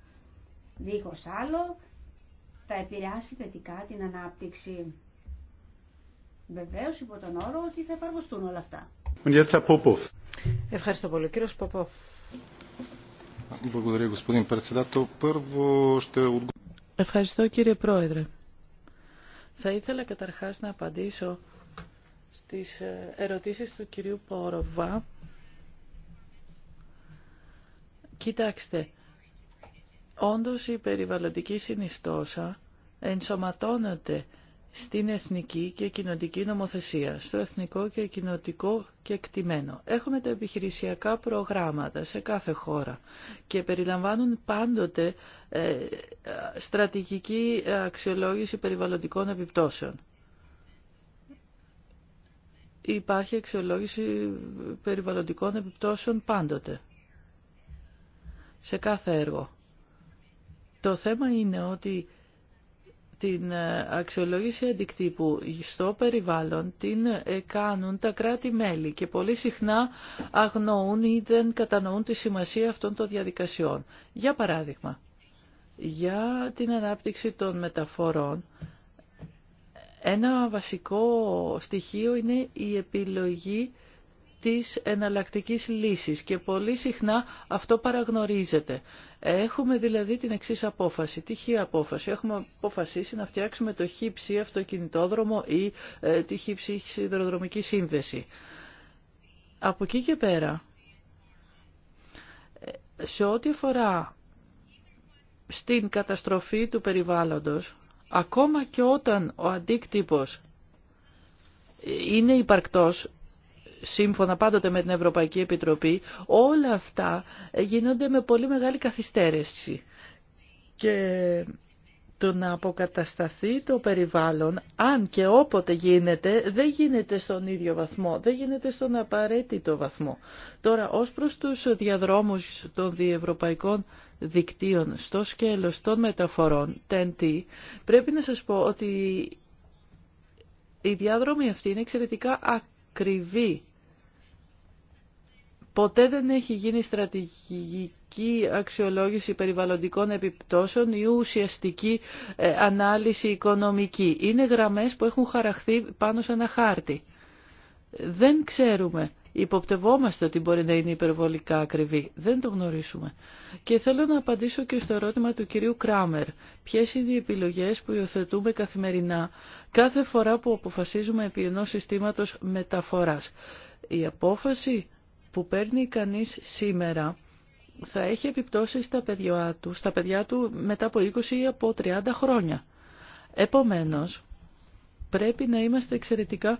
δίχως άλλο θα επηρεάσει θετικά την ανάπτυξη. Βεβαίως υπό τον όρο ότι θα εφαρμοστούν όλα αυτά. Ευχαριστώ πολύ. Κύριος Ποπόφ. Ευχαριστώ κύριε Πρόεδρε. Θα ήθελα καταρχάς να απαντήσω στις ε, ερωτήσεις του κυρίου Πόροβα. Κοιτάξτε, Όντως η περιβαλλοντική συνιστόσα ενσωματώνεται στην εθνική και κοινοτική νομοθεσία, στο εθνικό και κοινοτικό και εκτιμένο. Έχουμε τα επιχειρησιακά προγράμματα σε κάθε χώρα και περιλαμβάνουν πάντοτε ε, στρατηγική αξιολόγηση περιβαλλοντικών επιπτώσεων. Υπάρχει αξιολόγηση περιβαλλοντικών επιπτώσεων πάντοτε, σε κάθε έργο. Το θέμα είναι ότι την ε, αξιολόγηση αντικτύπου στο περιβάλλον την ε, κάνουν τα κράτη-μέλη και πολύ συχνά αγνοούν ή δεν κατανοούν τη σημασία αυτών των διαδικασιών. Για παράδειγμα, για την ανάπτυξη των μεταφορών, ένα βασικό στοιχείο είναι η επιλογή της εναλλακτικής λύσης και πολύ συχνά αυτό παραγνωρίζεται. Έχουμε δηλαδή την εξή απόφαση, τη απόφαση. Έχουμε αποφασίσει να φτιάξουμε το χύψι αυτοκινητόδρομο ή ε, τη χύψι υδροδρομική σύνδεση. Από εκεί και πέρα, ε, σε ό,τι αφορά στην καταστροφή του περιβάλλοντος, ακόμα και όταν ο αντίκτυπος ε, είναι υπαρκτός, σύμφωνα πάντοτε με την Ευρωπαϊκή Επιτροπή, όλα αυτά γίνονται με πολύ μεγάλη καθυστέρηση. Και το να αποκατασταθεί το περιβάλλον, αν και όποτε γίνεται, δεν γίνεται στον ίδιο βαθμό, δεν γίνεται στον απαραίτητο βαθμό. Τώρα, ως προς τους διαδρόμους των διευρωπαϊκών δικτύων στο σκέλος των μεταφορών, TNT, πρέπει να σας πω ότι η διάδρομη αυτή είναι εξαιρετικά ακριβή. Ποτέ δεν έχει γίνει στρατηγική αξιολόγηση περιβαλλοντικών επιπτώσεων ή ουσιαστική ε, ανάλυση οικονομική. Είναι γραμμές που έχουν χαραχθεί πάνω σε ένα χάρτη. Δεν ξέρουμε. Υποπτευόμαστε ότι μπορεί να είναι υπερβολικά ακριβή. Δεν το γνωρίζουμε. Και θέλω να απαντήσω και στο ερώτημα του κυρίου Κράμερ. Ποιες είναι οι επιλογές που υιοθετούμε καθημερινά κάθε φορά που αποφασίζουμε επί ενός συστήματος μεταφοράς. Η απόφαση που παίρνει κανείς σήμερα θα έχει επιπτώσεις στα παιδιά του, στα παιδιά του μετά από 20 ή από 30 χρόνια. Επομένως, πρέπει να είμαστε εξαιρετικά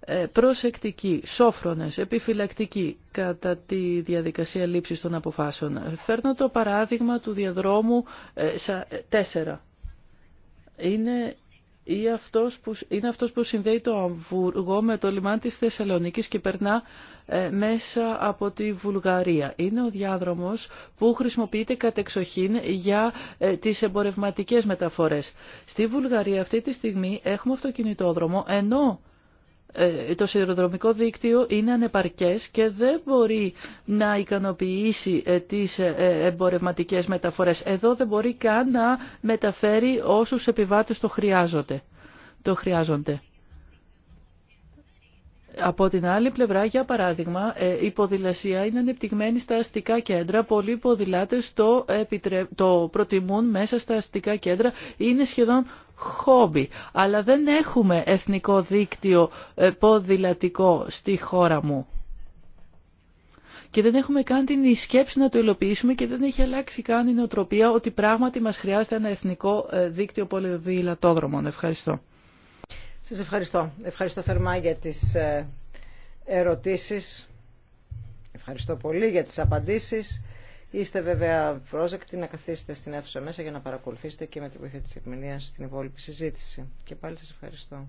ε, προσεκτικοί, σόφρονες, επιφυλακτικοί κατά τη διαδικασία λήψης των αποφάσεων. Φέρνω το παράδειγμα του διαδρόμου 4. Ε, ε, Είναι ή αυτός που, είναι αυτός που συνδέει το Αμβούργο με το λιμάνι της Θεσσαλονίκης και περνά ε, μέσα από τη Βουλγαρία. Είναι ο διάδρομος που χρησιμοποιείται κατεξοχήν για ε, τις εμπορευματικές μεταφορές. Στη Βουλγαρία αυτή τη στιγμή έχουμε αυτοκινητόδρομο, ενώ ε, το σιδηροδρομικό δίκτυο είναι ανεπαρκές και δεν μπορεί να ικανοποιήσει ε, τις ε, εμπορευματικές μεταφορές. Εδώ δεν μπορεί καν να μεταφέρει όσους επιβάτες το χρειάζονται. Το χρειάζονται. Από την άλλη πλευρά, για παράδειγμα, η ποδηλασία είναι ανεπτυγμένη στα αστικά κέντρα. Πολλοί ποδηλάτες το, το προτιμούν μέσα στα αστικά κέντρα. Είναι σχεδόν χόμπι. Αλλά δεν έχουμε εθνικό δίκτυο ε, ποδηλατικό στη χώρα μου. Και δεν έχουμε καν την σκέψη να το υλοποιήσουμε και δεν έχει αλλάξει καν η νοοτροπία ότι πράγματι μας χρειάζεται ένα εθνικό ε, δίκτυο πολυδηλατόδρομων. Ευχαριστώ. Σας ευχαριστώ. Ευχαριστώ θερμά για τις ε, ερωτήσεις. Ευχαριστώ πολύ για τις απαντήσεις. Είστε βέβαια πρόσεκτοι να καθίσετε στην αίθουσα μέσα για να παρακολουθήσετε και με τη βοήθεια της επιμελίας την υπόλοιπη συζήτηση. Και πάλι σας ευχαριστώ.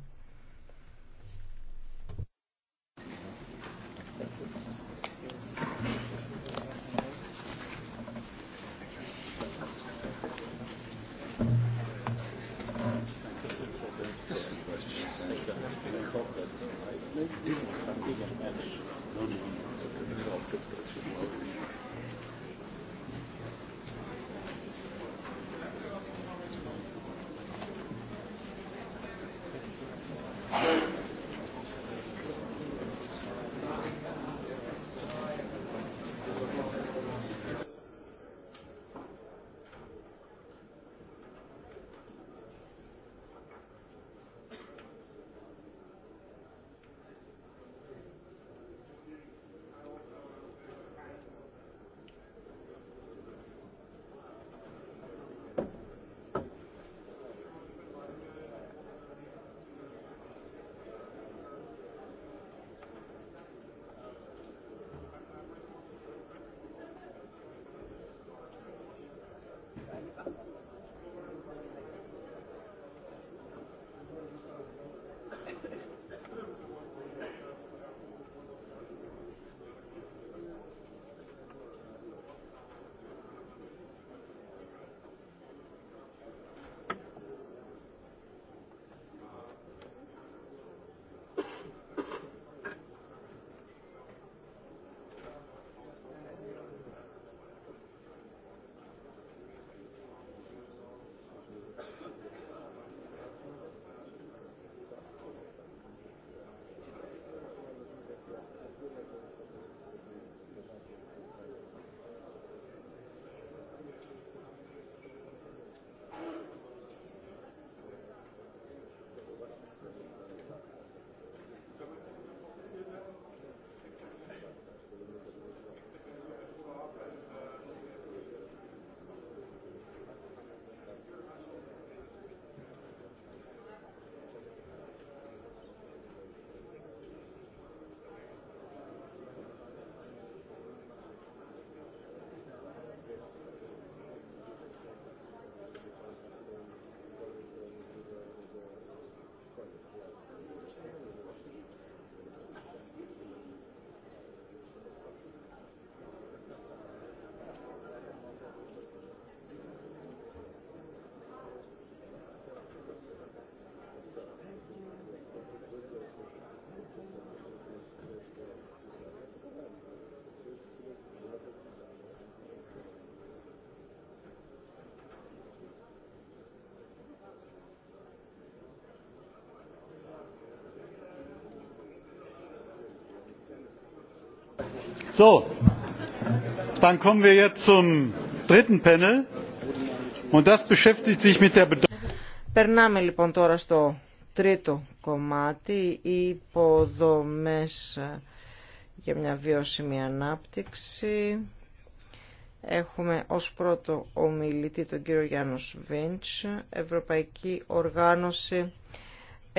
So, dann Περνάμε λοιπόν τώρα στο τρίτο κομμάτι, υποδομές για μια βιώσιμη ανάπτυξη. Έχουμε ως πρώτο ομιλητή τον κύριο Γιάννου Βίντς, Ευρωπαϊκή Οργάνωση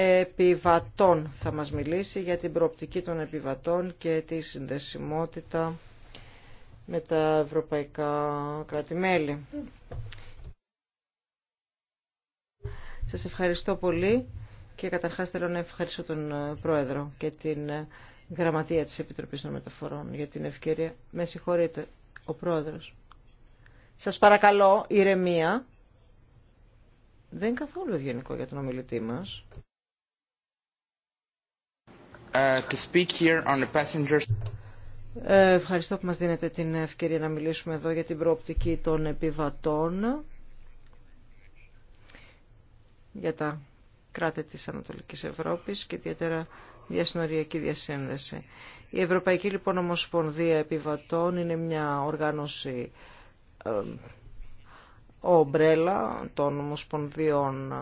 επιβατών θα μας μιλήσει για την προοπτική των επιβατών και τη συνδεσιμότητα με τα ευρωπαϊκά κράτη-μέλη. Σας ευχαριστώ πολύ και καταρχάς θέλω να ευχαριστώ τον Πρόεδρο και την Γραμματεία της Επιτροπής των Μεταφορών για την ευκαιρία. Με συγχωρείτε, ο Πρόεδρος. Σας παρακαλώ, ηρεμία. Δεν είναι καθόλου ευγενικό για τον ομιλητή μας. Uh, ε, ευχαριστώ που μας δίνετε την ευκαιρία να μιλήσουμε εδώ για την προοπτική των επιβατών για τα κράτη της Ανατολικής Ευρώπης και ιδιαίτερα διασυνοριακή διασύνδεση. Η Ευρωπαϊκή λοιπόν Ομοσπονδία Επιβατών είναι μια οργάνωση ε, ο ομπρέλα των Ομοσπονδίων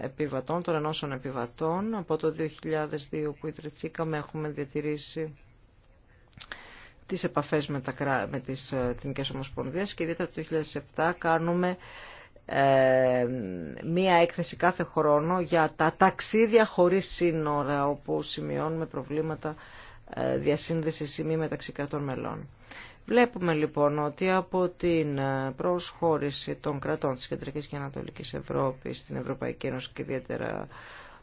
Επιβατών, των Ενώσεων Επιβατών. Από το 2002 που ιδρυθήκαμε έχουμε διατηρήσει τις επαφές με, τα, με τις ε, Εθνικές Ομοσπονδίες και ιδιαίτερα το 2007 κάνουμε ε, μία έκθεση κάθε χρόνο για τα ταξίδια χωρίς σύνορα όπου σημειώνουμε προβλήματα ε, διασύνδεσης ή μη μεταξύ κρατών μελών. Βλέπουμε λοιπόν ότι από την ε, προσχώρηση των κρατών της Κεντρικής και Ανατολικής Ευρώπης στην Ευρωπαϊκή Ένωση και ιδιαίτερα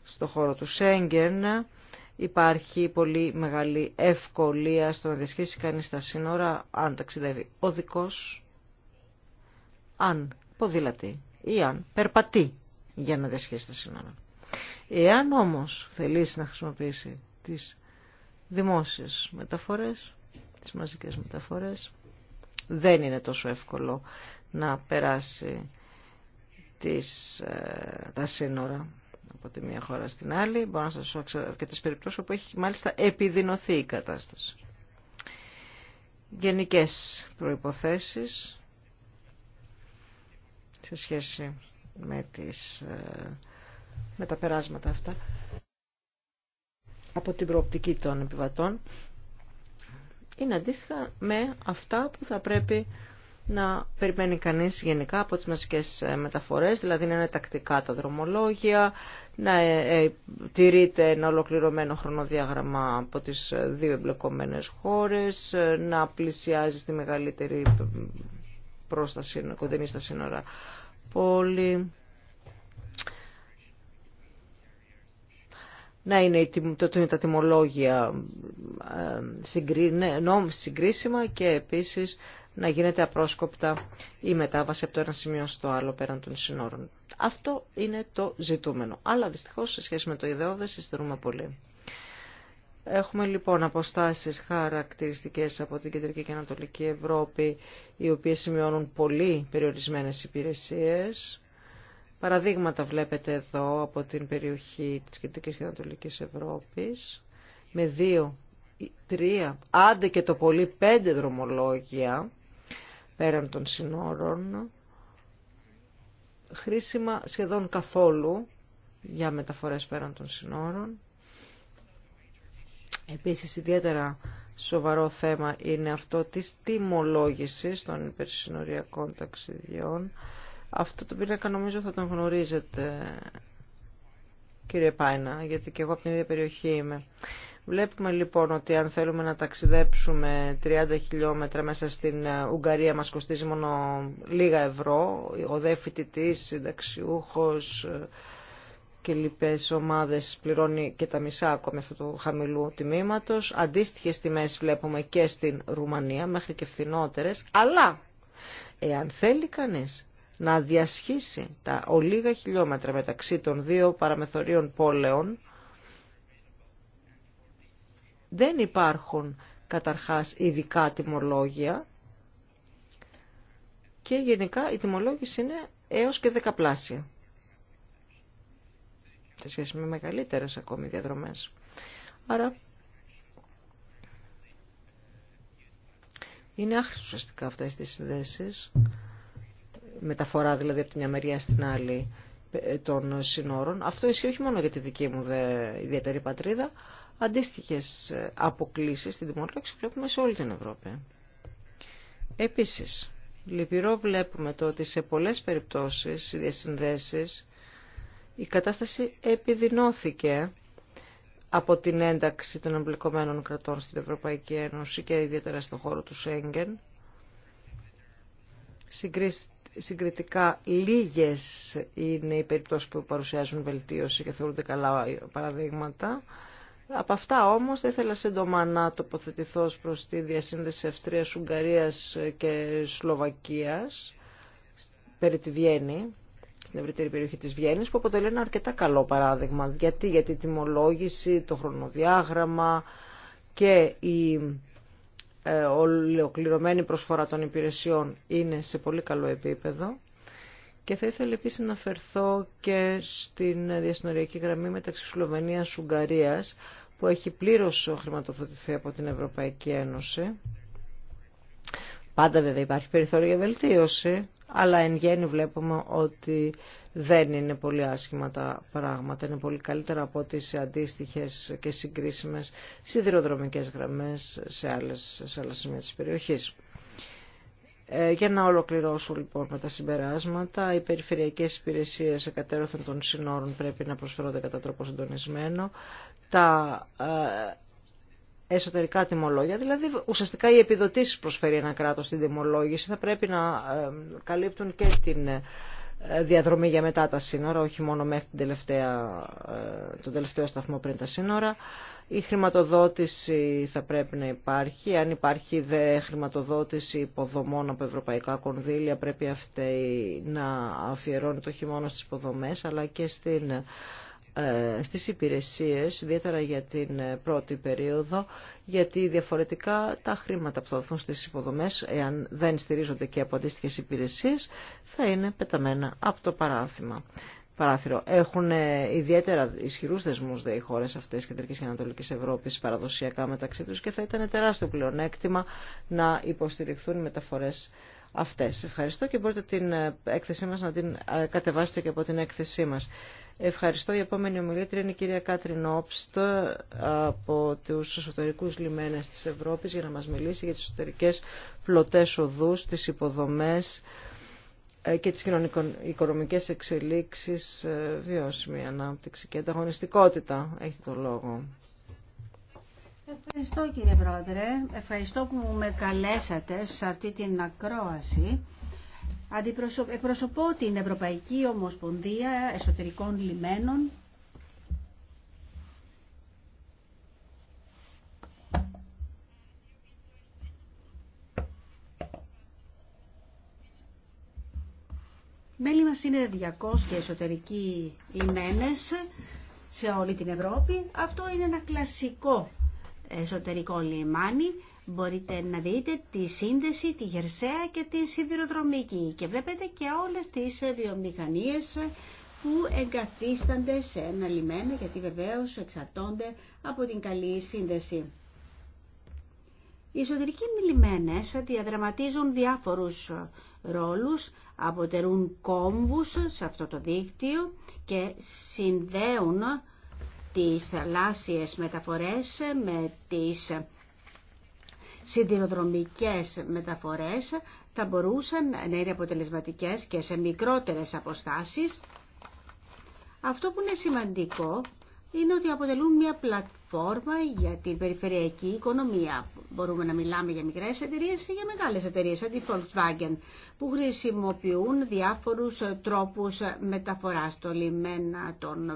στο χώρο του Σέγγεν υπάρχει πολύ μεγάλη ευκολία στο να διασχίσει κανείς τα σύνορα αν ταξιδεύει οδικός, αν ποδήλατη ή αν περπατεί για να διασχίσει τα σύνορα. Εάν όμως θελήσει να χρησιμοποιήσει τις δημόσιες μεταφορές, τις μαζικές μεταφορές δεν είναι τόσο εύκολο να περάσει τις, ε, τα σύνορα από τη μία χώρα στην άλλη. Μπορώ να σας και τις περιπτώσεις όπου έχει μάλιστα επιδεινωθεί η κατάσταση. Γενικές προϋποθέσεις σε σχέση με, τις, ε, με τα περάσματα αυτά από την προοπτική των επιβατών είναι αντίστοιχα με αυτά που θα πρέπει να περιμένει κανείς γενικά από τις μαζικές ε, μεταφορές, δηλαδή να είναι τακτικά τα δρομολόγια, να ε, ε, τηρείται ένα ολοκληρωμένο χρονοδιάγραμμα από τις δύο εμπλεκόμενες χώρες, να πλησιάζει στη μεγαλύτερη πρόσταση, κοντινή στα σύνορα πόλη. να είναι τα τιμολόγια ε, ναι, συγκρίσιμα και επίσης να γίνεται απρόσκοπτα η μετάβαση από το ένα σημείο στο άλλο πέραν των συνόρων. Αυτό είναι το ζητούμενο. Αλλά δυστυχώς σε σχέση με το ιδεό δεν συστηρούμε πολύ. Έχουμε λοιπόν αποστάσεις χαρακτηριστικές από την Κεντρική και Ανατολική Ευρώπη, οι οποίες σημειώνουν πολύ περιορισμένες υπηρεσίες Παραδείγματα βλέπετε εδώ από την περιοχή της Κεντρικής και Ανατολικής Ευρώπης με δύο, τρία, άντε και το πολύ πέντε δρομολόγια πέραν των συνόρων χρήσιμα σχεδόν καθόλου για μεταφορές πέραν των συνόρων. Επίσης ιδιαίτερα σοβαρό θέμα είναι αυτό της τιμολόγησης των υπερσυνοριακών ταξιδιών αυτό το πίνακα νομίζω θα τον γνωρίζετε, κύριε Πάινα, γιατί και εγώ από την ίδια περιοχή είμαι. Βλέπουμε λοιπόν ότι αν θέλουμε να ταξιδέψουμε 30 χιλιόμετρα μέσα στην ε, Ουγγαρία μας κοστίζει μόνο λίγα ευρώ. Ο δε φοιτητής, συνταξιούχος ε, και λοιπές ομάδες πληρώνει και τα μισά ακόμη αυτού του χαμηλού τιμήματος. Αντίστοιχες τιμές βλέπουμε και στην Ρουμανία μέχρι και φθηνότερες. Αλλά εάν θέλει κανείς να διασχίσει τα ολίγα χιλιόμετρα μεταξύ των δύο παραμεθωρίων πόλεων, δεν υπάρχουν καταρχάς ειδικά τιμολόγια και γενικά η τιμολόγηση είναι έως και δεκαπλάσια σε σχέση με μεγαλύτερες ακόμη διαδρομές. Άρα είναι άχρηστο ουσιαστικά αυτές τις συνδέσεις μεταφορά δηλαδή από τη μια μεριά στην άλλη ε, των συνόρων. Αυτό ισχύει όχι μόνο για τη δική μου δε, ιδιαίτερη πατρίδα, αντίστοιχε αποκλήσει στην τιμολόγηση βλέπουμε σε όλη την Ευρώπη. Επίσης, λυπηρό βλέπουμε το ότι σε πολλές περιπτώσεις οι διασυνδέσει, η κατάσταση επιδεινώθηκε από την ένταξη των εμπλεκομένων κρατών στην Ευρωπαϊκή Ένωση και ιδιαίτερα στον χώρο του Σέγγεν. Συγκρίσει συγκριτικά λίγες είναι οι περιπτώσεις που παρουσιάζουν βελτίωση και θεωρούνται καλά παραδείγματα. Από αυτά όμως θα ήθελα σύντομα να τοποθετηθώ προς τη διασύνδεση Αυστρίας, Ουγγαρίας και Σλοβακίας περί τη Βιέννη, στην ευρύτερη περιοχή της Βιέννης, που αποτελεί ένα αρκετά καλό παράδειγμα. Γιατί, γιατί η τιμολόγηση, το χρονοδιάγραμμα και η ε, ολοκληρωμένη προσφορά των υπηρεσιών είναι σε πολύ καλό επίπεδο. Και θα ήθελα επίσης να αφαιρθώ και στην διασυνοριακή γραμμή μεταξύ Σλοβενίας-Ουγγαρίας που έχει πλήρως χρηματοδοτηθεί από την Ευρωπαϊκή Ένωση. Πάντα βέβαια υπάρχει περιθώριο για βελτίωση, αλλά εν γέννη βλέπουμε ότι δεν είναι πολύ άσχημα τα πράγματα. Είναι πολύ καλύτερα από τις αντίστοιχε και συγκρίσιμε σιδηροδρομικές γραμμές σε, άλλες, σε άλλα σημεία της περιοχής. Ε, για να ολοκληρώσω λοιπόν με τα συμπεράσματα, οι περιφερειακές υπηρεσίες εκατέρωθεν των συνόρων πρέπει να προσφέρονται κατά τρόπο συντονισμένο. Τα ε, εσωτερικά τιμολόγια, δηλαδή ουσιαστικά οι επιδοτήσεις προσφέρει ένα κράτος στην τιμολόγηση θα πρέπει να ε, καλύπτουν και την ε, διαδρομή για μετά τα σύνορα, όχι μόνο μέχρι την τελευταία, ε, τον τελευταίο σταθμό πριν τα σύνορα. Η χρηματοδότηση θα πρέπει να υπάρχει. Αν υπάρχει δε χρηματοδότηση υποδομών από ευρωπαϊκά κονδύλια, πρέπει αυτή να αφιερώνεται το μόνο στις υποδομές, αλλά και στην ε, στις υπηρεσίες, ιδιαίτερα για την ε, πρώτη περίοδο, γιατί διαφορετικά τα χρήματα που θα δοθούν στις υποδομές, εάν δεν στηρίζονται και από αντίστοιχε υπηρεσίες, θα είναι πεταμένα από το παράθυμα. Παράθυρο. Έχουν ε, ιδιαίτερα ισχυρού δεσμού οι χώρε αυτέ Κεντρική Κεντρικής και Ανατολική Ευρώπη παραδοσιακά μεταξύ του και θα ήταν τεράστιο πλεονέκτημα να υποστηριχθούν οι μεταφορές αυτές. Ευχαριστώ και μπορείτε την έκθεσή μα να την κατεβάσετε και από την έκθεσή μα. Ευχαριστώ. Η επόμενη ομιλήτρια είναι η κυρία Κάτριν Όπστ ε, από τους εσωτερικού λιμένες της Ευρώπη για να μας μιλήσει για τις εσωτερικέ πλωτέ οδούς, τις υποδομές ε, και τις κοινωνικο-οικονομικές εξελίξεις, ε, βιώσιμη ανάπτυξη και ανταγωνιστικότητα. Έχετε το λόγο. Ευχαριστώ κύριε Πρόεδρε. Ευχαριστώ που με καλέσατε σε αυτή την ακρόαση Εκπροσωπώ την Ευρωπαϊκή Ομοσπονδία Εσωτερικών Λιμένων. Μέλη μας είναι 200 εσωτερικοί λιμένες σε όλη την Ευρώπη. Αυτό είναι ένα κλασικό εσωτερικό λιμάνι Μπορείτε να δείτε τη σύνδεση, τη γερσαία και τη σιδηροδρομική και βλέπετε και όλες τις βιομηχανίες που εγκαθίστανται σε ένα λιμένα γιατί βεβαίως εξαρτώνται από την καλή σύνδεση. Οι εσωτερικοί λιμένες διαδραματίζουν διάφορους ρόλους, αποτελούν κόμβους σε αυτό το δίκτυο και συνδέουν τις θαλάσσιες μεταφορές με τις σιδηροδρομικές μεταφορές θα μπορούσαν να είναι αποτελεσματικές και σε μικρότερες αποστάσεις. Αυτό που είναι σημαντικό είναι ότι αποτελούν μια πλατφόρμα για την περιφερειακή οικονομία. Μπορούμε να μιλάμε για μικρές εταιρείες ή για μεγάλες εταιρείες, σαν τη Volkswagen, που χρησιμοποιούν διάφορους τρόπους μεταφοράς στο λιμένα των ε,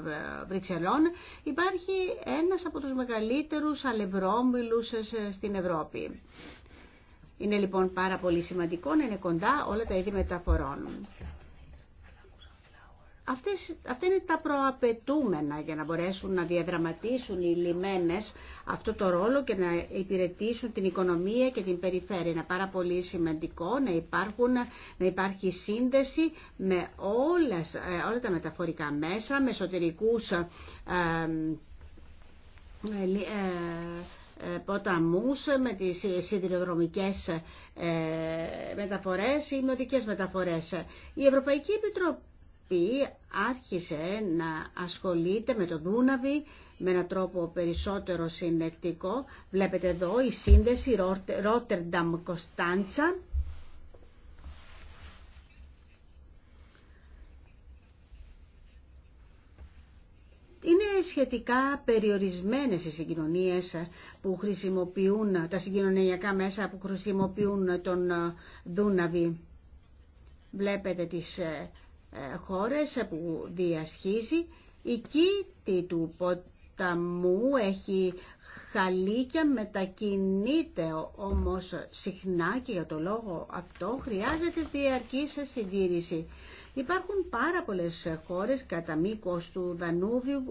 Βρυξελών. Υπάρχει ένας από τους μεγαλύτερους αλευρόμιλους στην Ευρώπη. Είναι λοιπόν πάρα πολύ σημαντικό να είναι κοντά όλα τα είδη μεταφορών. Αυτές, αυτά είναι τα προαπαιτούμενα για να μπορέσουν να διαδραματίσουν οι λιμένες αυτό το ρόλο και να υπηρετήσουν την οικονομία και την περιφέρεια. Είναι πάρα πολύ σημαντικό να, υπάρχουν, να υπάρχει σύνδεση με όλες, ε, όλα τα μεταφορικά μέσα, με εσωτερικούς ε, ε, ε, ε ποταμούς, με τις σιδηροδρομικές μεταφορές ή με οδικές μεταφορές. Η Ευρωπαϊκή Επιτροπή Επιτροπή άρχισε να ασχολείται με το Δούναβι με έναν τρόπο περισσότερο συνεκτικό. Βλέπετε εδώ η σύνδεση Ρότερνταμ-Κωνσταντσα. Είναι σχετικά περιορισμένες οι συγκοινωνίες που χρησιμοποιούν, τα συγκοινωνιακά μέσα που χρησιμοποιούν τον Δούναβι. Βλέπετε τις ε, χώρες που διασχίζει. Η κήτη του ποταμού έχει χαλίκια μετακινείται όμως συχνά και για το λόγο αυτό χρειάζεται διαρκή συντήρηση. Υπάρχουν πάρα πολλές χώρες κατά μήκος του Δανούβιου,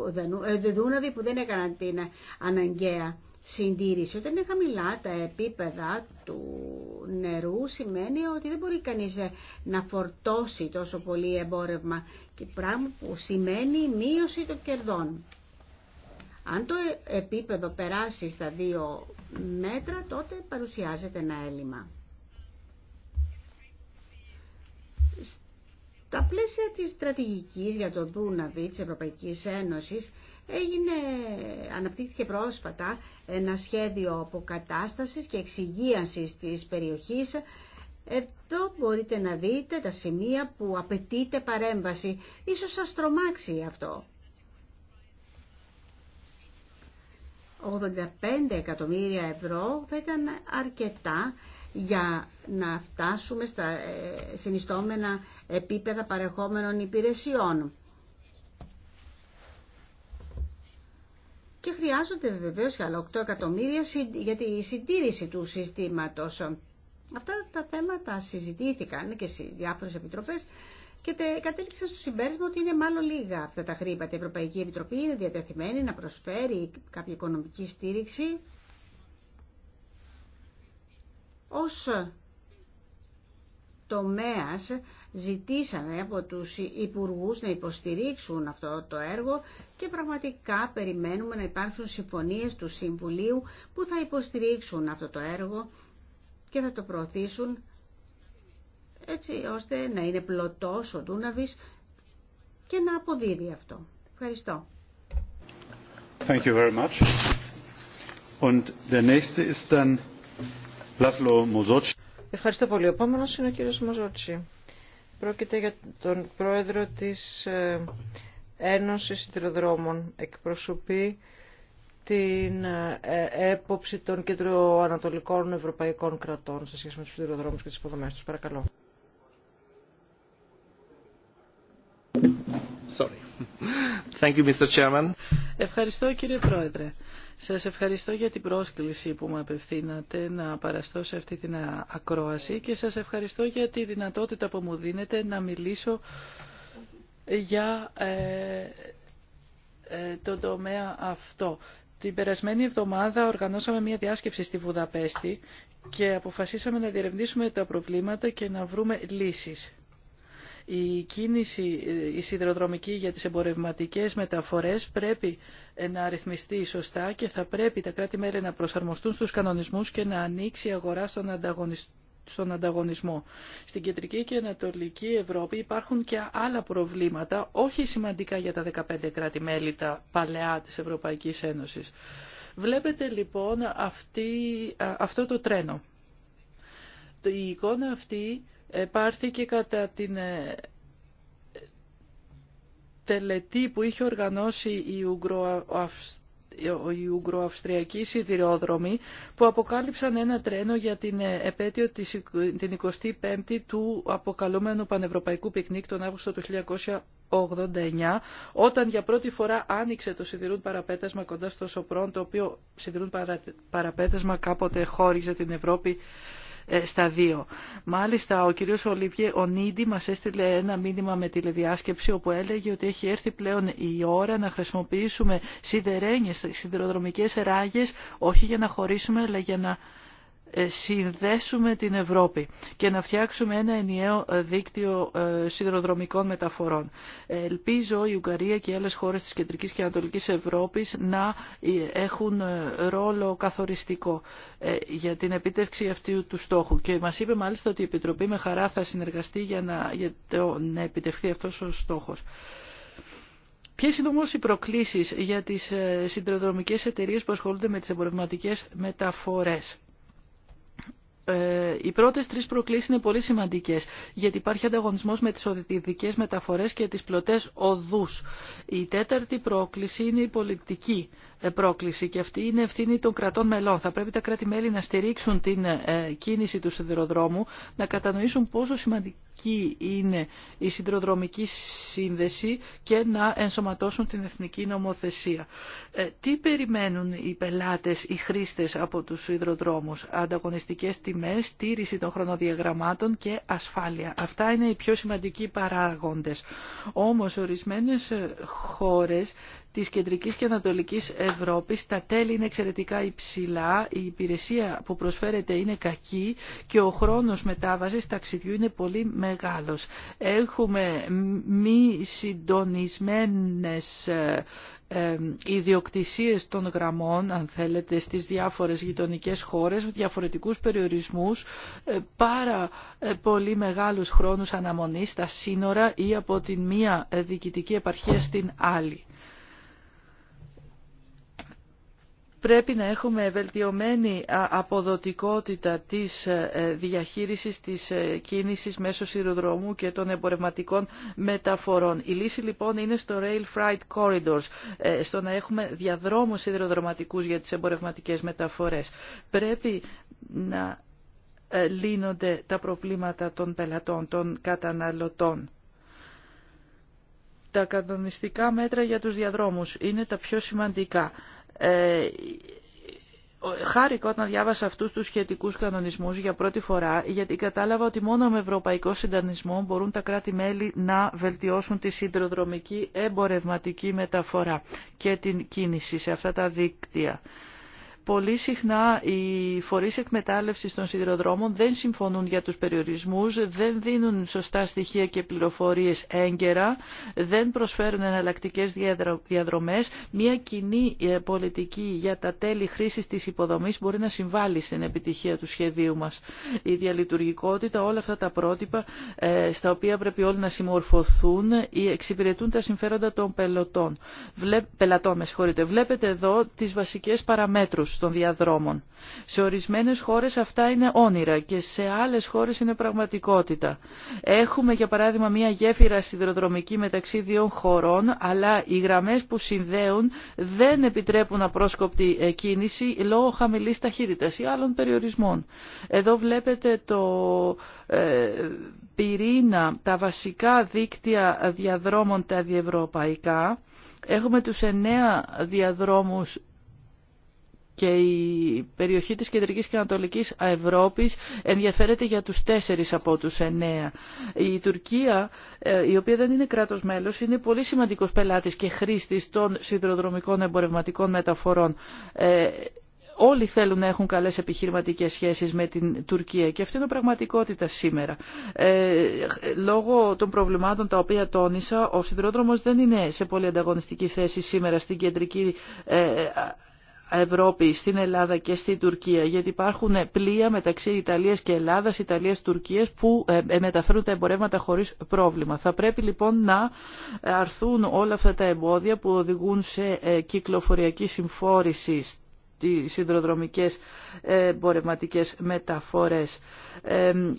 ε, Δούναβη που δεν έκαναν την αναγκαία συντήρηση. Όταν είναι χαμηλά τα επίπεδα του νερού σημαίνει ότι δεν μπορεί κανείς να φορτώσει τόσο πολύ εμπόρευμα και πράγμα που σημαίνει μείωση των κερδών. Αν το επίπεδο περάσει στα δύο μέτρα τότε παρουσιάζεται ένα έλλειμμα. Τα πλαίσια της στρατηγικής για τον Δούναβι της Ευρωπαϊκής Ένωσης έγινε, αναπτύχθηκε πρόσφατα ένα σχέδιο αποκατάστασης και εξυγίανσης της περιοχής. Εδώ μπορείτε να δείτε τα σημεία που απαιτείται παρέμβαση. Ίσως σας τρομάξει αυτό. 85 εκατομμύρια ευρώ θα ήταν αρκετά για να φτάσουμε στα ε, συνιστόμενα επίπεδα παρεχόμενων υπηρεσιών. Και χρειάζονται βεβαίως άλλα 8 εκατομμύρια για τη συντήρηση του συστήματος. Αυτά τα θέματα συζητήθηκαν και στις διάφορες επιτροπές και κατέληξαν στο συμπέρασμα ότι είναι μάλλον λίγα αυτά τα χρήματα. Η Ευρωπαϊκή Επιτροπή είναι διατεθειμένη να προσφέρει κάποια οικονομική στήριξη ως τομέας ζητήσαμε από τους υπουργούς να υποστηρίξουν αυτό το έργο και πραγματικά περιμένουμε να υπάρξουν συμφωνίες του Συμβουλίου που θα υποστηρίξουν αυτό το έργο και θα το προωθήσουν έτσι ώστε να είναι πλωτός ο Ντούναβης και να αποδίδει αυτό. Ευχαριστώ. Thank you very Ευχαριστώ πολύ. Ο επόμενο είναι ο κύριος Μοζότσι. Πρόκειται για τον πρόεδρο της ε, Ένωσης Συντηροδρόμων. Εκπροσωπεί την ε, ε, έποψη των κεντροανατολικών ευρωπαϊκών κρατών σε σχέση με τους σιδηροδρόμους και τις υποδομές του. Παρακαλώ. Sorry. Thank you, Mr. Chairman. Ευχαριστώ κύριε Πρόεδρε. Σας ευχαριστώ για την πρόσκληση που μου απευθύνατε να παραστώ σε αυτή την ακρόαση και σας ευχαριστώ για τη δυνατότητα που μου δίνετε να μιλήσω για ε, ε τον τομέα αυτό. Την περασμένη εβδομάδα οργανώσαμε μια διάσκεψη στη Βουδαπέστη και αποφασίσαμε να διερευνήσουμε τα προβλήματα και να βρούμε λύσεις η κίνηση η σιδηροδρομική για τις εμπορευματικές μεταφορές πρέπει να αριθμιστεί σωστά και θα πρέπει τα κράτη-μέλη να προσαρμοστούν στους κανονισμούς και να ανοίξει η αγορά στον ανταγωνισμό Στην κεντρική και ανατολική Ευρώπη υπάρχουν και άλλα προβλήματα, όχι σημαντικά για τα 15 κράτη-μέλη, τα παλαιά της Ευρωπαϊκής Ένωσης. Βλέπετε λοιπόν αυτή, αυτό το τρένο. Η εικόνα αυτή πάρθηκε κατά την ε, τελετή που είχε οργανώσει η Ουγγροαυστριακή οι που αποκάλυψαν ένα τρένο για την ε, επέτειο της, την 25η του αποκαλούμενου Πανευρωπαϊκού Πικνίκ τον Αύγουστο του 1989 όταν για πρώτη φορά άνοιξε το σιδηρούν παραπέτασμα κοντά στο Σοπρόν το οποίο σιδηρούν παραπέτασμα κάποτε χώριζε την Ευρώπη ε, στα δύο. Μάλιστα, ο κύριος Ολίβιε Ονίδη μας έστειλε ένα μήνυμα με τηλεδιάσκεψη όπου έλεγε ότι έχει έρθει πλέον η ώρα να χρησιμοποιήσουμε σιδερένιες, σιδηροδρομικές ράγες, όχι για να χωρίσουμε, αλλά για να ε, συνδέσουμε την Ευρώπη και να φτιάξουμε ένα ενιαίο ε, δίκτυο ε, σιδηροδρομικών μεταφορών. Ελπίζω η Ουγγαρία και οι άλλες χώρες της Κεντρικής και Ανατολικής Ευρώπης να έχουν ρόλο καθοριστικό για την επίτευξη αυτού του στόχου. Και μας είπε μάλιστα ότι η Επιτροπή με χαρά θα συνεργαστεί για να, για επιτευχθεί αυτός ο στόχος. Ποιες είναι όμως οι προκλήσεις για τις συνδρομικές εταιρείες που ασχολούνται με τις εμπορευματικές μεταφορές. Ε, οι πρώτες τρεις προκλήσεις είναι πολύ σημαντικές, γιατί υπάρχει ανταγωνισμός με τις οδητικές μεταφορές και τις πλωτές οδούς. Η τέταρτη πρόκληση είναι η πολιτική ε, πρόκληση και αυτή είναι ευθύνη των κρατών μελών. Θα πρέπει τα κράτη-μέλη να στηρίξουν την ε, κίνηση του σιδηροδρόμου, να κατανοήσουν πόσο σημαντική είναι η σιδηροδρομική σύνδεση και να ενσωματώσουν την εθνική νομοθεσία. τι περιμένουν οι πελάτες, οι χρήστες από τους σιδηροδρόμους, ανταγωνιστικές τιμές με στήριση των χρονοδιαγραμμάτων και ασφάλεια. Αυτά είναι οι πιο σημαντικοί παράγοντες. Όμως ορισμένες χώρες της Κεντρικής και Ανατολικής Ευρώπης τα τέλη είναι εξαιρετικά υψηλά, η υπηρεσία που προσφέρεται είναι κακή και ο χρόνος μετάβασης ταξιδιού είναι πολύ μεγάλος. Έχουμε μη συντονισμένες ιδιοκτησίες των γραμμών, αν θέλετε, στις διάφορες γειτονικές χώρες, διαφορετικούς περιορισμούς, ε, πάρα ε, πολύ μεγάλους χρόνους αναμονής στα σύνορα ή από την μία διοικητική επαρχία στην άλλη. Πρέπει να έχουμε βελτιωμένη αποδοτικότητα της ε, διαχείρισης της ε, κίνησης μέσω σειροδρόμου και των εμπορευματικών μεταφορών. Η λύση λοιπόν είναι στο Rail Freight Corridors, ε, στο να έχουμε διαδρόμους σιδηροδρομικούς για τις εμπορευματικές μεταφορές. Πρέπει να λύνονται τα προβλήματα των πελατών, των καταναλωτών. Τα κανονιστικά μέτρα για τους διαδρόμους είναι τα πιο σημαντικά. Ε, χάρηκα όταν διάβασα αυτούς τους σχετικούς κανονισμούς για πρώτη φορά, γιατί κατάλαβα ότι μόνο με ευρωπαϊκό συντανισμό μπορούν τα κράτη-μέλη να βελτιώσουν τη συντροδρομική εμπορευματική μεταφορά και την κίνηση σε αυτά τα δίκτυα. Πολύ συχνά οι φορείς εκμετάλλευσης των σιδηροδρόμων δεν συμφωνούν για τους περιορισμούς, δεν δίνουν σωστά στοιχεία και πληροφορίες έγκαιρα, δεν προσφέρουν εναλλακτικέ διαδρομές. Μια κοινή ε, πολιτική για τα τέλη χρήσης της υποδομής μπορεί να συμβάλλει στην επιτυχία του σχεδίου μας. Η διαλειτουργικότητα, όλα αυτά τα πρότυπα ε, στα οποία πρέπει όλοι να συμμορφωθούν ή ε, εξυπηρετούν τα συμφέροντα των πελωτών. Πελατών, με Βλέπετε εδώ τις βασικές παραμέτρους των διαδρόμων. Σε ορισμένες χώρες αυτά είναι όνειρα και σε άλλες χώρες είναι πραγματικότητα. Έχουμε για παράδειγμα μια γέφυρα σιδηροδρομική μεταξύ δύο χωρών, αλλά οι γραμμές που συνδέουν δεν επιτρέπουν απρόσκοπτη ε, κίνηση λόγω χαμηλής ταχύτητας ή άλλων περιορισμών. Εδώ βλέπετε το ε, πυρήνα, τα βασικά δίκτυα διαδρόμων τα διευρωπαϊκά. Έχουμε τους εννέα διαδρόμους και η περιοχή της Κεντρικής και Ανατολικής Ευρώπης ενδιαφέρεται για τους τέσσερις από τους εννέα. Η Τουρκία, ε, η οποία δεν είναι κράτος μέλος, είναι πολύ σημαντικός πελάτης και χρήστης των σιδηροδρομικών εμπορευματικών μεταφορών. Ε, όλοι θέλουν να έχουν καλές επιχειρηματικές σχέσεις με την Τουρκία και αυτή είναι η πραγματικότητα σήμερα. Ε, λόγω των προβλημάτων τα οποία τόνισα, ο σιδηρόδρομος δεν είναι σε πολύ ανταγωνιστική θέση σήμερα στην κεντρική ε, Ευρώπη, στην Ελλάδα και στην Τουρκία, γιατί υπάρχουν πλοία μεταξύ Ιταλία και Ελλάδας, Ιταλίας Τουρκία που ε, ε, μεταφέρουν τα εμπορεύματα χωρί πρόβλημα. Θα πρέπει λοιπόν να αρθούν όλα αυτά τα εμπόδια που οδηγούν σε ε, κυκλοφοριακή συμφόρηση στι υδροδρομικέ εμπορευματικές μεταφορές.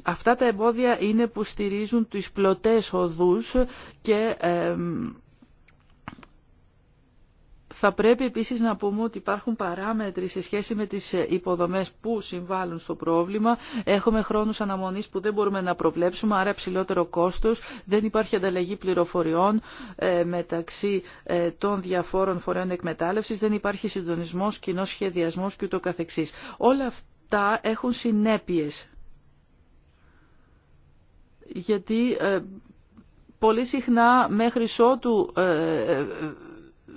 αυτά τα εμπόδια είναι που στηρίζουν τις πλωτές οδούς και θα πρέπει επίσης να πούμε ότι υπάρχουν παράμετροι σε σχέση με τις ε, υποδομές που συμβάλλουν στο πρόβλημα. Έχουμε χρόνους αναμονής που δεν μπορούμε να προβλέψουμε, άρα ψηλότερο κόστος. Δεν υπάρχει ανταλλαγή πληροφοριών ε, μεταξύ ε, των διαφόρων φορέων εκμετάλλευσης. Δεν υπάρχει συντονισμός, κοινός σχεδιασμός κ.ο.κ. Όλα αυτά έχουν συνέπειες. Γιατί πολύ συχνά μέχρι ότου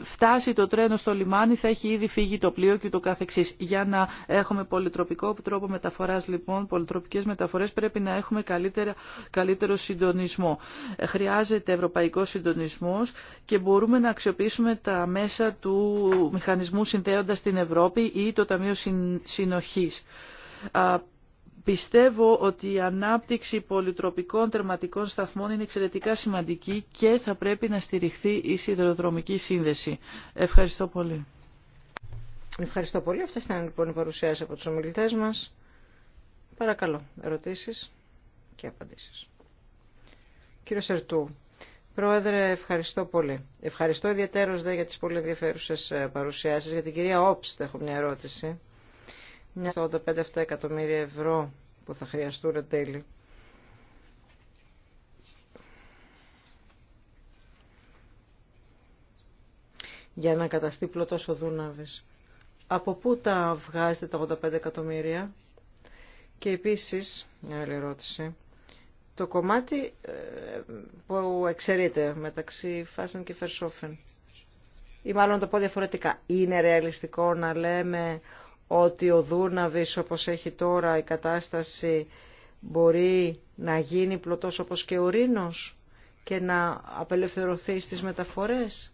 φτάσει το τρένο στο λιμάνι θα έχει ήδη φύγει το πλοίο και το καθεξής. Για να έχουμε πολυτροπικό τρόπο μεταφοράς λοιπόν, πολυτροπικές μεταφορές πρέπει να έχουμε καλύτερα, καλύτερο συντονισμό. Χρειάζεται ευρωπαϊκό συντονισμός και μπορούμε να αξιοποιήσουμε τα μέσα του μηχανισμού συνδέοντας την Ευρώπη ή το Ταμείο Συνοχής Πιστεύω ότι η ανάπτυξη πολυτροπικών τερματικών σταθμών είναι εξαιρετικά σημαντική και θα πρέπει να στηριχθεί η σιδηροδρομική σύνδεση. Ευχαριστώ πολύ. Ευχαριστώ πολύ. Αυτέ ήταν λοιπόν οι παρουσιάσει από τους ομιλητές μας. Παρακαλώ, ερωτήσεις και απαντήσεις. Κύριο Σερτού, Πρόεδρε, ευχαριστώ πολύ. Ευχαριστώ ιδιαίτερω για τι πολύ ενδιαφέρουσε παρουσιάσει Για την κυρία Όπστ έχω μια ερώτηση. 85 εκατομμύρια ευρώ που θα χρειαστούν εν τέλει. για να καταστεί τόσο ο Δούναβης. Από πού τα βγάζετε τα 85 εκατομμύρια και επίσης, μια άλλη ερώτηση, το κομμάτι ε, που εξαιρείται μεταξύ Φάσεν και Φερσόφεν ή μάλλον το πω διαφορετικά, είναι ρεαλιστικό να λέμε ότι ο Δούναβης όπως έχει τώρα η κατάσταση μπορεί να γίνει πλωτός όπως και ο Ρήνος και να απελευθερωθεί στις μεταφορές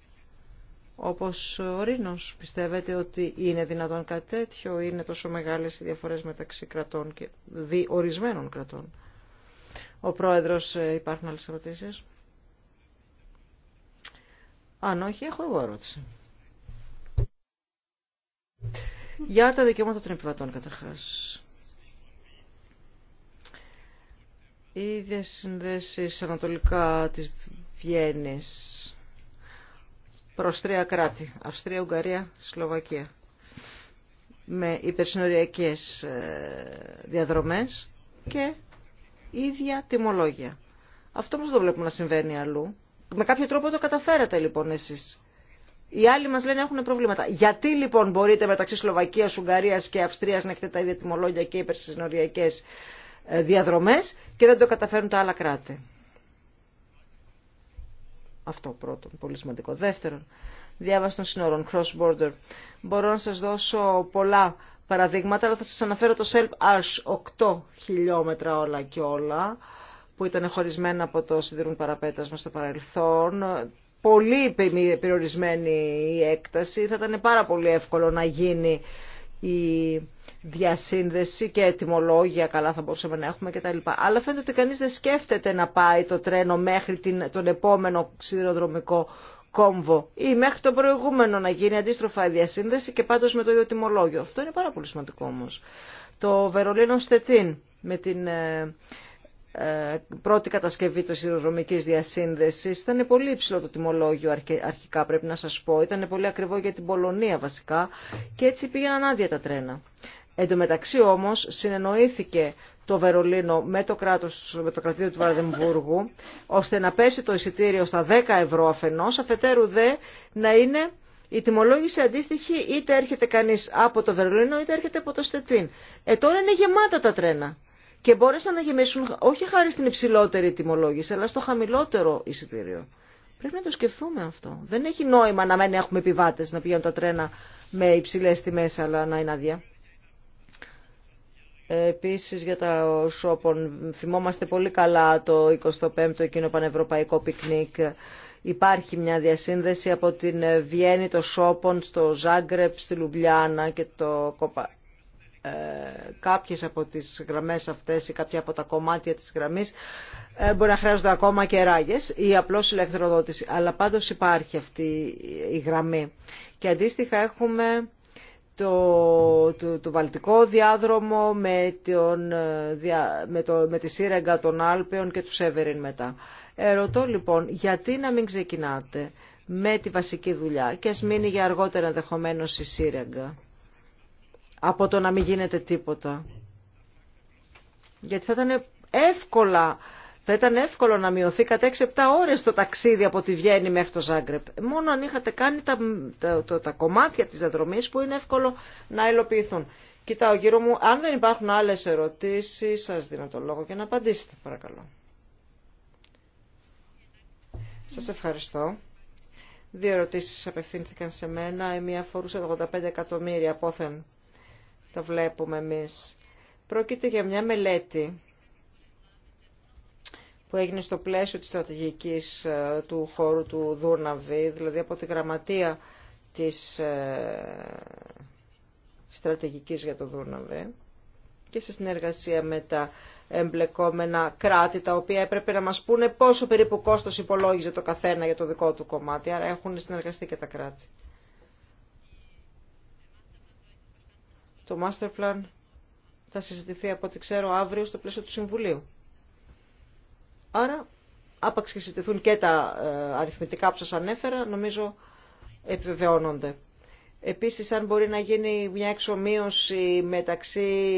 όπως ο Ρήνος. Πιστεύετε ότι είναι δυνατόν κάτι τέτοιο, είναι τόσο μεγάλες οι διαφορές μεταξύ κρατών και διορισμένων κρατών. Ο Πρόεδρος, ε, υπάρχουν άλλες ερωτήσεις. Αν όχι, έχω εγώ ερώτηση για τα δικαιώματα των επιβατών καταρχάς. Οι συνδέσεις ανατολικά της Βιέννης προς τρία κράτη, Αυστρία, Ουγγαρία, Σλοβακία, με υπερσυνοριακές ε, διαδρομές και ίδια τιμολόγια. Αυτό όμως το βλέπουμε να συμβαίνει αλλού. Με κάποιο τρόπο το καταφέρατε λοιπόν εσείς. Οι άλλοι μα λένε έχουν προβλήματα. Γιατί λοιπόν μπορείτε μεταξύ Σλοβακία, Ουγγαρία και Αυστρία να έχετε τα ίδια τιμολόγια και υπερσυνοριακέ ε, διαδρομέ και δεν το καταφέρουν τα άλλα κράτη. Αυτό πρώτον, πολύ σημαντικό. Δεύτερον, διάβαση των σύνορων, cross-border. Μπορώ να σα δώσω πολλά παραδείγματα, αλλά θα σα αναφέρω το SELP ARSH, 8 χιλιόμετρα όλα και όλα, που ήταν χωρισμένα από το σιδηρούν παραπέτασμα στο παρελθόν, πολύ περιορισμένη η έκταση. Θα ήταν πάρα πολύ εύκολο να γίνει η διασύνδεση και ετοιμολόγια καλά θα μπορούσαμε να έχουμε κτλ. Αλλά φαίνεται ότι κανείς δεν σκέφτεται να πάει το τρένο μέχρι την, τον επόμενο σιδηροδρομικό κόμβο ή μέχρι το προηγούμενο να γίνει αντίστροφα η διασύνδεση και πάντως με το ίδιο τιμολόγιο. Αυτό είναι πάρα πολύ σημαντικό όμως. Το Βερολίνο Στετίν με την ε, ε, πρώτη κατασκευή της σιδηροδρομικής διασύνδεσης ήταν πολύ υψηλό το τιμολόγιο αρχικά πρέπει να σας πω ήταν πολύ ακριβό για την Πολωνία βασικά και έτσι πήγαιναν άδεια τα τρένα Εν τω μεταξύ όμως συνεννοήθηκε το Βερολίνο με το, κράτος, με το κρατήριο του Βαρδεμβούργου ώστε να πέσει το εισιτήριο στα 10 ευρώ αφενός αφετέρου δε να είναι η τιμολόγηση αντίστοιχη είτε έρχεται κανείς από το Βερολίνο είτε έρχεται από το Στετίν. Ε τώρα είναι γεμάτα τα τρένα και μπόρεσαν να γεμίσουν όχι χάρη στην υψηλότερη τιμολόγηση, αλλά στο χαμηλότερο εισιτήριο. Πρέπει να το σκεφτούμε αυτό. Δεν έχει νόημα να μένει έχουμε επιβάτε να πηγαίνουν τα τρένα με υψηλέ τιμέ, αλλά να είναι άδεια. Ε, Επίση για τα σόπον, θυμόμαστε πολύ καλά το 25ο εκείνο πανευρωπαϊκό πικνίκ. Υπάρχει μια διασύνδεση από την Βιέννη, των Σόπων στο Ζάγκρεπ, στη Λουμπλιάνα και το Κοπα... Ε, κάποιες από τις γραμμές αυτές ή κάποια από τα κομμάτια της γραμμής ε, μπορεί να χρειάζονται ακόμα και ράγες ή απλώς ηλεκτροδότηση. Αλλά πάντως υπάρχει αυτή η γραμμή. Και αντίστοιχα έχουμε το, το, βαλτικό διάδρομο με, τον, ε, με, το, με τη σύρεγγα των Άλπαιων και του Σέβεριν μετά. Ερωτώ λοιπόν, γιατί να μην ξεκινάτε με τη βασική δουλειά και ας μείνει για αργότερα ενδεχομένω η σύρεγγα από το να μην γίνεται τίποτα. Γιατί θα ήταν εύκολα, θα ήταν εύκολο να μειωθεί κατά 6-7 ώρες το ταξίδι από τη Βιέννη μέχρι το Ζάγκρεπ. Μόνο αν είχατε κάνει τα, τα, τα, τα κομμάτια της διαδρομής που είναι εύκολο να υλοποιηθούν. Κοιτάω γύρω μου, αν δεν υπάρχουν άλλες ερωτήσεις, σας δίνω το λόγο και να απαντήσετε παρακαλώ. Σας ευχαριστώ. Δύο ερωτήσεις απευθύνθηκαν σε μένα. Η μία αφορούσε 85 εκατομμύρια απόθεν τα βλέπουμε εμείς. Πρόκειται για μια μελέτη που έγινε στο πλαίσιο της στρατηγικής ε, του χώρου του Δούναβή, δηλαδή από τη γραμματεία της ε, στρατηγικής για το Δούναβη και σε συνεργασία με τα εμπλεκόμενα κράτη, τα οποία έπρεπε να μας πούνε πόσο περίπου κόστος υπολόγιζε το καθένα για το δικό του κομμάτι, άρα έχουν συνεργαστεί και τα κράτη. Το master plan θα συζητηθεί από ό,τι ξέρω αύριο στο πλαίσιο του Συμβουλίου. Άρα, άπαξ και συζητηθούν και τα ε, αριθμητικά που σας ανέφερα, νομίζω επιβεβαιώνονται. Επίσης, αν μπορεί να γίνει μια εξομοίωση μεταξύ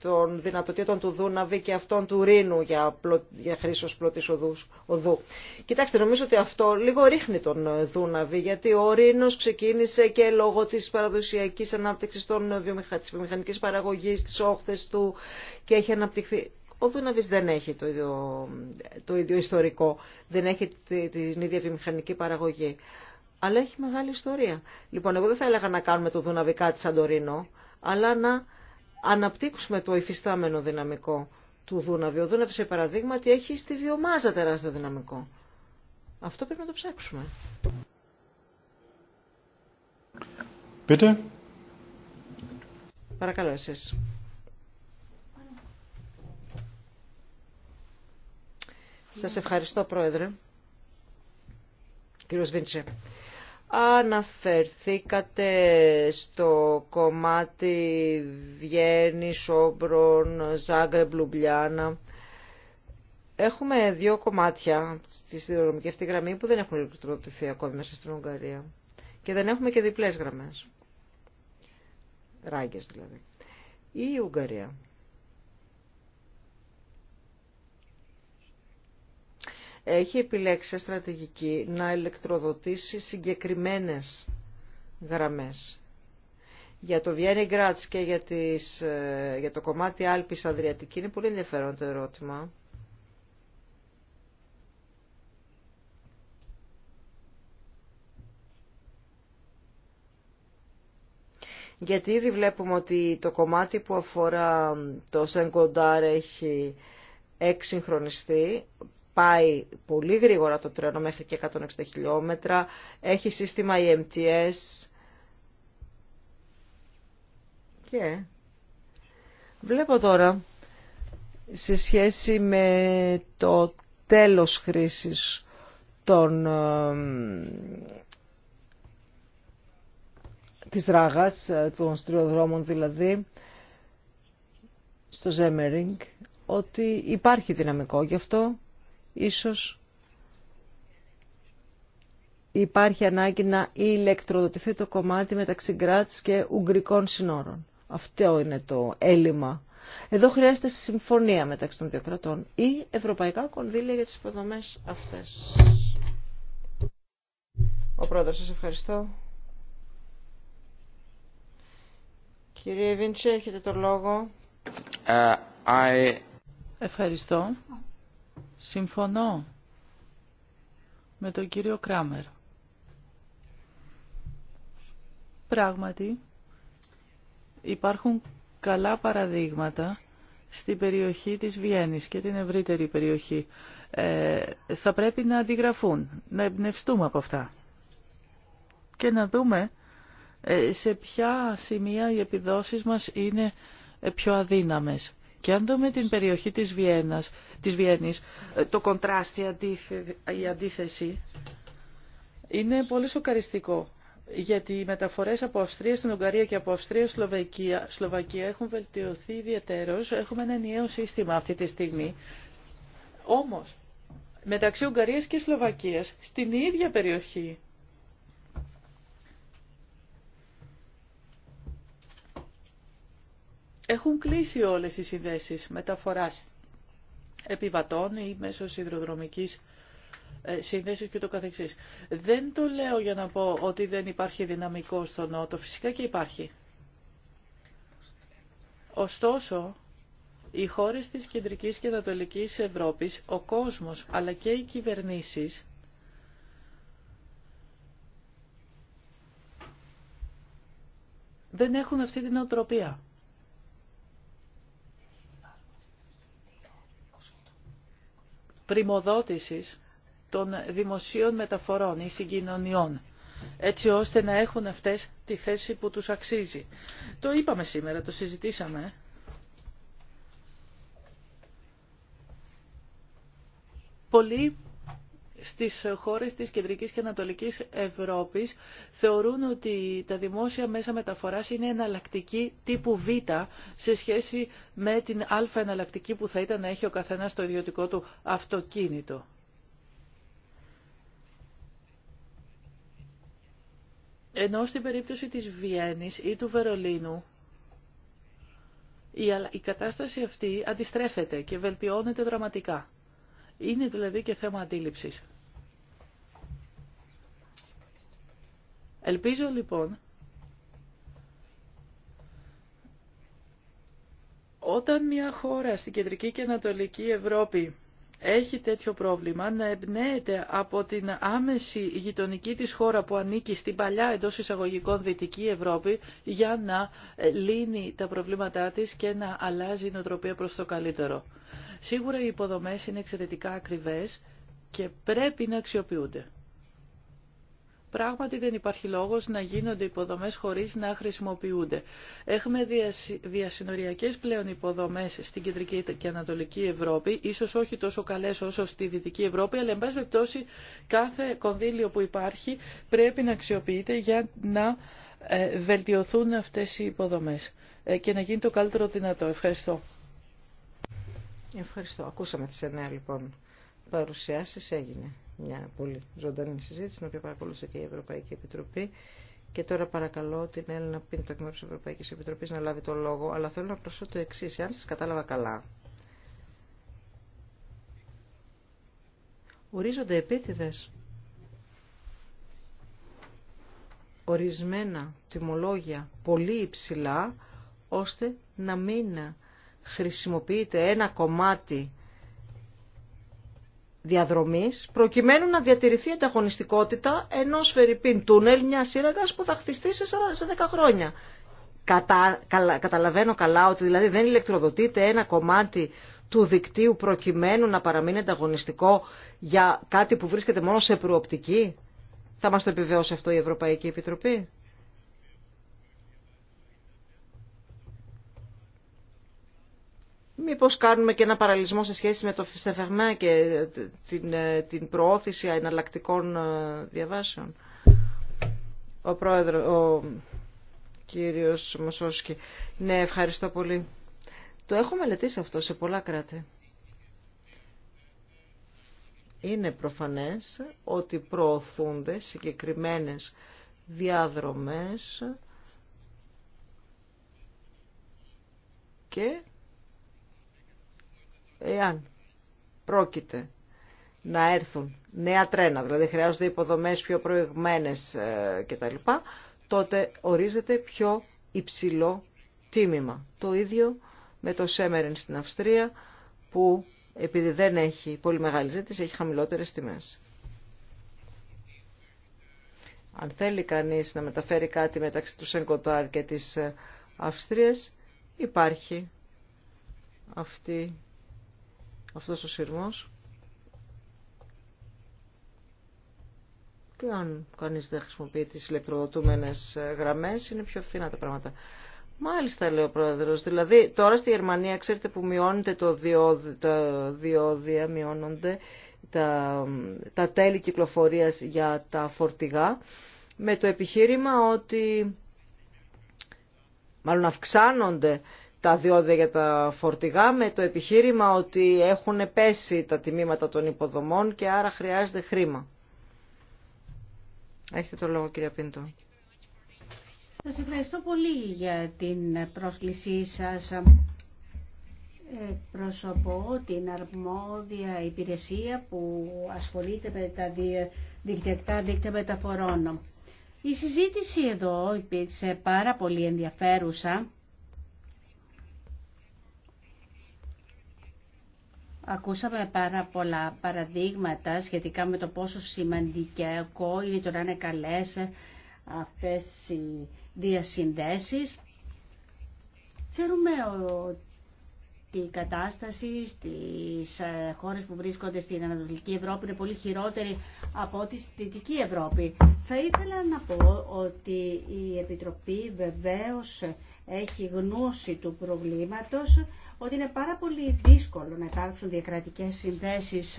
των δυνατοτήτων του Δούναβη και αυτών του Ρήνου για, πλω... για χρήση ως πλωτής οδού. Κοιτάξτε, νομίζω ότι αυτό λίγο ρίχνει τον Δούναβη, γιατί ο Ρήνος ξεκίνησε και λόγω της παραδοσιακής ανάπτυξης των βιομηχα... της βιομηχανικής παραγωγής, της όχθες του και έχει αναπτυχθεί. Ο Δούναβης δεν έχει το ίδιο, το ίδιο ιστορικό, δεν έχει την ίδια βιομηχανική παραγωγή αλλά έχει μεγάλη ιστορία. Λοιπόν, εγώ δεν θα έλεγα να κάνουμε το Δούναβι κάτι σαν αλλά να αναπτύξουμε το υφιστάμενο δυναμικό του Δούναβη. Ο Δούναβι, σε παραδείγματι, έχει στη βιομάζα τεράστιο δυναμικό. Αυτό πρέπει να το ψάξουμε. Πείτε. Παρακαλώ εσείς. Σας ευχαριστώ, Πρόεδρε. Κύριος Βίντσε. Αναφερθήκατε στο κομμάτι Βιέννη, Σόμπρον, Ζάγκρε, Μπλουμπλιάνα. Έχουμε δύο κομμάτια στη σιδηροδρομική αυτή γραμμή που δεν έχουν λειτουργηθεί ακόμη μέσα στην Ουγγαρία. Και δεν έχουμε και διπλές γραμμές. Ράγκες δηλαδή. Η Ουγγαρία έχει επιλέξει στρατηγική να ηλεκτροδοτήσει συγκεκριμένες γραμμές. Για το Βιέννη Γκράτς και για, τις, ε, το κομμάτι Άλπης Αδριατική είναι πολύ ενδιαφέρον το ερώτημα. γιατί ήδη βλέπουμε ότι το κομμάτι που αφορά το Σενκοντάρ έχει εξυγχρονιστεί πάει πολύ γρήγορα το τρένο μέχρι και 160 χιλιόμετρα, έχει σύστημα EMTS και βλέπω τώρα σε σχέση με το τέλος χρήσης των, της ράγας, των στριοδρόμων δηλαδή, στο Ζέμερινγκ, ότι υπάρχει δυναμικό γι' αυτό ίσως υπάρχει ανάγκη να ηλεκτροδοτηθεί το κομμάτι μεταξύ Γκράτς και Ουγγρικών συνόρων. Αυτό είναι το έλλειμμα. Εδώ χρειάζεται συμφωνία μεταξύ των δύο κρατών ή ευρωπαϊκά κονδύλια για τις υποδομές αυτές. Ο πρόεδρος, σας ευχαριστώ. Κύριε Βίντσε, έχετε το λόγο. Uh, Ευχαριστώ. Συμφωνώ με τον κύριο Κράμερ. Πράγματι, υπάρχουν καλά παραδείγματα στην περιοχή της Βιέννης και την ευρύτερη περιοχή. Ε, θα πρέπει να αντιγραφούν, να εμπνευστούμε από αυτά και να δούμε ε, σε ποια σημεία οι επιδόσεις μας είναι ε, πιο αδύναμες. Και αν δούμε την περιοχή της, Βιέννας, της Βιέννης, ε, το κοντράστι, η αντίθεση, είναι πολύ σοκαριστικό. Γιατί οι μεταφορές από Αυστρία στην Ουγγαρία και από Αυστρία Σλοβακία, Σλοβακία έχουν βελτιωθεί ιδιαίτερως. Έχουμε ένα ενιαίο σύστημα αυτή τη στιγμή. Όμως, μεταξύ Ουγγαρίας και Σλοβακίας, στην ίδια περιοχή Έχουν κλείσει όλες οι συνδέσεις μεταφοράς επιβατών ή μέσω σιδηροδρομικής ε, σύνδεσης και το καθεξής. Δεν το λέω για να πω ότι δεν υπάρχει δυναμικό στο Νότο. Φυσικά και υπάρχει. Ωστόσο, οι χώρες της κεντρικής και ανατολικής Ευρώπης, ο κόσμος αλλά και οι κυβερνήσεις δεν έχουν αυτή την οτροπία. πρημοδότησης των δημοσίων μεταφορών ή συγκοινωνιών έτσι ώστε να έχουν αυτές τη θέση που τους αξίζει. Το είπαμε σήμερα, το συζητήσαμε. Πολλοί στις χώρες της Κεντρικής και Ανατολικής Ευρώπης θεωρούν ότι τα δημόσια μέσα μεταφοράς είναι εναλλακτική τύπου Β σε σχέση με την Α εναλλακτική που θα ήταν να έχει ο καθένας το ιδιωτικό του αυτοκίνητο. Ενώ στην περίπτωση της Βιέννης ή του Βερολίνου η κατάσταση αυτή αντιστρέφεται και βελτιώνεται δραματικά. Είναι δηλαδή και θέμα αντίληψης. Ελπίζω λοιπόν όταν μια χώρα στην κεντρική και ανατολική Ευρώπη έχει τέτοιο πρόβλημα να εμπνέεται από την άμεση γειτονική της χώρα που ανήκει στην παλιά εντός εισαγωγικών Δυτική Ευρώπη για να ε, λύνει τα προβλήματά της και να αλλάζει η νοοτροπία προς το καλύτερο. Σίγουρα οι υποδομές είναι εξαιρετικά ακριβές και πρέπει να αξιοποιούνται. Πράγματι δεν υπάρχει λόγος να γίνονται υποδομές χωρίς να χρησιμοποιούνται. Έχουμε διασυνοριακές πλέον υποδομές στην Κεντρική και Ανατολική Ευρώπη, ίσως όχι τόσο καλές όσο στη Δυτική Ευρώπη, αλλά εν πάση κάθε κονδύλιο που υπάρχει πρέπει να αξιοποιείται για να ε, βελτιωθούν αυτές οι υποδομές ε, και να γίνει το καλύτερο δυνατό. Ευχαριστώ. Ευχαριστώ. Ακούσαμε τις εννέα λοιπόν παρουσιάσεις. Έγινε μια πολύ ζωντανή συζήτηση, την οποία παρακολούσε και η Ευρωπαϊκή Επιτροπή. Και τώρα παρακαλώ την Έλληνα Πίντο εκ μέρου τη Ευρωπαϊκή Επιτροπή να λάβει το λόγο, αλλά θέλω να προσθέσω το εξή, αν σα κατάλαβα καλά. Ορίζονται επίτηδε ορισμένα τιμολόγια πολύ υψηλά, ώστε να μην χρησιμοποιείται ένα κομμάτι διαδρομής προκειμένου να διατηρηθεί η ανταγωνιστικότητα ενός φερρυπίν τούνελ μια σύραγα που θα χτιστεί σε 10 χρόνια. καταλαβαίνω καλά ότι δηλαδή δεν ηλεκτροδοτείται ένα κομμάτι του δικτύου προκειμένου να παραμείνει ανταγωνιστικό για κάτι που βρίσκεται μόνο σε προοπτική. Θα μας το επιβεβαιώσει αυτό η Ευρωπαϊκή Επιτροπή. Μήπως κάνουμε και ένα παραλυσμό σε σχέση με το Σεφερμέ και την, ε, την προώθηση εναλλακτικών ε, διαβάσεων. Ο πρόεδρος, ο κύριος Μοσόσκι. Ναι, ευχαριστώ πολύ. Το έχω μελετήσει αυτό σε πολλά κράτη. Είναι προφανές ότι προωθούνται συγκεκριμένες διάδρομες και εάν πρόκειται να έρθουν νέα τρένα, δηλαδή χρειάζονται υποδομές πιο προηγμένες ε, κτλ, τότε ορίζεται πιο υψηλό τίμημα. Το ίδιο με το Σέμεριν στην Αυστρία, που επειδή δεν έχει πολύ μεγάλη ζήτηση, έχει χαμηλότερες τιμές. Αν θέλει κανείς να μεταφέρει κάτι μεταξύ του Σενκοτάρ και της ε, Αυστρίας, υπάρχει αυτή αυτός ο σύρμος. Και αν κανείς δεν χρησιμοποιεί τις ηλεκτροδοτούμενες ε, γραμμές, είναι πιο φθηνά τα πράγματα. Μάλιστα, λέει ο πρόεδρος. Δηλαδή, τώρα στη Γερμανία, ξέρετε που μειώνεται το διόδι, τα διόδια, μειώνονται τα, τα τέλη κυκλοφορίας για τα φορτηγά, με το επιχείρημα ότι μάλλον αυξάνονται τα διόδια για τα φορτηγά με το επιχείρημα ότι έχουν πέσει τα τιμήματα των υποδομών και άρα χρειάζεται χρήμα. Έχετε το λόγο κυρία Πίντο. Σας ευχαριστώ πολύ για την πρόσκλησή σας. Ε, προσωπώ την αρμόδια υπηρεσία που ασχολείται με τα δικτυακτά δίκτυα μεταφορών. Η συζήτηση εδώ υπήρξε πάρα πολύ ενδιαφέρουσα Ακούσαμε πάρα πολλά παραδείγματα σχετικά με το πόσο σημαντικό είναι το να είναι καλές αυτές οι διασυνδέσεις. Ξέρουμε ότι η κατάσταση στις ε, χώρες που βρίσκονται στην Ανατολική Ευρώπη είναι πολύ χειρότερη από ό,τι στη Δυτική Ευρώπη. Θα ήθελα να πω ότι η Επιτροπή βεβαίως έχει γνώση του προβλήματος ότι είναι πάρα πολύ δύσκολο να υπάρξουν διακρατικές συνδέσεις.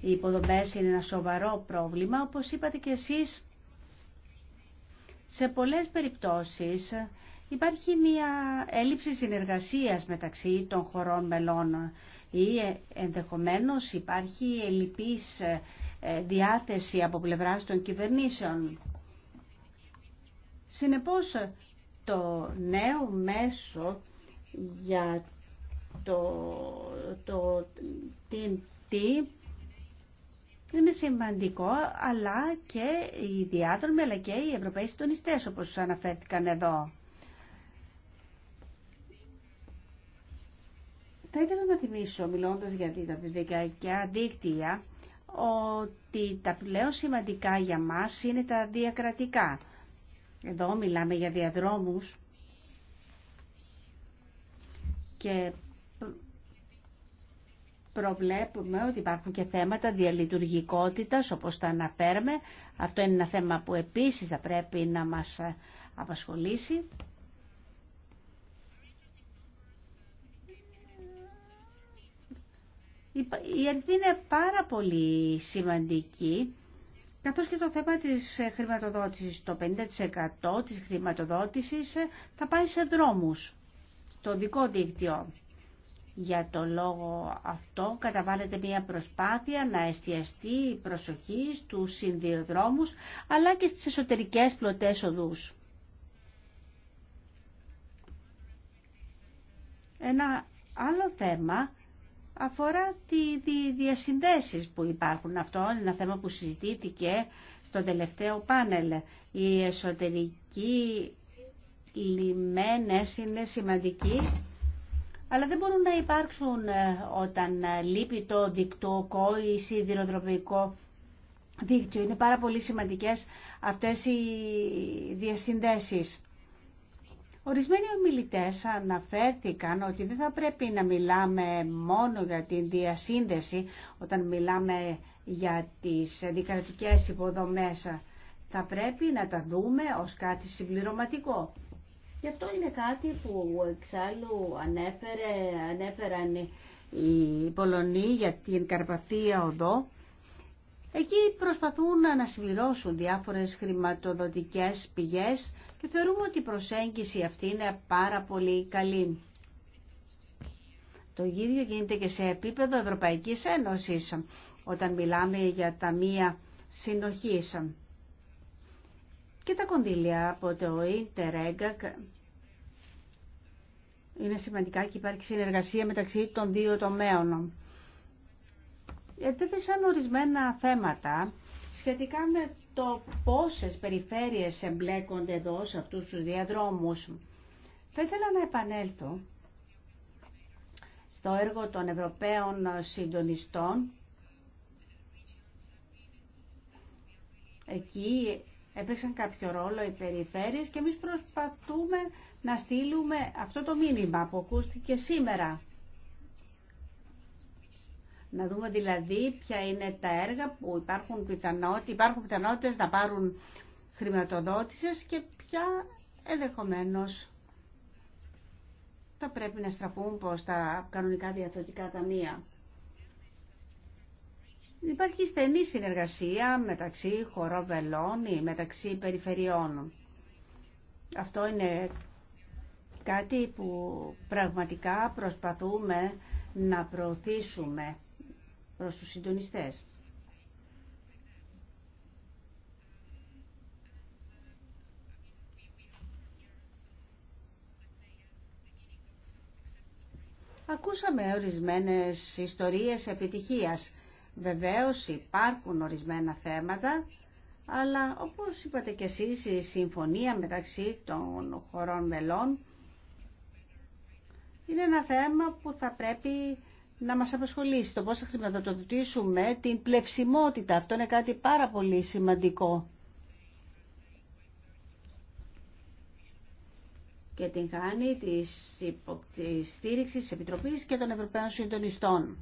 Οι υποδομές είναι ένα σοβαρό πρόβλημα, όπως είπατε και εσείς. Σε πολλές περιπτώσεις υπάρχει μια έλλειψη συνεργασίας μεταξύ των χωρών μελών ή ε, ενδεχομένως υπάρχει ελλειπής ε, ε, διάθεση από πλευράς των κυβερνήσεων. Συνεπώς, το νέο μέσο για το, το είναι σημαντικό, αλλά και οι διάδρομοι, αλλά και οι Ευρωπαίοι συντονιστές, όπως αναφέρθηκαν εδώ. Θα ήθελα να θυμίσω, μιλώντας για τα διδικαϊκά δίκτυα, ότι τα πλέον σημαντικά για μας είναι τα διακρατικά. Εδώ μιλάμε για διαδρόμους και προβλέπουμε ότι υπάρχουν και θέματα διαλειτουργικότητας όπως τα αναφέρουμε. Αυτό είναι ένα θέμα που επίσης θα πρέπει να μας απασχολήσει. Η αριθμή είναι πάρα πολύ σημαντική, καθώς και το θέμα της χρηματοδότησης. Το 50% της χρηματοδότησης θα πάει σε δρόμους, στο δικό δίκτυο. Για το λόγο αυτό καταβάλλεται μια προσπάθεια να εστιαστεί η προσοχή στους συνδυοδρόμους αλλά και στις εσωτερικές πλωτές οδούς. Ένα άλλο θέμα αφορά τη, διασυνδέσεις που υπάρχουν. Αυτό είναι ένα θέμα που συζητήθηκε στο τελευταίο πάνελ. Οι εσωτερικοί λιμένες είναι σημαντικοί αλλά δεν μπορούν να υπάρξουν ε, όταν ε, λείπει το δικτυοκό ή σιδηροδρομικό δίκτυο. Είναι πάρα πολύ σημαντικές αυτές οι διασυνδέσεις. Ορισμένοι ομιλητές αναφέρθηκαν ότι δεν θα πρέπει να μιλάμε μόνο για την διασύνδεση όταν μιλάμε για τις δικρατικές υποδομές. Θα πρέπει να τα δούμε ως κάτι συμπληρωματικό. Και αυτό είναι κάτι που εξάλλου ανέφερε, ανέφεραν οι Πολωνοί για την Καρπαθία Οδό. Εκεί προσπαθούν να ανασυμπληρώσουν διάφορες χρηματοδοτικές πηγές και θεωρούμε ότι η προσέγγιση αυτή είναι πάρα πολύ καλή. Το ίδιο γίνεται και σε επίπεδο Ευρωπαϊκής Ένωσης όταν μιλάμε για ταμεία συνοχής και τα κονδύλια από το Ιντερέγκακ. είναι σημαντικά και υπάρχει συνεργασία μεταξύ των δύο τομέων. Εντέθησαν ορισμένα θέματα σχετικά με το πόσες περιφέρειες εμπλέκονται εδώ σε αυτούς τους διαδρόμους. Θα ήθελα να επανέλθω στο έργο των Ευρωπαίων συντονιστών. Εκεί έπαιξαν κάποιο ρόλο οι περιφέρειες και εμείς προσπαθούμε να στείλουμε αυτό το μήνυμα που ακούστηκε σήμερα. Να δούμε δηλαδή ποια είναι τα έργα που υπάρχουν, πιθανότητες, υπάρχουν πιθανότητες να πάρουν χρηματοδότησες και ποια ενδεχομένως θα πρέπει να στραφούν προς τα κανονικά διαθροτικά ταμεία. Υπάρχει στενή συνεργασία μεταξύ χωρών βελών ή μεταξύ περιφερειών. Αυτό είναι κάτι που πραγματικά προσπαθούμε να προωθήσουμε προς τους συντονιστές. Ακούσαμε ορισμένες ιστορίες επιτυχίας Βεβαίως υπάρχουν ορισμένα θέματα, αλλά όπως είπατε και εσείς η συμφωνία μεταξύ των χωρών μελών είναι ένα θέμα που θα πρέπει να μας απασχολήσει. Το πώς θα χρηματοδοτήσουμε την πλευσιμότητα. Αυτό είναι κάτι πάρα πολύ σημαντικό. και την χάνει της στήριξης της Επιτροπής και των Ευρωπαίων Συντονιστών.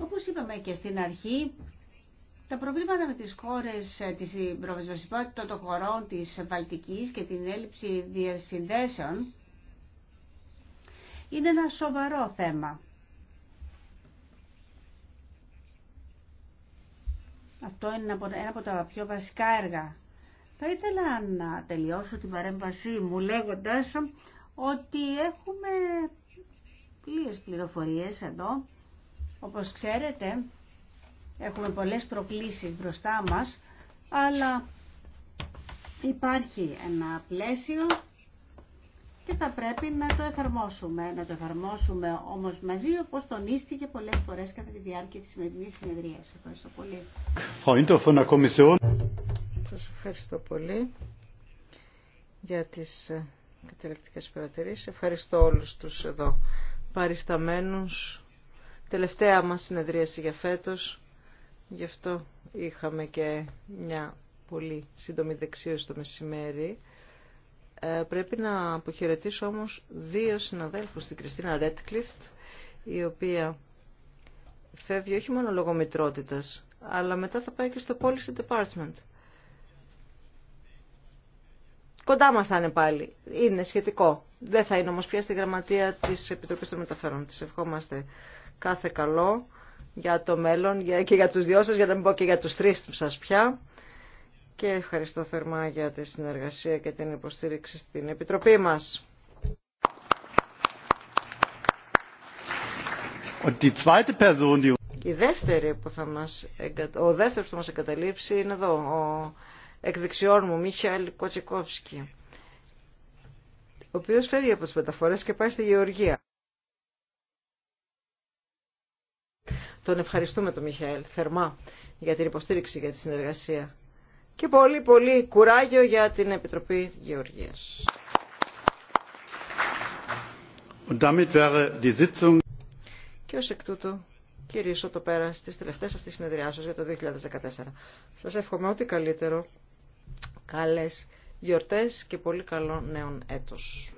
Όπως είπαμε και στην αρχή, τα προβλήματα με τις χώρες ε, της προβεσβασιμότητας των χωρών της Βαλτικής και την έλλειψη διασυνδέσεων είναι ένα σοβαρό θέμα. Αυτό είναι ένα από τα πιο βασικά έργα. Θα ήθελα να τελειώσω την παρέμβασή μου λέγοντας ότι έχουμε πλήρες πληροφορίες εδώ όπως ξέρετε, έχουμε πολλές προκλήσεις μπροστά μας, αλλά υπάρχει ένα πλαίσιο και θα πρέπει να το εφαρμόσουμε. Να το εφαρμόσουμε όμως μαζί, όπως τονίστηκε πολλές φορές κατά τη διάρκεια της σημερινής συνεδρίας. Ευχαριστώ πολύ. Σας ευχαριστώ πολύ για τις ε, κατελεκτικές παρατηρήσεις. Ευχαριστώ όλους τους εδώ παρισταμένους τελευταία μας συνεδρίαση για φέτος. Γι' αυτό είχαμε και μια πολύ σύντομη δεξίωση το μεσημέρι. Ε, πρέπει να αποχαιρετήσω όμως δύο συναδέλφους, την Κριστίνα Ρέτκλιφτ, η οποία φεύγει όχι μόνο λόγω μητρότητας, αλλά μετά θα πάει και στο Policy Department. Κοντά μας θα είναι πάλι. Είναι σχετικό. Δεν θα είναι όμως πια στη γραμματεία της Επιτροπής των Μεταφέρων. Της ευχόμαστε κάθε καλό για το μέλλον και για τους δυο σας, για να μην πω και για τους τρεις σας πια. Και ευχαριστώ θερμά για τη συνεργασία και την υποστήριξη στην Επιτροπή μας. Η δεύτερη που θα μας Ο δεύτερος που θα μας εγκαταλείψει είναι εδώ, ο εκδεξιών μου, Μίχαλ Κοτσικόφσκι, ο οποίος φεύγει από τις μεταφορές και πάει στη Γεωργία. Τον ευχαριστούμε τον Μιχαήλ θερμά για την υποστήριξη, για τη συνεργασία. Και πολύ πολύ κουράγιο για την Επιτροπή Γεωργίας. Und damit wäre die Sitzung... Και ως εκ τούτου κυρίσω το πέρα στις τελευταίες αυτής συνεδριάσεις για το 2014. Σας εύχομαι ό,τι καλύτερο, καλές γιορτές και πολύ καλό νέο έτος.